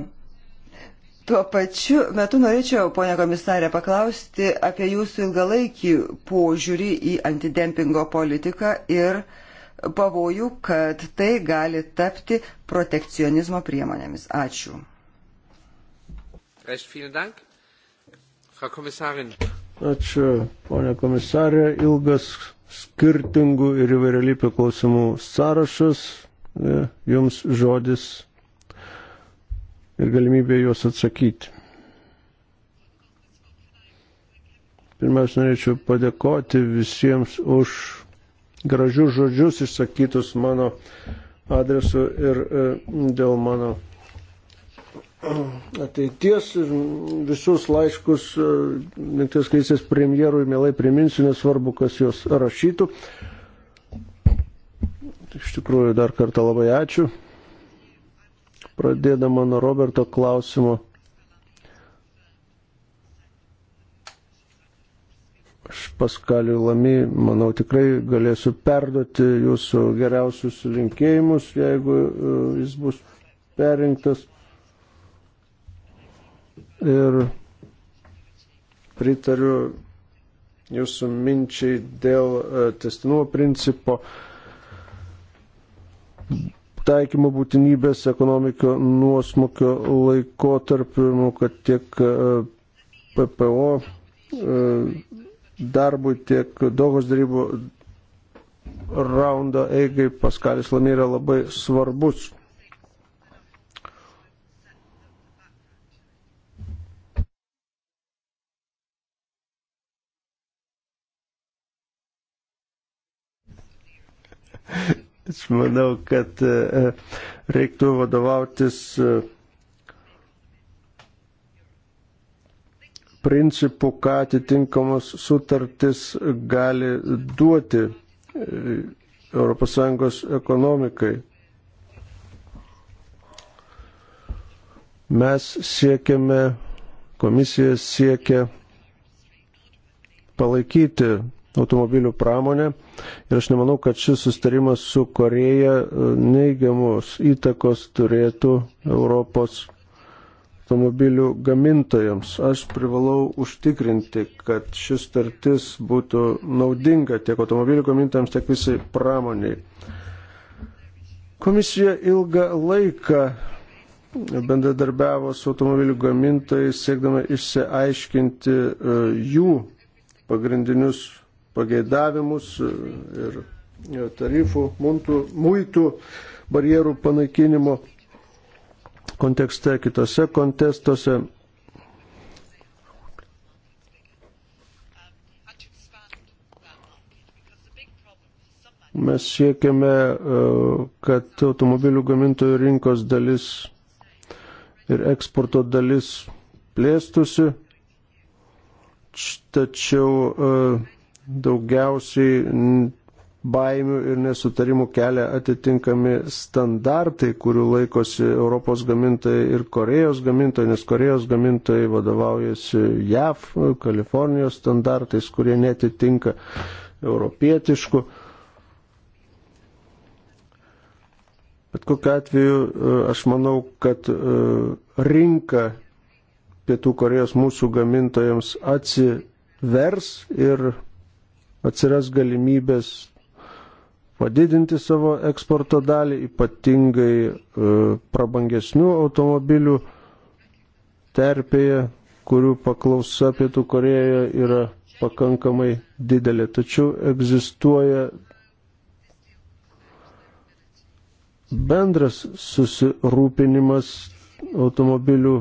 Tuo pačiu metu norėčiau, ponia komisarė, paklausti apie jūsų ilgalaikį požiūrį į antidempingo politiką ir pavojų, kad tai gali tapti protekcionizmo priemonėmis. Ačiū. Recht vielen Dank. Frau Kommissarin. Ačiū, ponė komisarė. Ilgas skirtingų ir įvairialypių klausimų sąrašas. E, jums žodis ir galimybė juos atsakyti. Pirmiausia, norėčiau padėkoti visiems už gražius žodžius išsakytus mano adresu ir e, dėl mano ateities ir visus laiškus e, Junktinės karalystės premjerui mielai priminsiu, nesvarbu, kas juos rašytų. Iš tikrųjų, dar kartą labai ačiū. Pradėdama nuo Roberto klausimo. Aš paskaliu lami, manau, tikrai galėsiu perduoti jūsų geriausius linkėjimus, jeigu e, jis bus perinktas ir pritariu jūsų minčiai dėl e, testinumo principo taikymo būtinybės ekonomikio nuosmukio laikotarpiu, manau, kad tiek e, PPO e, darbui, tiek daugos darybų raundo eigai Paskalis Lamy yra labai svarbus. Aš manau, kad e, e, reiktų vadovautis e, principų, ką atitinkamos sutartis gali duoti ES ekonomikai. Mes siekiame, komisija siekia palaikyti automobilių pramonę. Ir aš nemanau, kad šis sustarimas su Koreja e, neigiamos įtakos turėtų Europos automobilių gamintojams. Aš privalau užtikrinti, kad šis startis būtų naudinga tiek automobilių gamintojams, tiek visai pramoniai. Komisija ilgą laiką bendradarbiavo su automobilių gamintojais, siekdama išsiaiškinti e, jų pagrindinius pageidavimus ir tarifų, muntų, muitų barjerų panaikinimo kontekste, kitose kontestuose. Mes siekiame, e, kad automobilių gamintojų rinkos dalis ir eksporto dalis plėstusi, tačiau uh, daugiausiai baimių ir nesutarimų kelia atitinkami standartai, kurių laikosi Europos gamintojai ir Korejos gamintojai, nes Korejos gamintojai vadovaujasi JAV, Kalifornijos standartais, kurie netitinka europietiškų. Bet kokiu atveju e, aš manau, kad e, rinka Pietų Korejos mūsų gamintojams atsivers ir atsiras galimybės padidinti savo eksporto dalį, ypatingai e, prabangesnių automobilių terpėje, kurių paklausa Pietų Korejoje yra pakankamai didelė. Tačiau egzistuoja bendras susirūpinimas automobilių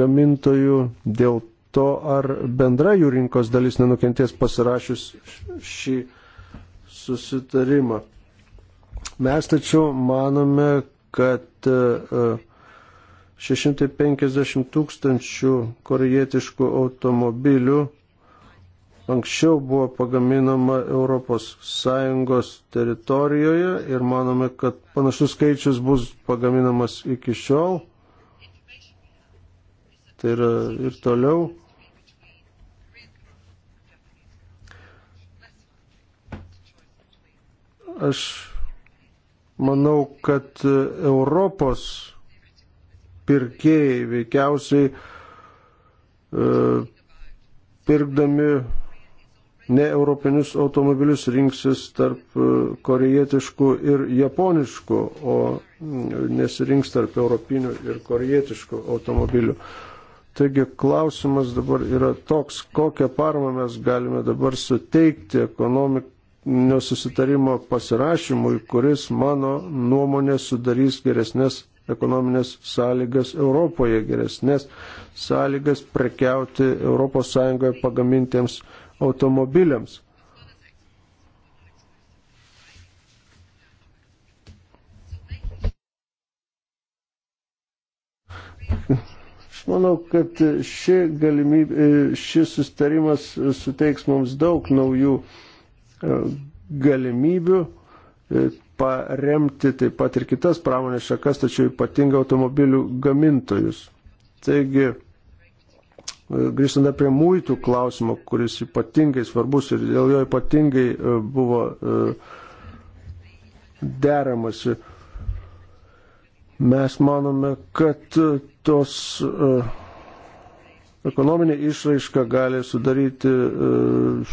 gamintojų dėl to, ar bendra jų rinkos dalis nenukentės pasirašius šį susitarimą. Mes tačiau manome, kad 650 e, tūkstančių korejietiškų automobilių anksčiau buvo pagaminama ES teritorijoje ir manome, kad panašus skaičius bus pagaminamas iki šiol. Tai yra ir toliau Aš manau, kad Europos pirkėjai veikiausiai e, pirkdami ne europinius automobilius rinksis tarp e, korejietiškų ir japoniškų, o mm, nesirinks tarp europinių ir korejietiškų automobilių. Taigi klausimas dabar yra toks, kokią paramą mes galime dabar suteikti ekonomik, nesusitarimo pasirašymui, kuris mano nuomonė sudarys geresnės ekonominės sąlygas Europoje, geresnės sąlygas prekiauti ES pagamintiems automobiliams. Aš manau, kad ši galimybė, šis sustarimas suteiks mums daug naujų galimybių e, paremti taip pat ir kitas pramonės šakas, tačiau ypatingai automobilių gamintojus. Taigi, e, grįžtant prie muitų klausimo, kuris ypatingai svarbus ir dėl jo ypatingai e, buvo deramasi, mes manome, kad tos uh, Ekonominė išraiška gali sudaryti e,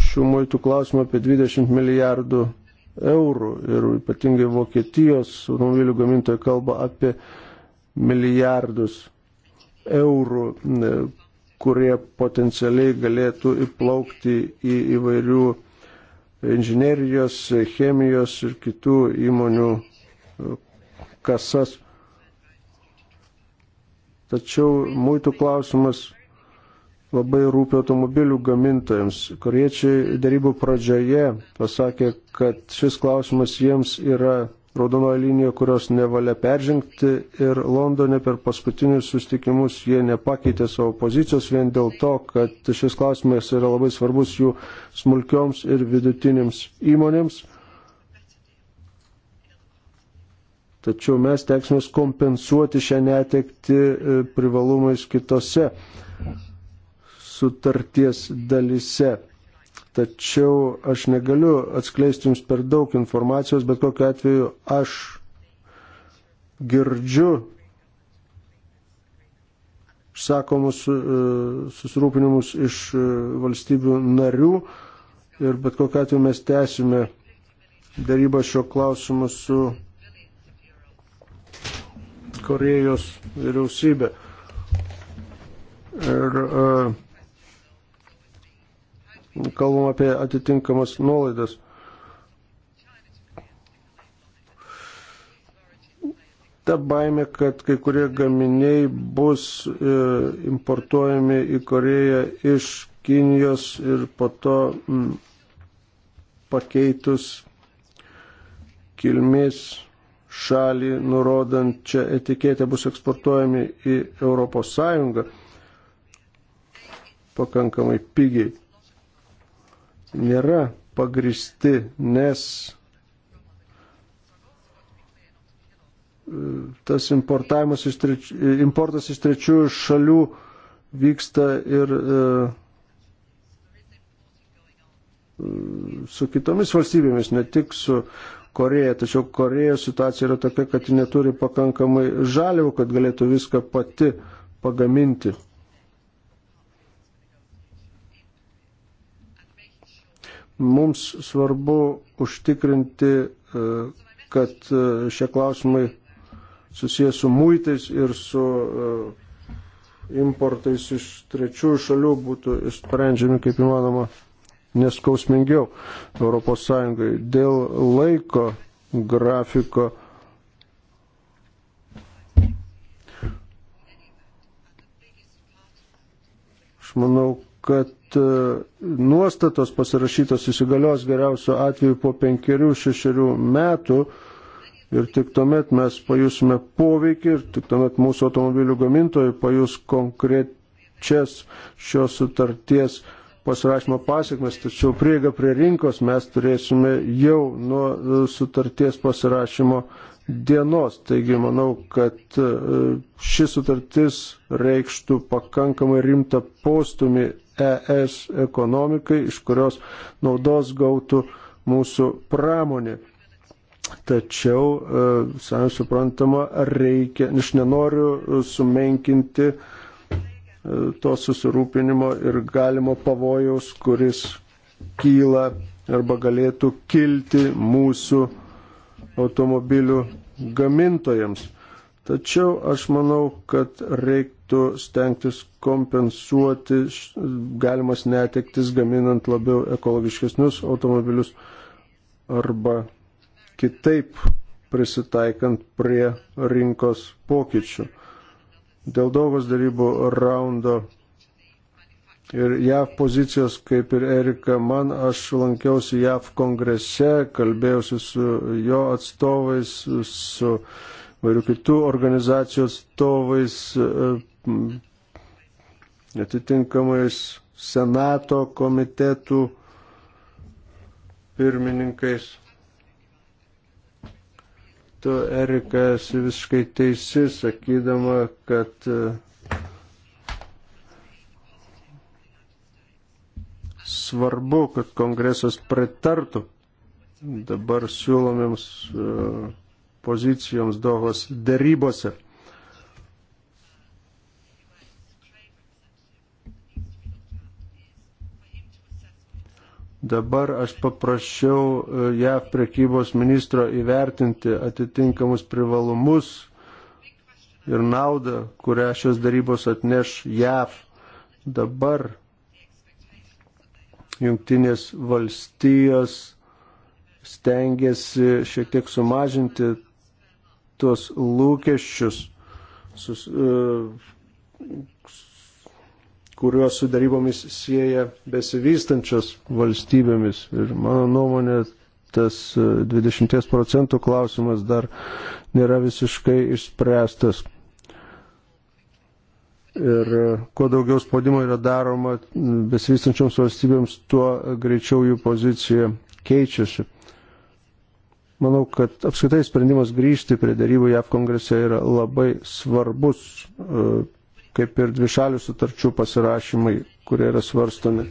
šių muitų klausimą apie 20 milijardų eurų ir ypatingai Vokietijos automobilių gamintojai kalba apie milijardus eurų, e, kurie potencialiai galėtų įplaukti į įvairių inžinerijos, chemijos ir kitų įmonių e, kasas. Tačiau muitų klausimas labai rūpi automobilių gamintojams. Koriečiai darybų pradžioje pasakė, kad šis klausimas jiems yra raudonoji linija, kurios nevalia peržengti ir Londone per paskutinius sustikimus jie nepakeitė savo pozicijos vien dėl to, kad šis klausimas yra labai svarbus jų smulkioms ir vidutinėms įmonėms. Tačiau mes teksime kompensuoti šią netekti e, privalumais kitose sutarties dalise. Tačiau aš negaliu atskleisti jums per daug informacijos, bet kokiu atveju aš girdžiu išsakomus e, susirūpinimus iš e, valstybių narių ir bet kokiu atveju mes tęsime darybą šio klausimu su Korejos vyriausybė. Ir uh, kalbam apie atitinkamas nuolaidas. Ta baime, kad kai kurie gaminiai bus e, importuojami į Koreją iš Kinijos ir po to m, pakeitus kilmės šalį nurodančią etiketę bus eksportuojami į ES pakankamai pigiai nėra pagristi, nes e, tas importavimas iš treč... E, importas iš trečiųjų šalių vyksta ir e, su kitomis valstybėmis, ne tik su Koreja. Tačiau Koreja situacija yra tokia, kad ji neturi pakankamai žaliavų, kad galėtų viską pati pagaminti. Mums svarbu užtikrinti, e, kad e, šie klausimai susijęs su muitais ir su e, importais iš trečiųjų šalių būtų išsprendžiami kaip įmanoma neskausmingiau ES. Dėl laiko grafiko Aš manau, kad E, nuostatos pasirašytos įsigalios geriausiu atveju po penkerių, šešerių metų ir tik tuomet mes pajusime poveikį ir tik tuomet mūsų automobilių gamintojai pajus konkrečias šios sutarties pasirašymo pasiekmes, tačiau prieiga prie rinkos mes turėsime jau nuo e, sutarties pasirašymo dienos. Taigi manau, kad e, ši sutartis reikštų pakankamai rimtą postumį ES ekonomikai, iš kurios naudos gautų mūsų pramonė. Tačiau, e, savai suprantama, reikia, aš nenoriu sumenkinti e, to susirūpinimo ir galimo pavojaus, kuris kyla arba galėtų kilti mūsų automobilių gamintojams. Tačiau aš manau, kad reik, metu stengtis kompensuoti galimas netektis gaminant labiau ekologiškesnius automobilius arba kitaip prisitaikant prie rinkos pokyčių. Dėl daugos darybų raundo ir JAV pozicijos, kaip ir Erika, man aš lankiausi JAV kongrese, kalbėjausi su jo atstovais, su vairių kitų organizacijų atstovais, Mm. atitinkamais senato komitetų pirmininkais. Tu, Erika, esi visiškai teisi, sakydama, kad e, svarbu, kad kongresas pritartų dabar siūlomiams e, pozicijoms Dohos darybose. Dabar aš paprašiau e, JAV prekybos ministro įvertinti atitinkamus privalumus ir naudą, kurią šios darybos atneš JAV. Dabar jungtinės valstijos stengiasi šiek tiek sumažinti tuos lūkesčius, sus, uh, kuriuos sudarybomis sieja besivystančios valstybėmis. Ir mano nuomonė, tas 20 e, procentų klausimas dar nėra visiškai išspręstas. Ir e, kuo daugiau spaudimo yra daroma besivystančioms valstybėms, tuo greičiau jų pozicija keičiasi. Manau, kad apskaitai sprendimas grįžti prie darybų JAV kongrese yra labai svarbus e, kaip ir dvišalių sutarčių pasirašymai, kurie yra svarstomi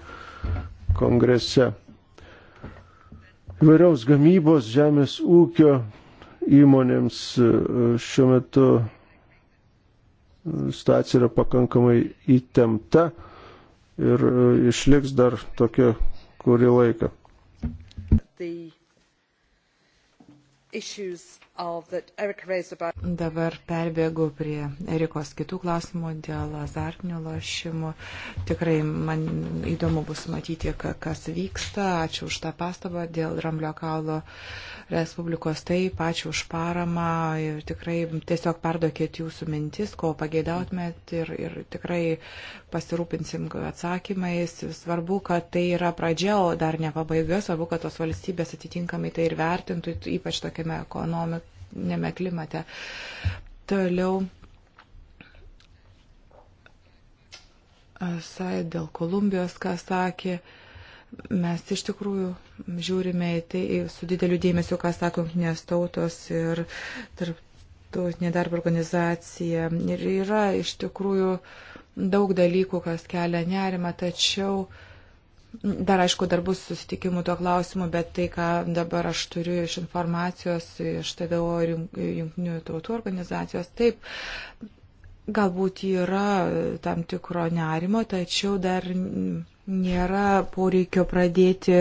kongrese. Įvairiaus gamybos žemės ūkio įmonėms e, šiuo metu e, situacija yra pakankamai įtempta ir e, išliks dar tokia kurį laiką. The issues Dabar perbėgu prie Erikos kitų klausimų dėl azartinių lošimų. Tikrai man įdomu bus matyti, kas vyksta. Ačiū už tą pastabą dėl Ramblio kaulo Respublikos. Taip, ačiū už paramą ir tikrai tiesiog perduokit jūsų mintis, ko pageidautumėt ir, ir tikrai pasirūpinsim atsakymais. Svarbu, kad tai yra pradžia, o dar ne pabaiga. Svarbu, kad tos valstybės atitinkamai tai ir vertintų, ypač tokiame ekonomikoje politinėme klimate. Toliau. Sai dėl Kolumbijos, ką sakė, mes iš tikrųjų žiūrime į tai su dideliu dėmesiu, ką sako jungtinės tautos ir tarptautinė darbo organizacija. Ir yra iš tikrųjų daug dalykų, kas kelia nerimą, tačiau uh, Dar aišku, dar bus susitikimų tuo klausimu, bet tai, ką dabar aš turiu iš informacijos, iš TDO ir Junktinių tautų organizacijos, taip, galbūt yra tam tikro nerimo, tačiau dar nėra poreikio pradėti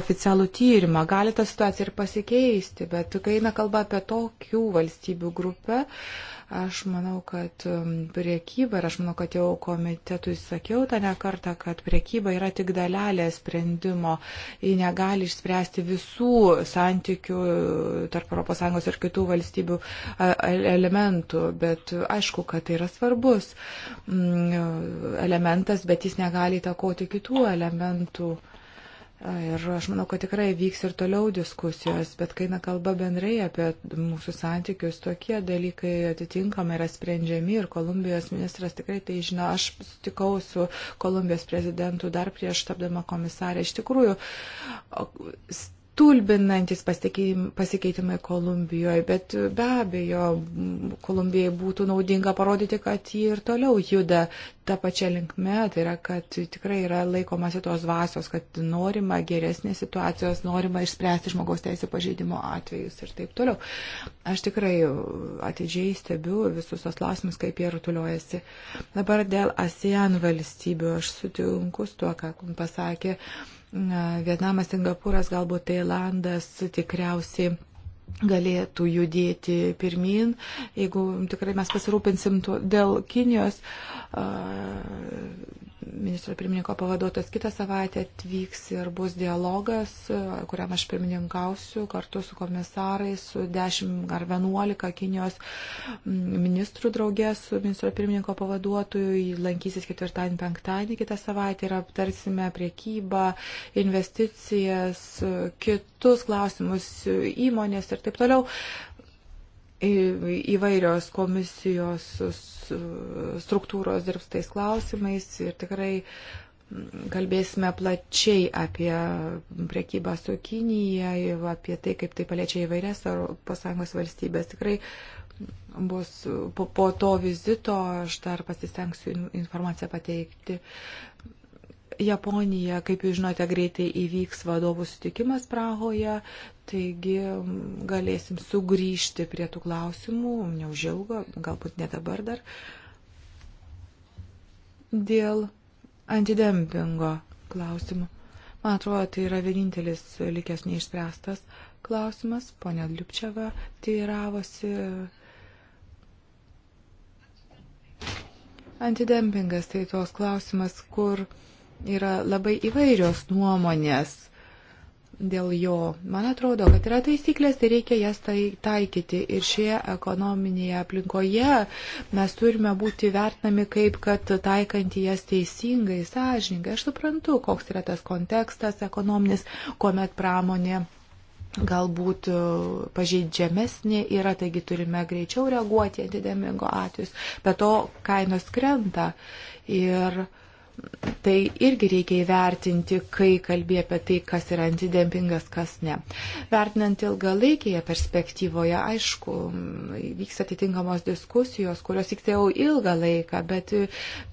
oficialų tyrimą. Gali ta situacija ir pasikeisti, bet kai eina kalba apie tokių valstybių grupę, uh, Aš manau, kad um, priekyba, ir aš manau, kad jau komitetui sakiau tą nekartą, kad priekyba yra tik dalelė sprendimo. Ji negali išspręsti visų santykių uh, tarp ES ir kitų valstybių uh, elementų, bet aišku, kad tai yra svarbus mm, uh, elementas, bet jis negali įtakoti kitų elementų. Ir aš manau, kad tikrai vyks ir toliau diskusijos, bet kai na kalba bendrai apie mūsų santykius, tokie dalykai atitinkamai yra sprendžiami ir Kolumbijos ministras tikrai tai žino. Aš sutikau su Kolumbijos prezidentu dar prieš tapdama komisarė. Iš tikrųjų, stulbinantis pasikeitimai Kolumbijoje, bet be abejo, Kolumbijai būtų naudinga parodyti, kad ji ir toliau juda tą pačią linkmę, tai yra, kad tikrai yra laikomasi tos vasios, kad norima geresnės situacijos, norima išspręsti žmogaus teisų pažeidimo atvejus ir taip toliau. Aš tikrai atidžiai stebiu visus tos klausimus, kaip jie rutuliuojasi. Dabar dėl ASEAN valstybių aš sutinku su tuo, ką pasakė Vietnamas, Singapūras, galbūt Tailandas tikriausiai galėtų judėti pirmin, jeigu tikrai mes pasirūpinsim tuo dėl Kinijos. Uh, ministro pirmininko pavaduotas kitą savaitę atvyks ir bus dialogas, kuriam aš pirmininkausiu kartu su komisarais, su 10 ar 11 Kinijos ministrų draugės, su ministro pirmininko pavaduotoju, lankysis ketvirtadienį, penktadienį kitą savaitę ir aptarsime priekybą, investicijas, kitus klausimus, įmonės ir taip toliau įvairios komisijos struktūros dirbs tais klausimais ir tikrai kalbėsime plačiai apie priekybą su Kinija, apie tai, kaip tai paliečia įvairias pasąjungos valstybės. Tikrai bus po, po to vizito, aš dar pasistengsiu informaciją pateikti. Japonija, kaip jūs žinote, greitai įvyks vadovų sutikimas Prahoje, taigi galėsim sugrįžti prie tų klausimų, neužilgo, galbūt ne dabar dar, dėl antidempingo klausimų. Man atrodo, tai yra vienintelis likęs neišspręstas klausimas. Pone Liupčiava teiravosi. Antidempingas tai tos klausimas, kur yra labai įvairios nuomonės dėl jo. Man atrodo, kad yra taisyklės ir tai reikia jas tai, taikyti. Ir šioje ekonominėje aplinkoje mes turime būti vertinami kaip, kad taikant jas teisingai, sąžiningai. Aš suprantu, koks yra tas kontekstas ekonominis, kuomet pramonė galbūt e, pažeidžiamesnė yra, taigi turime greičiau reaguoti antidemingo atvejus, bet to kainos krenta. Ir uh, Tai irgi reikia įvertinti, kai kalbė apie tai, kas yra antidempingas, kas ne. Vertinant ilgalaikėje perspektyvoje, aišku, vyks atitinkamos diskusijos, kurios vyksta jau ilgą laiką, bet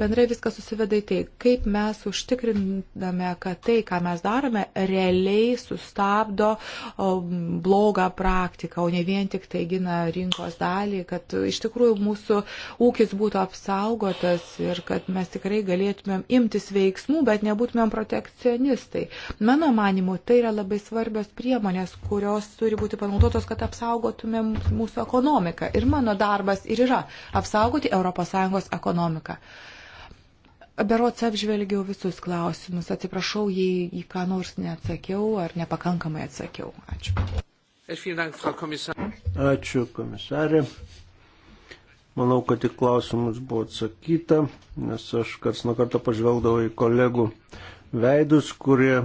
bendrai viskas susiveda į tai, kaip mes užtikrindame, kad tai, ką mes darome, realiai sustabdo blogą praktiką, o ne vien tik tai gina rinkos dalį, kad iš tikrųjų mūsų ūkis būtų apsaugotas ir kad mes tikrai galėtumėm imtis veiksmų, bet nebūtumėm protekcionistai. Mano manimu, tai yra labai svarbios priemonės, kurios turi būti panaudotos, kad apsaugotumėm mūsų ekonomiką. Ir mano darbas ir yra apsaugoti ES ekonomiką. Berots apžvelgiau visus klausimus. Atsiprašau, jei į ką nors neatsakiau ar nepakankamai atsakiau. Ačiū. Ačiū, komisarė. Manau, kad tik klausimus buvo atsakyta, nes aš karts nuo karto pažvelgdavau į kolegų veidus, kurie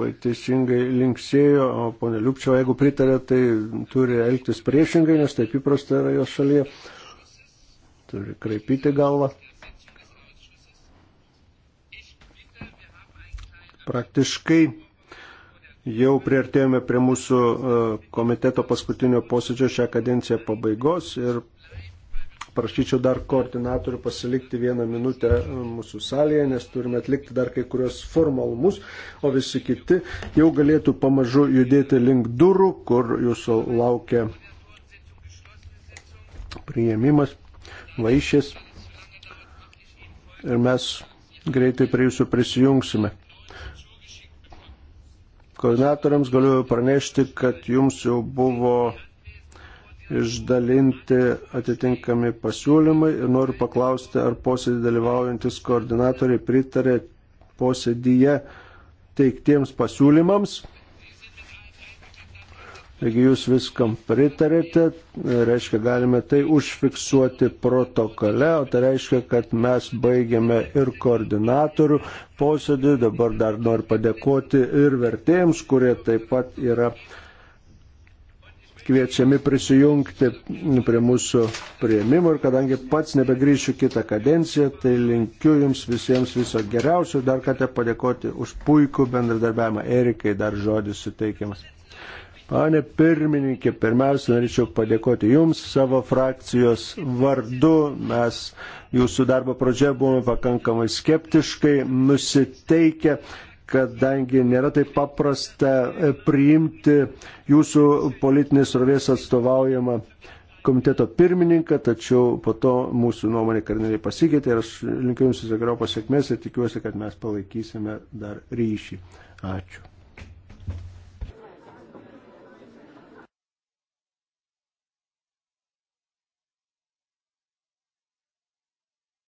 baig teisingai linksėjo, o ponė Liupčio, jeigu pritarė, tai turi elgtis priešingai, nes taip įprasta yra jos šalyje. Turi kraipyti galvą. Praktiškai jau priartėjome prie mūsų e, komiteto paskutinio posėdžio šią kadenciją pabaigos ir Prašyčiau dar koordinatorių pasilikti vieną minutę e, mūsų salėje, nes turime atlikti dar kai kurios formalumus, o visi kiti jau galėtų pamažu judėti link durų, kur jūsų laukia priėmimas, vaišės. Ir mes greitai prie jūsų prisijungsime. Koordinatoriams galiu pranešti, kad jums jau buvo išdalinti atitinkami pasiūlymai ir noriu paklausti, ar posėdį dalyvaujantis koordinatoriai pritarė posėdyje teiktiems pasiūlymams. Taigi jūs viskam pritarėte, reiškia, galime tai užfiksuoti protokole, o tai reiškia, kad mes baigiame ir koordinatorių posėdį. Dabar dar noriu padėkoti ir vertėjams, kurie taip pat yra kviečiami prisijungti prie mūsų prieimimo ir kadangi pats nebegrįšiu kitą kadenciją, tai linkiu Jums visiems viso geriausio ir dar kartą padėkoti už puikų bendradarbiavimą. Erikai dar žodis suteikiamas. Pane pirmininkė, pirmiausia, norėčiau padėkoti Jums savo frakcijos vardu. Mes Jūsų darbo pradžioje buvome pakankamai skeptiškai nusiteikę kadangi nėra taip paprasta e, priimti jūsų politinės rovės atstovaujamą komiteto pirmininką, tačiau po to mūsų nuomonė kardinaliai pasikeitė ir aš linkiu Jums visokio pasiekmės ir tikiuosi, kad mes palaikysime dar ryšį. Ačiū.